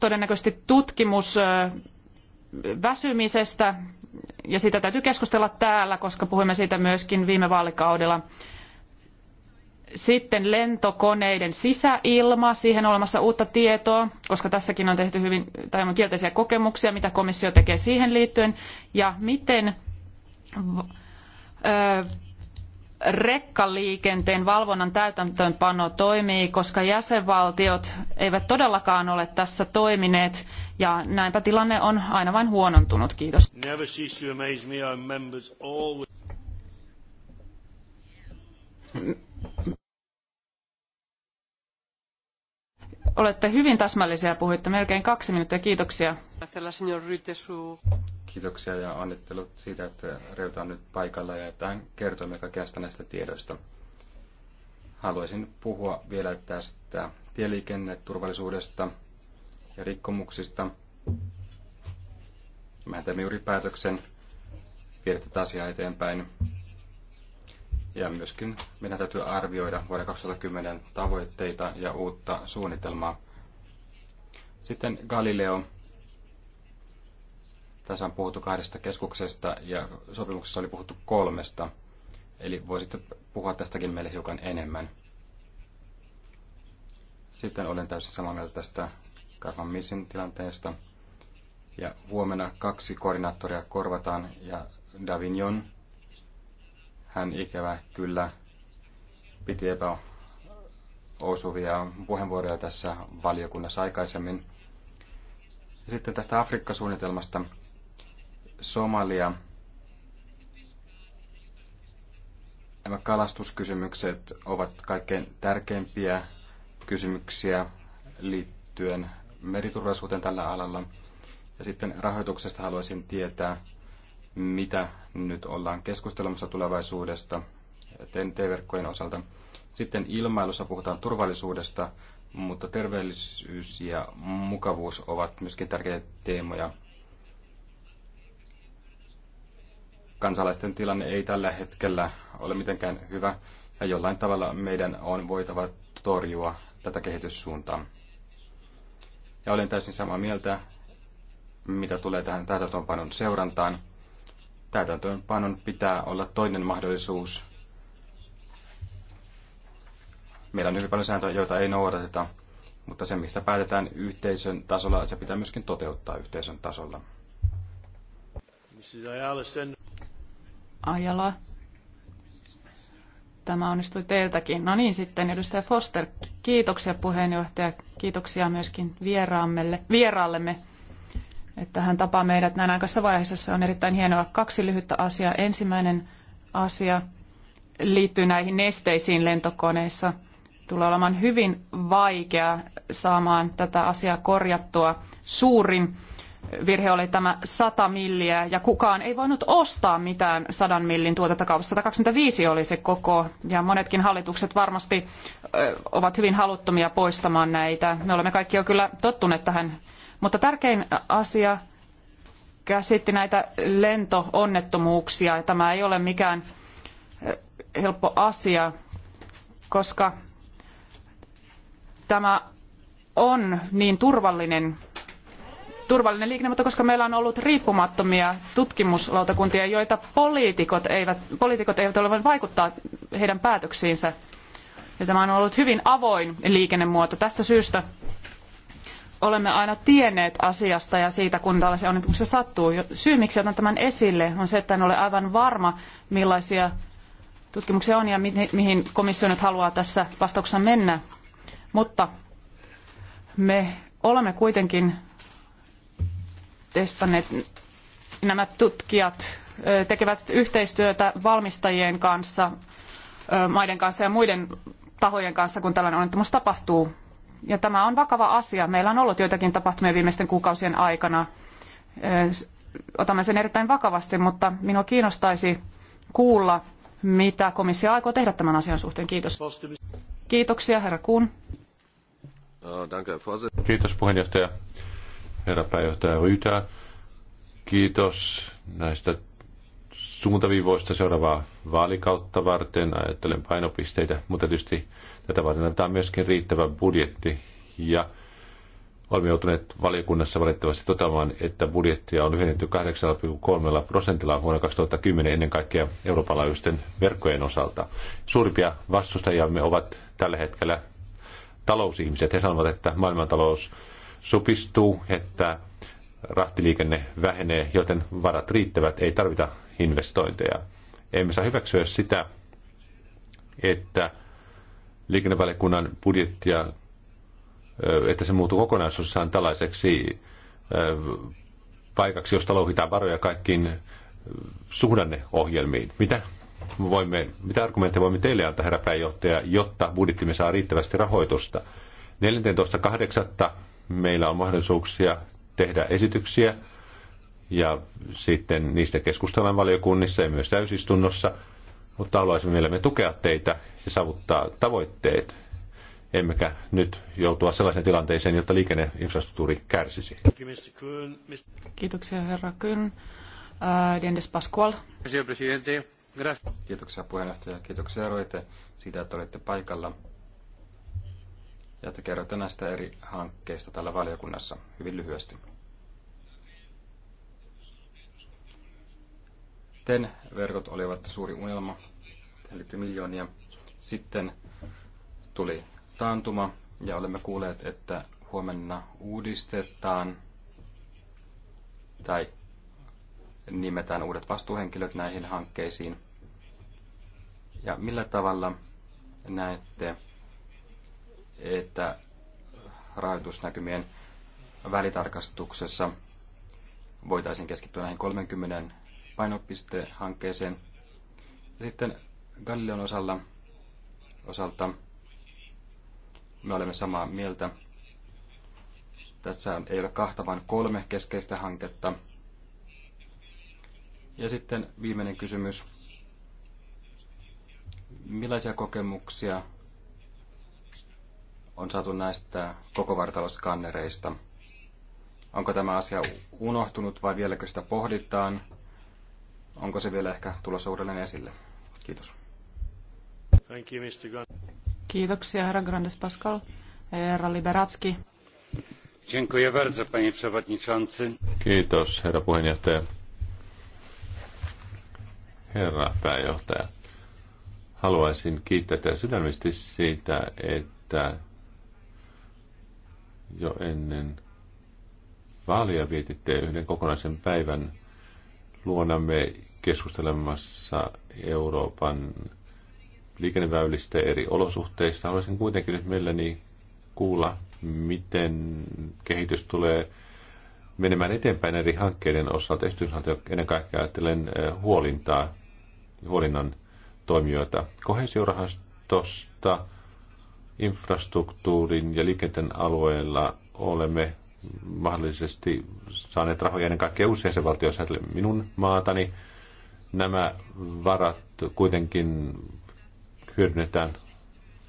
todennäköisesti tutkimus väsymisestä, ja siitä täytyy keskustella täällä, koska puhuimme siitä myöskin viime vaalikaudella. Sitten lentokoneiden sisäilma, siihen on olemassa uutta tietoa, koska tässäkin on tehty hyvin tai on kielteisiä kokemuksia, mitä komissio tekee siihen liittyen, ja miten rekkaliikenteen valvonnan täytäntöönpano toimii, koska jäsenvaltiot eivät todellakaan ole tässä toimineet ja näinpä tilanne on aina vain huonontunut. Kiitos. Olette hyvin täsmällisiä, puhuitte melkein kaksi minuuttia. Kiitoksia. Kiitoksia ja onnittelut siitä, että Reuta on nyt paikalla ja että hän kertoi meille näistä tiedoista. Haluaisin puhua vielä tästä tieliikenneturvallisuudesta ja rikkomuksista. Mä teemme juuri päätöksen viedä tätä asiaa eteenpäin. Ja myöskin meidän täytyy arvioida vuoden 2010 tavoitteita ja uutta suunnitelmaa. Sitten Galileo tässä on puhuttu kahdesta keskuksesta ja sopimuksessa oli puhuttu kolmesta. Eli voisit puhua tästäkin meille hiukan enemmän. Sitten olen täysin samaa mieltä tästä Karvan Missin tilanteesta. Ja huomenna kaksi koordinaattoria korvataan ja Davignon, hän ikävä kyllä piti epäosuvia puheenvuoroja tässä valiokunnassa aikaisemmin. Sitten tästä Afrikka-suunnitelmasta. Somalia, nämä kalastuskysymykset ovat kaikkein tärkeimpiä kysymyksiä liittyen meriturvallisuuteen tällä alalla. Ja sitten rahoituksesta haluaisin tietää, mitä nyt ollaan keskustelemassa tulevaisuudesta TNT-verkkojen osalta. Sitten ilmailussa puhutaan turvallisuudesta, mutta terveellisyys ja mukavuus ovat myöskin tärkeitä teemoja kansalaisten tilanne ei tällä hetkellä ole mitenkään hyvä ja jollain tavalla meidän on voitava torjua tätä kehityssuuntaa. Ja olen täysin samaa mieltä, mitä tulee tähän täytäntöönpanon seurantaan. Täytäntöönpanon pitää olla toinen mahdollisuus. Meillä on hyvin paljon sääntöjä, joita ei noudateta, mutta se, mistä päätetään yhteisön tasolla, se pitää myöskin toteuttaa yhteisön tasolla. Ajala. Tämä onnistui teiltäkin. No niin, sitten edustaja Foster, kiitoksia puheenjohtaja. Kiitoksia myöskin vieraallemme, että hän tapaa meidät näin aikaisessa vaiheessa. Se on erittäin hienoa. Kaksi lyhyttä asiaa. Ensimmäinen asia liittyy näihin nesteisiin lentokoneissa. Tulee olemaan hyvin vaikea saamaan tätä asiaa korjattua. Suurin virhe oli tämä 100 milliä ja kukaan ei voinut ostaa mitään 100 millin tuotetta kaupassa. 125 oli se koko ja monetkin hallitukset varmasti ovat hyvin haluttomia poistamaan näitä. Me olemme kaikki jo kyllä tottuneet tähän. Mutta tärkein asia käsitti näitä lentoonnettomuuksia. Tämä ei ole mikään helppo asia, koska tämä on niin turvallinen turvallinen liikennemuoto, mutta koska meillä on ollut riippumattomia tutkimuslautakuntia, joita poliitikot eivät, poliitikot eivät ole voineet vaikuttaa heidän päätöksiinsä. Ja tämä on ollut hyvin avoin liikennemuoto. Tästä syystä olemme aina tienneet asiasta ja siitä, kun tällaisia onnettomuuksia sattuu. Syy, miksi otan tämän esille, on se, että en ole aivan varma, millaisia tutkimuksia on ja mihin komissio nyt haluaa tässä vastauksessa mennä. Mutta me olemme kuitenkin testanneet. Nämä tutkijat tekevät yhteistyötä valmistajien kanssa, maiden kanssa ja muiden tahojen kanssa, kun tällainen onnettomuus tapahtuu. Ja tämä on vakava asia. Meillä on ollut joitakin tapahtumia viimeisten kuukausien aikana. Otamme sen erittäin vakavasti, mutta minua kiinnostaisi kuulla, mitä komissio aikoo tehdä tämän asian suhteen. Kiitos. Kiitoksia, herra äh, Kiitos puheenjohtaja herra pääjohtaja Ryytää. Kiitos näistä suuntaviivoista seuraavaa vaalikautta varten. Ajattelen painopisteitä, mutta tietysti tätä varten antaa myöskin riittävä budjetti. Ja olemme joutuneet valiokunnassa valitettavasti toteamaan, että budjettia on lyhennetty 8,3 prosentilla vuonna 2010 ennen kaikkea Euroopan laajuisten verkkojen osalta. Suurimpia vastustajamme ovat tällä hetkellä talousihmiset. He sanovat, että maailmantalous supistuu, että rahtiliikenne vähenee, joten varat riittävät, ei tarvita investointeja. Emme saa hyväksyä sitä, että liikennevaliokunnan budjettia, että se muuttuu kokonaisuudessaan tällaiseksi paikaksi, josta louhitaan varoja kaikkiin suhdanneohjelmiin. Mitä, voimme, mitä argumentteja voimme teille antaa, herra pääjohtaja, jotta budjettimme saa riittävästi rahoitusta? 14.8 meillä on mahdollisuuksia tehdä esityksiä ja sitten niistä keskustellaan valiokunnissa ja myös täysistunnossa, mutta haluaisimme mielemme tukea teitä ja saavuttaa tavoitteet, emmekä nyt joutua sellaiseen tilanteeseen, jotta liikenneinfrastruktuuri kärsisi. Kiitoksia herra Kyn. Äh, Dennis Pascual. Kiitoksia puheenjohtaja, kiitoksia Roite siitä, että olette paikalla ja te kerrotte näistä eri hankkeista tällä valiokunnassa hyvin lyhyesti. TEN-verkot olivat suuri unelma, eli miljoonia. Sitten tuli taantuma ja olemme kuulleet, että huomenna uudistetaan tai nimetään uudet vastuuhenkilöt näihin hankkeisiin. Ja millä tavalla näette että rahoitusnäkymien välitarkastuksessa voitaisiin keskittyä näihin 30 painopistehankkeeseen. sitten Galileon osalla, osalta me olemme samaa mieltä. Tässä ei ole kahta, vaan kolme keskeistä hanketta. Ja sitten viimeinen kysymys. Millaisia kokemuksia on saatu näistä kokovartaloskannereista. Onko tämä asia unohtunut vai vieläkö sitä pohditaan? Onko se vielä ehkä tulossa uudelleen esille? Kiitos. Thank you, Mr. Kiitoksia, herra Grandes Pascal. Herra Liberatski. Dziękuję bardzo, panie przewodniczący. Kiitos, herra puheenjohtaja. Herra pääjohtaja haluaisin kiittää teitä sydämesti siitä, että jo ennen vaalia vietitte yhden kokonaisen päivän luonamme keskustelemassa Euroopan liikenneväylistä eri olosuhteista. Haluaisin kuitenkin nyt mielelläni kuulla, miten kehitys tulee menemään eteenpäin eri hankkeiden osalta. Esityshankkeen ennen kaikkea ajattelen eh, huolintaa, huolinnan toimijoita. Kohesiorahastosta infrastruktuurin ja liikenteen alueella olemme mahdollisesti saaneet rahoja ennen kaikkea se valtio minun maatani. Nämä varat kuitenkin hyödynnetään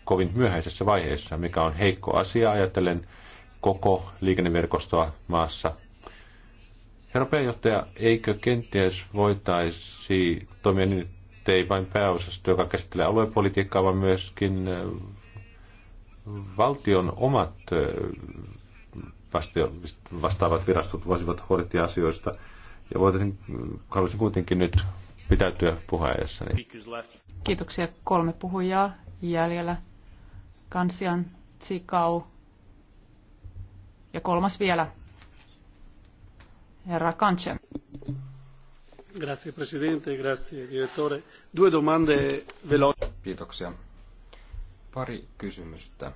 kovin myöhäisessä vaiheessa, mikä on heikko asia ajatellen koko liikenneverkostoa maassa. Herra pääjohtaja, eikö kenties voitaisi toimia niin, ei vain pääosasto, joka käsittelee aluepolitiikkaa, vaan myöskin valtion omat vastaavat virastot voisivat huolehtia asioista. Ja voitaisin, haluaisin kuitenkin nyt pitäytyä puheenjohtajani. Kiitoksia. Kolme puhujaa jäljellä. Kansian, Tsikau ja kolmas vielä. Herra Kansian. Grazie Presidente, grazie Direttore. Due domande veloci. Kiitoksia pari kysymystä.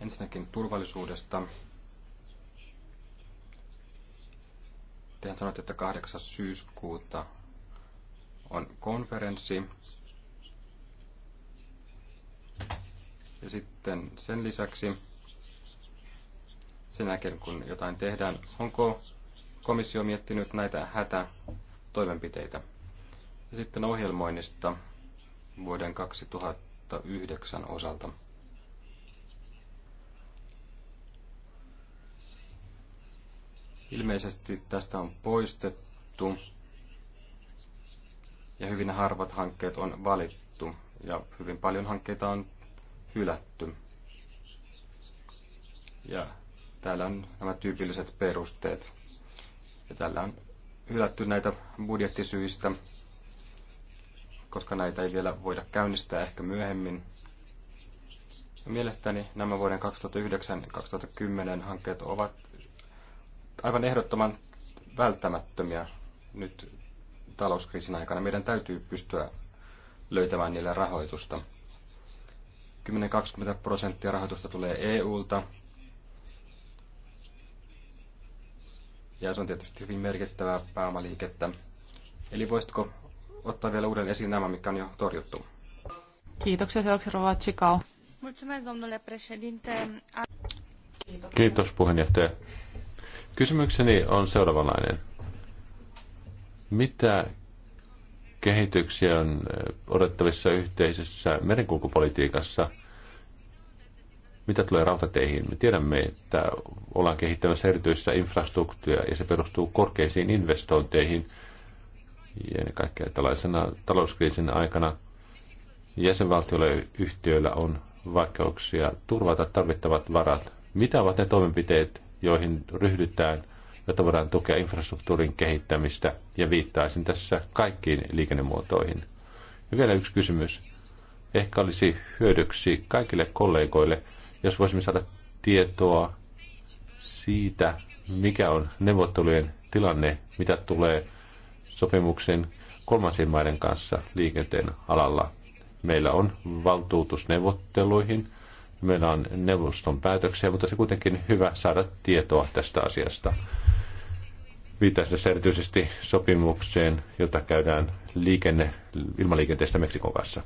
Ensinnäkin turvallisuudesta. Tehän sanoitte, että 8. syyskuuta on konferenssi. Ja sitten sen lisäksi, sen jälkeen kun jotain tehdään, onko komissio miettinyt näitä hätätoimenpiteitä? Ja sitten ohjelmoinnista vuoden 2000 2009 osalta. Ilmeisesti tästä on poistettu ja hyvin harvat hankkeet on valittu ja hyvin paljon hankkeita on hylätty. Ja täällä on nämä tyypilliset perusteet. Ja täällä on hylätty näitä budjettisyistä koska näitä ei vielä voida käynnistää ehkä myöhemmin. Mielestäni nämä vuoden 2009-2010 hankkeet ovat aivan ehdottoman välttämättömiä nyt talouskriisin aikana. Meidän täytyy pystyä löytämään niille rahoitusta. 10-20 prosenttia rahoitusta tulee EUlta. Ja se on tietysti hyvin merkittävää pääomaliikettä. Eli voisitko ottaa vielä uudelleen esiin nämä, mikä on jo torjuttu. Kiitoksia. Seuraavaksi Rova Kiitos puheenjohtaja. Kysymykseni on seuraavanlainen. Mitä kehityksiä on odottavissa yhteisessä merenkulkupolitiikassa? Mitä tulee rautateihin? Me tiedämme, että ollaan kehittämässä erityistä infrastruktuuria ja se perustuu korkeisiin investointeihin – ja ennen kaikkea tällaisena talouskriisin aikana jäsenvaltioilla ja yhtiöillä on vaikeuksia turvata tarvittavat varat. Mitä ovat ne toimenpiteet, joihin ryhdytään, jotta voidaan tukea infrastruktuurin kehittämistä ja viittaisin tässä kaikkiin liikennemuotoihin. Ja vielä yksi kysymys. Ehkä olisi hyödyksi kaikille kollegoille, jos voisimme saada tietoa siitä, mikä on neuvottelujen tilanne, mitä tulee sopimuksen kolmansien maiden kanssa liikenteen alalla. Meillä on valtuutus neuvotteluihin, meillä on neuvoston päätöksiä, mutta se kuitenkin hyvä saada tietoa tästä asiasta. Viittaisin tässä erityisesti sopimukseen, jota käydään liikenne, ilmaliikenteestä Meksikon kanssa.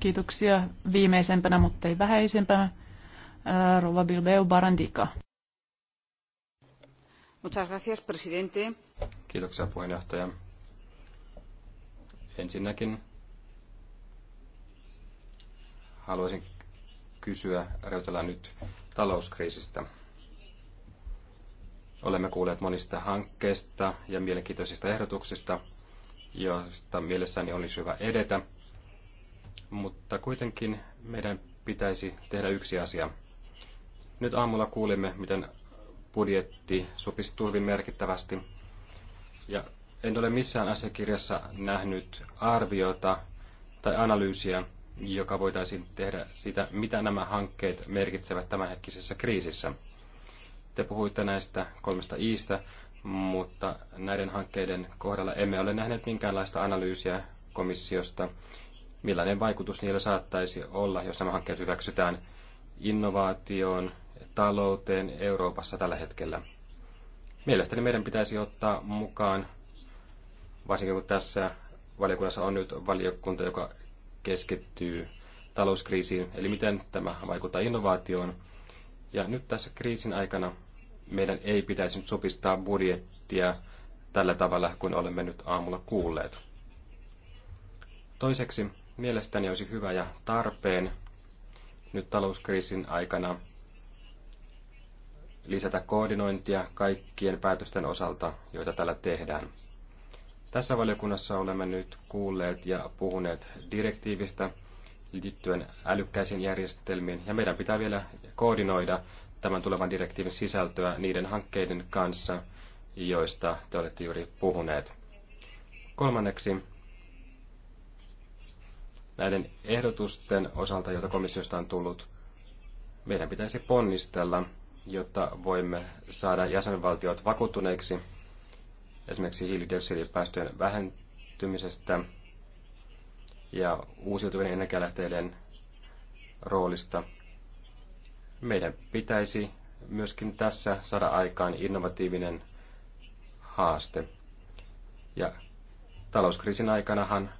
Kiitoksia viimeisempänä, mutta ei vähäisempänä. Rova Bilbao Barandika. Muchas gracias, presidente. Kiitoksia puheenjohtaja. Ensinnäkin haluaisin kysyä reutellaan nyt talouskriisistä. Olemme kuulleet monista hankkeista ja mielenkiintoisista ehdotuksista, joista mielessäni olisi hyvä edetä. Mutta kuitenkin meidän pitäisi tehdä yksi asia. Nyt aamulla kuulimme, miten budjetti supistuu hyvin merkittävästi ja en ole missään asiakirjassa nähnyt arviota tai analyysiä, joka voitaisiin tehdä siitä, mitä nämä hankkeet merkitsevät tämänhetkisessä kriisissä. Te puhuitte näistä kolmesta iistä, mutta näiden hankkeiden kohdalla emme ole nähneet minkäänlaista analyysiä komissiosta, millainen vaikutus niillä saattaisi olla, jos nämä hankkeet hyväksytään innovaatioon, talouteen Euroopassa tällä hetkellä. Mielestäni meidän pitäisi ottaa mukaan, varsinkin kun tässä valiokunnassa on nyt valiokunta, joka keskittyy talouskriisiin, eli miten tämä vaikuttaa innovaatioon. Ja nyt tässä kriisin aikana meidän ei pitäisi nyt supistaa budjettia tällä tavalla, kuin olemme nyt aamulla kuulleet. Toiseksi, mielestäni olisi hyvä ja tarpeen nyt talouskriisin aikana lisätä koordinointia kaikkien päätösten osalta, joita tällä tehdään. Tässä valiokunnassa olemme nyt kuulleet ja puhuneet direktiivistä liittyen älykkäisiin järjestelmiin, ja meidän pitää vielä koordinoida tämän tulevan direktiivin sisältöä niiden hankkeiden kanssa, joista te olette juuri puhuneet. Kolmanneksi, näiden ehdotusten osalta, joita komissiosta on tullut, meidän pitäisi ponnistella – jotta voimme saada jäsenvaltiot vakuuttuneiksi esimerkiksi hiilidioksidipäästöjen vähentymisestä ja uusiutuvien energialähteiden roolista. Meidän pitäisi myöskin tässä saada aikaan innovatiivinen haaste. Ja talouskriisin aikanahan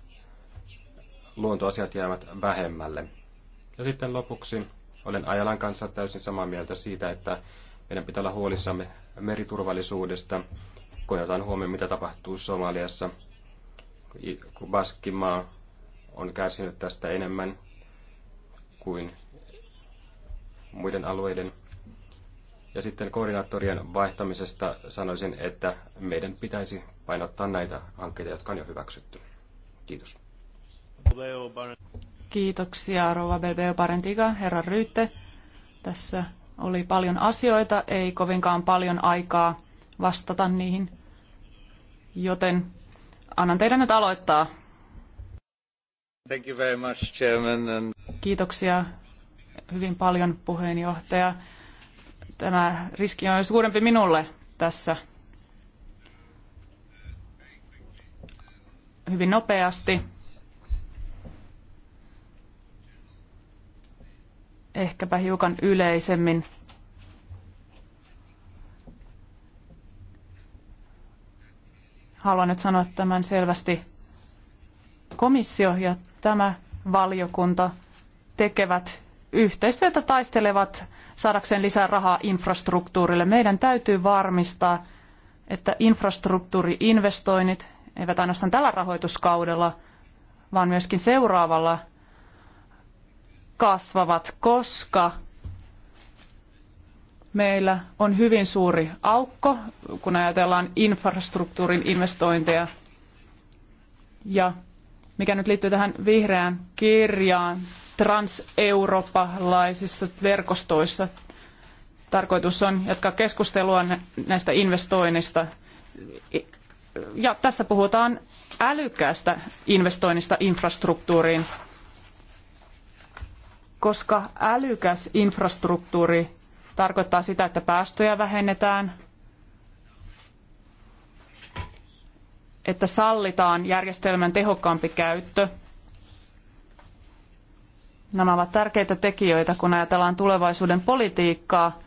luontoasiat jäävät vähemmälle. Ja sitten lopuksi olen Ajalan kanssa täysin samaa mieltä siitä, että meidän pitää olla huolissamme meriturvallisuudesta, kun otetaan huomioon, mitä tapahtuu Somaliassa, kun Baskimaa on kärsinyt tästä enemmän kuin muiden alueiden. Ja sitten koordinaattorien vaihtamisesta sanoisin, että meidän pitäisi painottaa näitä hankkeita, jotka on jo hyväksytty. Kiitos. Kiitoksia Rova Belbeo Parentiga, herra Ryytte. Tässä oli paljon asioita, ei kovinkaan paljon aikaa vastata niihin, joten annan teidän nyt aloittaa. Thank you very much, Chairman. And... Kiitoksia hyvin paljon puheenjohtaja. Tämä riski on suurempi minulle tässä hyvin nopeasti ehkäpä hiukan yleisemmin. Haluan nyt sanoa tämän selvästi. Komissio ja tämä valiokunta tekevät yhteistyötä, taistelevat saadakseen lisää rahaa infrastruktuurille. Meidän täytyy varmistaa, että infrastruktuuriinvestoinnit eivät ainoastaan tällä rahoituskaudella, vaan myöskin seuraavalla – kasvavat, koska meillä on hyvin suuri aukko, kun ajatellaan infrastruktuurin investointeja. Ja mikä nyt liittyy tähän vihreään kirjaan, transeurooppalaisissa verkostoissa. Tarkoitus on jatkaa keskustelua näistä investoinneista. Ja tässä puhutaan älykkäästä investoinnista infrastruktuuriin koska älykäs infrastruktuuri tarkoittaa sitä, että päästöjä vähennetään, että sallitaan järjestelmän tehokkaampi käyttö. Nämä ovat tärkeitä tekijöitä, kun ajatellaan tulevaisuuden politiikkaa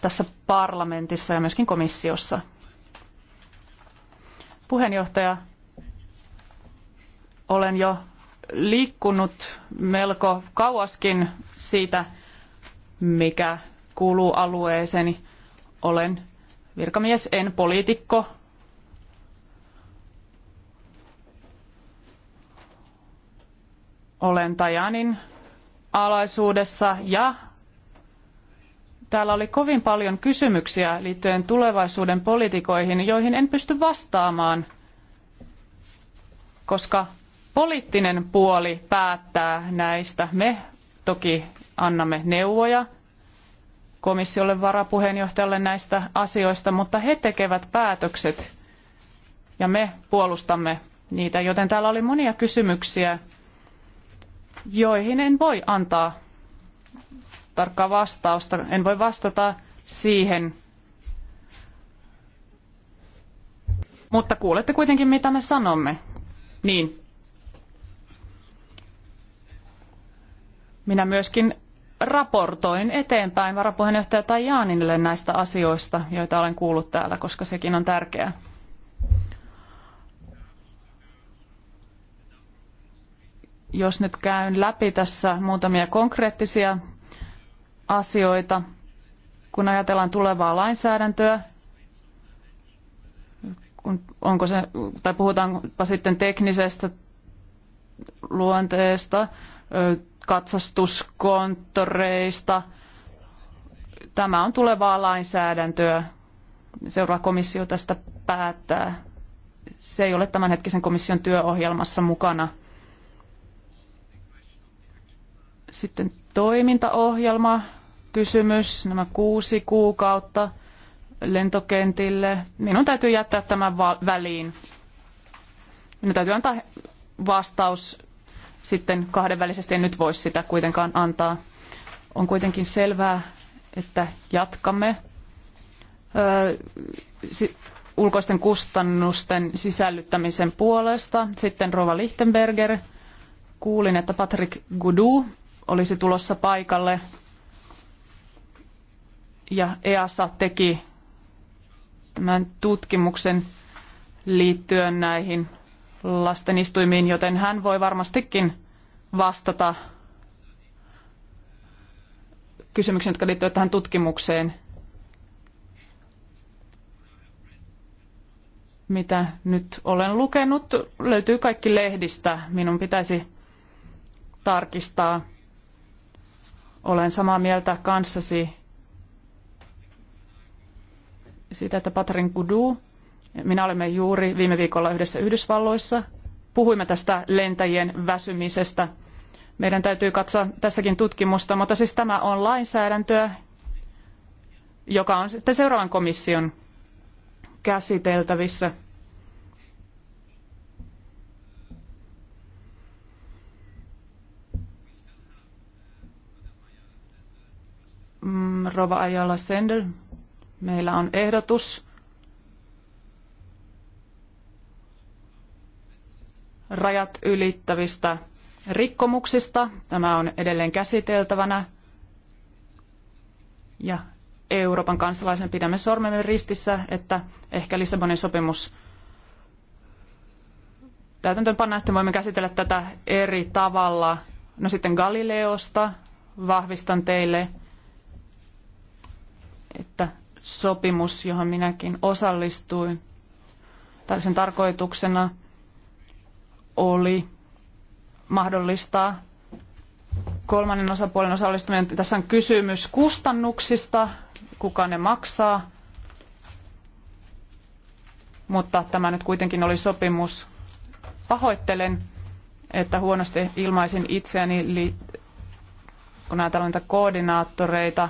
tässä parlamentissa ja myöskin komissiossa. Puheenjohtaja, olen jo liikkunut melko kauaskin siitä, mikä kuuluu alueeseeni. Olen virkamies, en poliitikko. Olen Tajanin alaisuudessa ja täällä oli kovin paljon kysymyksiä liittyen tulevaisuuden poliitikoihin, joihin en pysty vastaamaan, koska poliittinen puoli päättää näistä. Me toki annamme neuvoja komissiolle varapuheenjohtajalle näistä asioista, mutta he tekevät päätökset ja me puolustamme niitä, joten täällä oli monia kysymyksiä, joihin en voi antaa tarkkaa vastausta. En voi vastata siihen, mutta kuulette kuitenkin, mitä me sanomme. Niin, Minä myöskin raportoin eteenpäin varapuheenjohtaja Tajanille näistä asioista, joita olen kuullut täällä, koska sekin on tärkeää. Jos nyt käyn läpi tässä muutamia konkreettisia asioita, kun ajatellaan tulevaa lainsäädäntöä, kun onko se, tai puhutaanpa sitten teknisestä luonteesta, katsastuskonttoreista. Tämä on tulevaa lainsäädäntöä. Seuraava komissio tästä päättää. Se ei ole tämänhetkisen komission työohjelmassa mukana. Sitten toimintaohjelma, kysymys, nämä kuusi kuukautta lentokentille. Minun täytyy jättää tämä väliin. Minun täytyy antaa vastaus sitten kahdenvälisesti en nyt voi sitä kuitenkaan antaa. On kuitenkin selvää, että jatkamme ulkoisten kustannusten sisällyttämisen puolesta. Sitten Rova Lichtenberger. Kuulin, että Patrick Gudu olisi tulossa paikalle. Ja EASA teki tämän tutkimuksen liittyen näihin lasten istuimiin, joten hän voi varmastikin vastata kysymyksiin, jotka liittyvät tähän tutkimukseen. Mitä nyt olen lukenut, löytyy kaikki lehdistä. Minun pitäisi tarkistaa. Olen samaa mieltä kanssasi siitä, että Patrin Kudu minä olemme juuri viime viikolla yhdessä Yhdysvalloissa. Puhuimme tästä lentäjien väsymisestä. Meidän täytyy katsoa tässäkin tutkimusta, mutta siis tämä on lainsäädäntöä, joka on sitten seuraavan komission käsiteltävissä. Mm, Rova Ajala Sender, meillä on ehdotus rajat ylittävistä rikkomuksista. Tämä on edelleen käsiteltävänä. Ja Euroopan kansalaisen pidämme sormemme ristissä, että ehkä Lissabonin sopimus täytäntöönpannaan. Sitten voimme käsitellä tätä eri tavalla. No sitten Galileosta vahvistan teille, että sopimus, johon minäkin osallistuin, tai sen tarkoituksena – oli mahdollistaa kolmannen osapuolen osallistuminen. Tässä on kysymys kustannuksista, kuka ne maksaa, mutta tämä nyt kuitenkin oli sopimus. Pahoittelen, että huonosti ilmaisin itseäni, kun ajatellaan niitä koordinaattoreita.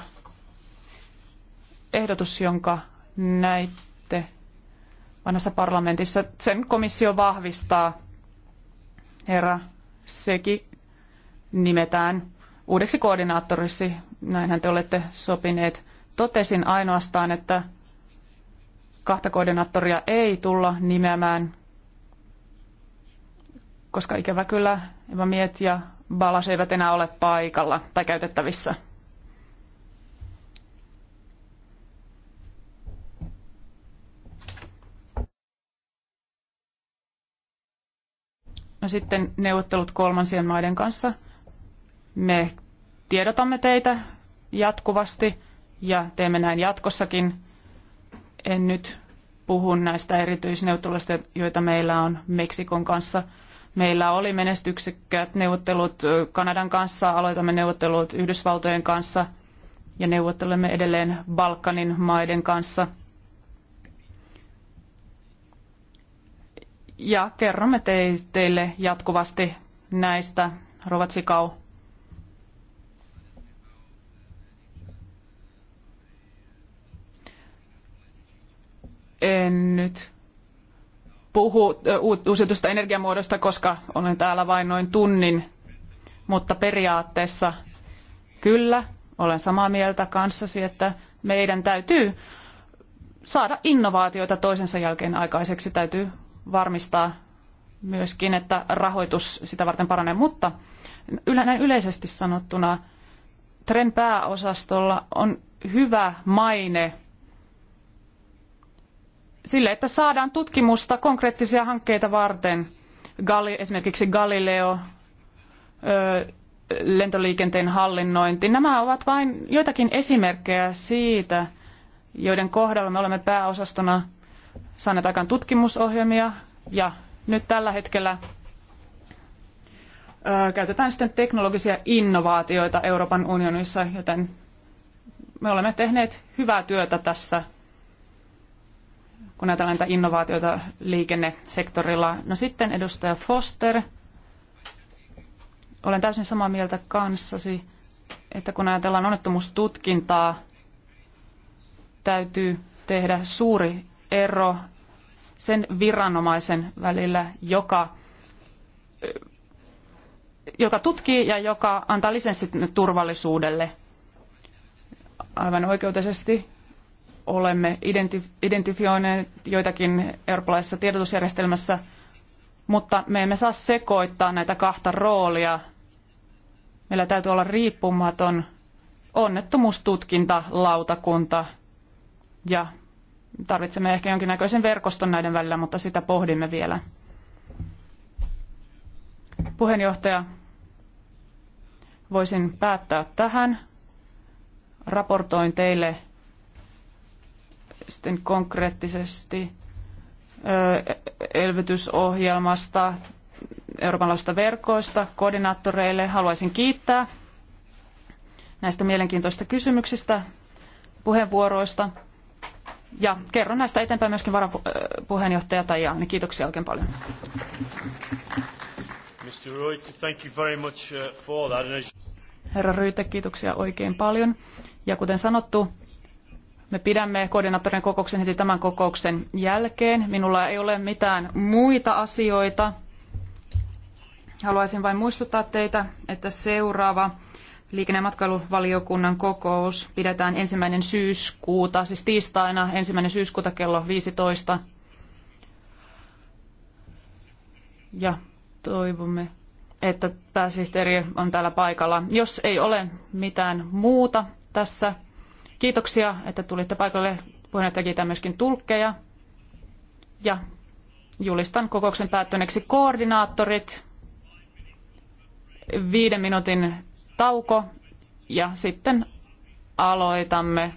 Ehdotus, jonka näitte vanhassa parlamentissa, sen komissio vahvistaa – herra sekin nimetään uudeksi koordinaattoriksi, näinhän te olette sopineet. Totesin ainoastaan, että kahta koordinaattoria ei tulla nimeämään, koska ikävä kyllä Eva Miet ja Balas eivät enää ole paikalla tai käytettävissä. No sitten neuvottelut kolmansien maiden kanssa. Me tiedotamme teitä jatkuvasti ja teemme näin jatkossakin. En nyt puhu näistä erityisneuvotteluista, joita meillä on Meksikon kanssa. Meillä oli menestyksekkäät neuvottelut Kanadan kanssa, aloitamme neuvottelut Yhdysvaltojen kanssa ja neuvottelemme edelleen Balkanin maiden kanssa – ja kerromme teille jatkuvasti näistä. Rovatsikau. En nyt puhu uusiutusta energiamuodosta, koska olen täällä vain noin tunnin, mutta periaatteessa kyllä olen samaa mieltä kanssasi, että meidän täytyy saada innovaatioita toisensa jälkeen aikaiseksi. Täytyy varmistaa myöskin, että rahoitus sitä varten paranee, mutta näin yleisesti sanottuna Tren pääosastolla on hyvä maine sille, että saadaan tutkimusta konkreettisia hankkeita varten. Gali, esimerkiksi Galileo, lentoliikenteen hallinnointi. Nämä ovat vain joitakin esimerkkejä siitä, joiden kohdalla me olemme pääosastona saaneet aikaan tutkimusohjelmia ja nyt tällä hetkellä käytetään sitten teknologisia innovaatioita Euroopan unionissa, joten me olemme tehneet hyvää työtä tässä, kun näitä näitä innovaatioita liikennesektorilla. No sitten edustaja Foster, olen täysin samaa mieltä kanssasi, että kun ajatellaan onnettomuustutkintaa, täytyy tehdä suuri ero sen viranomaisen välillä, joka, joka tutkii ja joka antaa lisenssit turvallisuudelle. Aivan oikeutisesti olemme identif- identifioineet joitakin eurooppalaisessa tiedotusjärjestelmässä, mutta me emme saa sekoittaa näitä kahta roolia. Meillä täytyy olla riippumaton onnettomuustutkintalautakunta ja Tarvitsemme ehkä jonkinnäköisen verkoston näiden välillä, mutta sitä pohdimme vielä. Puheenjohtaja, voisin päättää tähän. Raportoin teille sitten konkreettisesti elvytysohjelmasta, Euroopan verkoista, koordinaattoreille. Haluaisin kiittää näistä mielenkiintoista kysymyksistä, puheenvuoroista. Ja kerron näistä eteenpäin myöskin varapuheenjohtaja Tajani. Kiitoksia oikein paljon. Uh, Herra Ryytä, kiitoksia oikein paljon. Ja kuten sanottu, me pidämme koordinaattorien kokouksen heti tämän kokouksen jälkeen. Minulla ei ole mitään muita asioita. Haluaisin vain muistuttaa teitä, että seuraava liikenne- ja matkailuvaliokunnan kokous pidetään ensimmäinen syyskuuta, siis tiistaina ensimmäinen syyskuuta kello 15. Ja toivomme, että pääsihteeri on täällä paikalla. Jos ei ole mitään muuta tässä, kiitoksia, että tulitte paikalle. Puheenjohtaja kiitää myöskin tulkkeja. Ja julistan kokouksen päättyneeksi koordinaattorit viiden minuutin tauko ja sitten aloitamme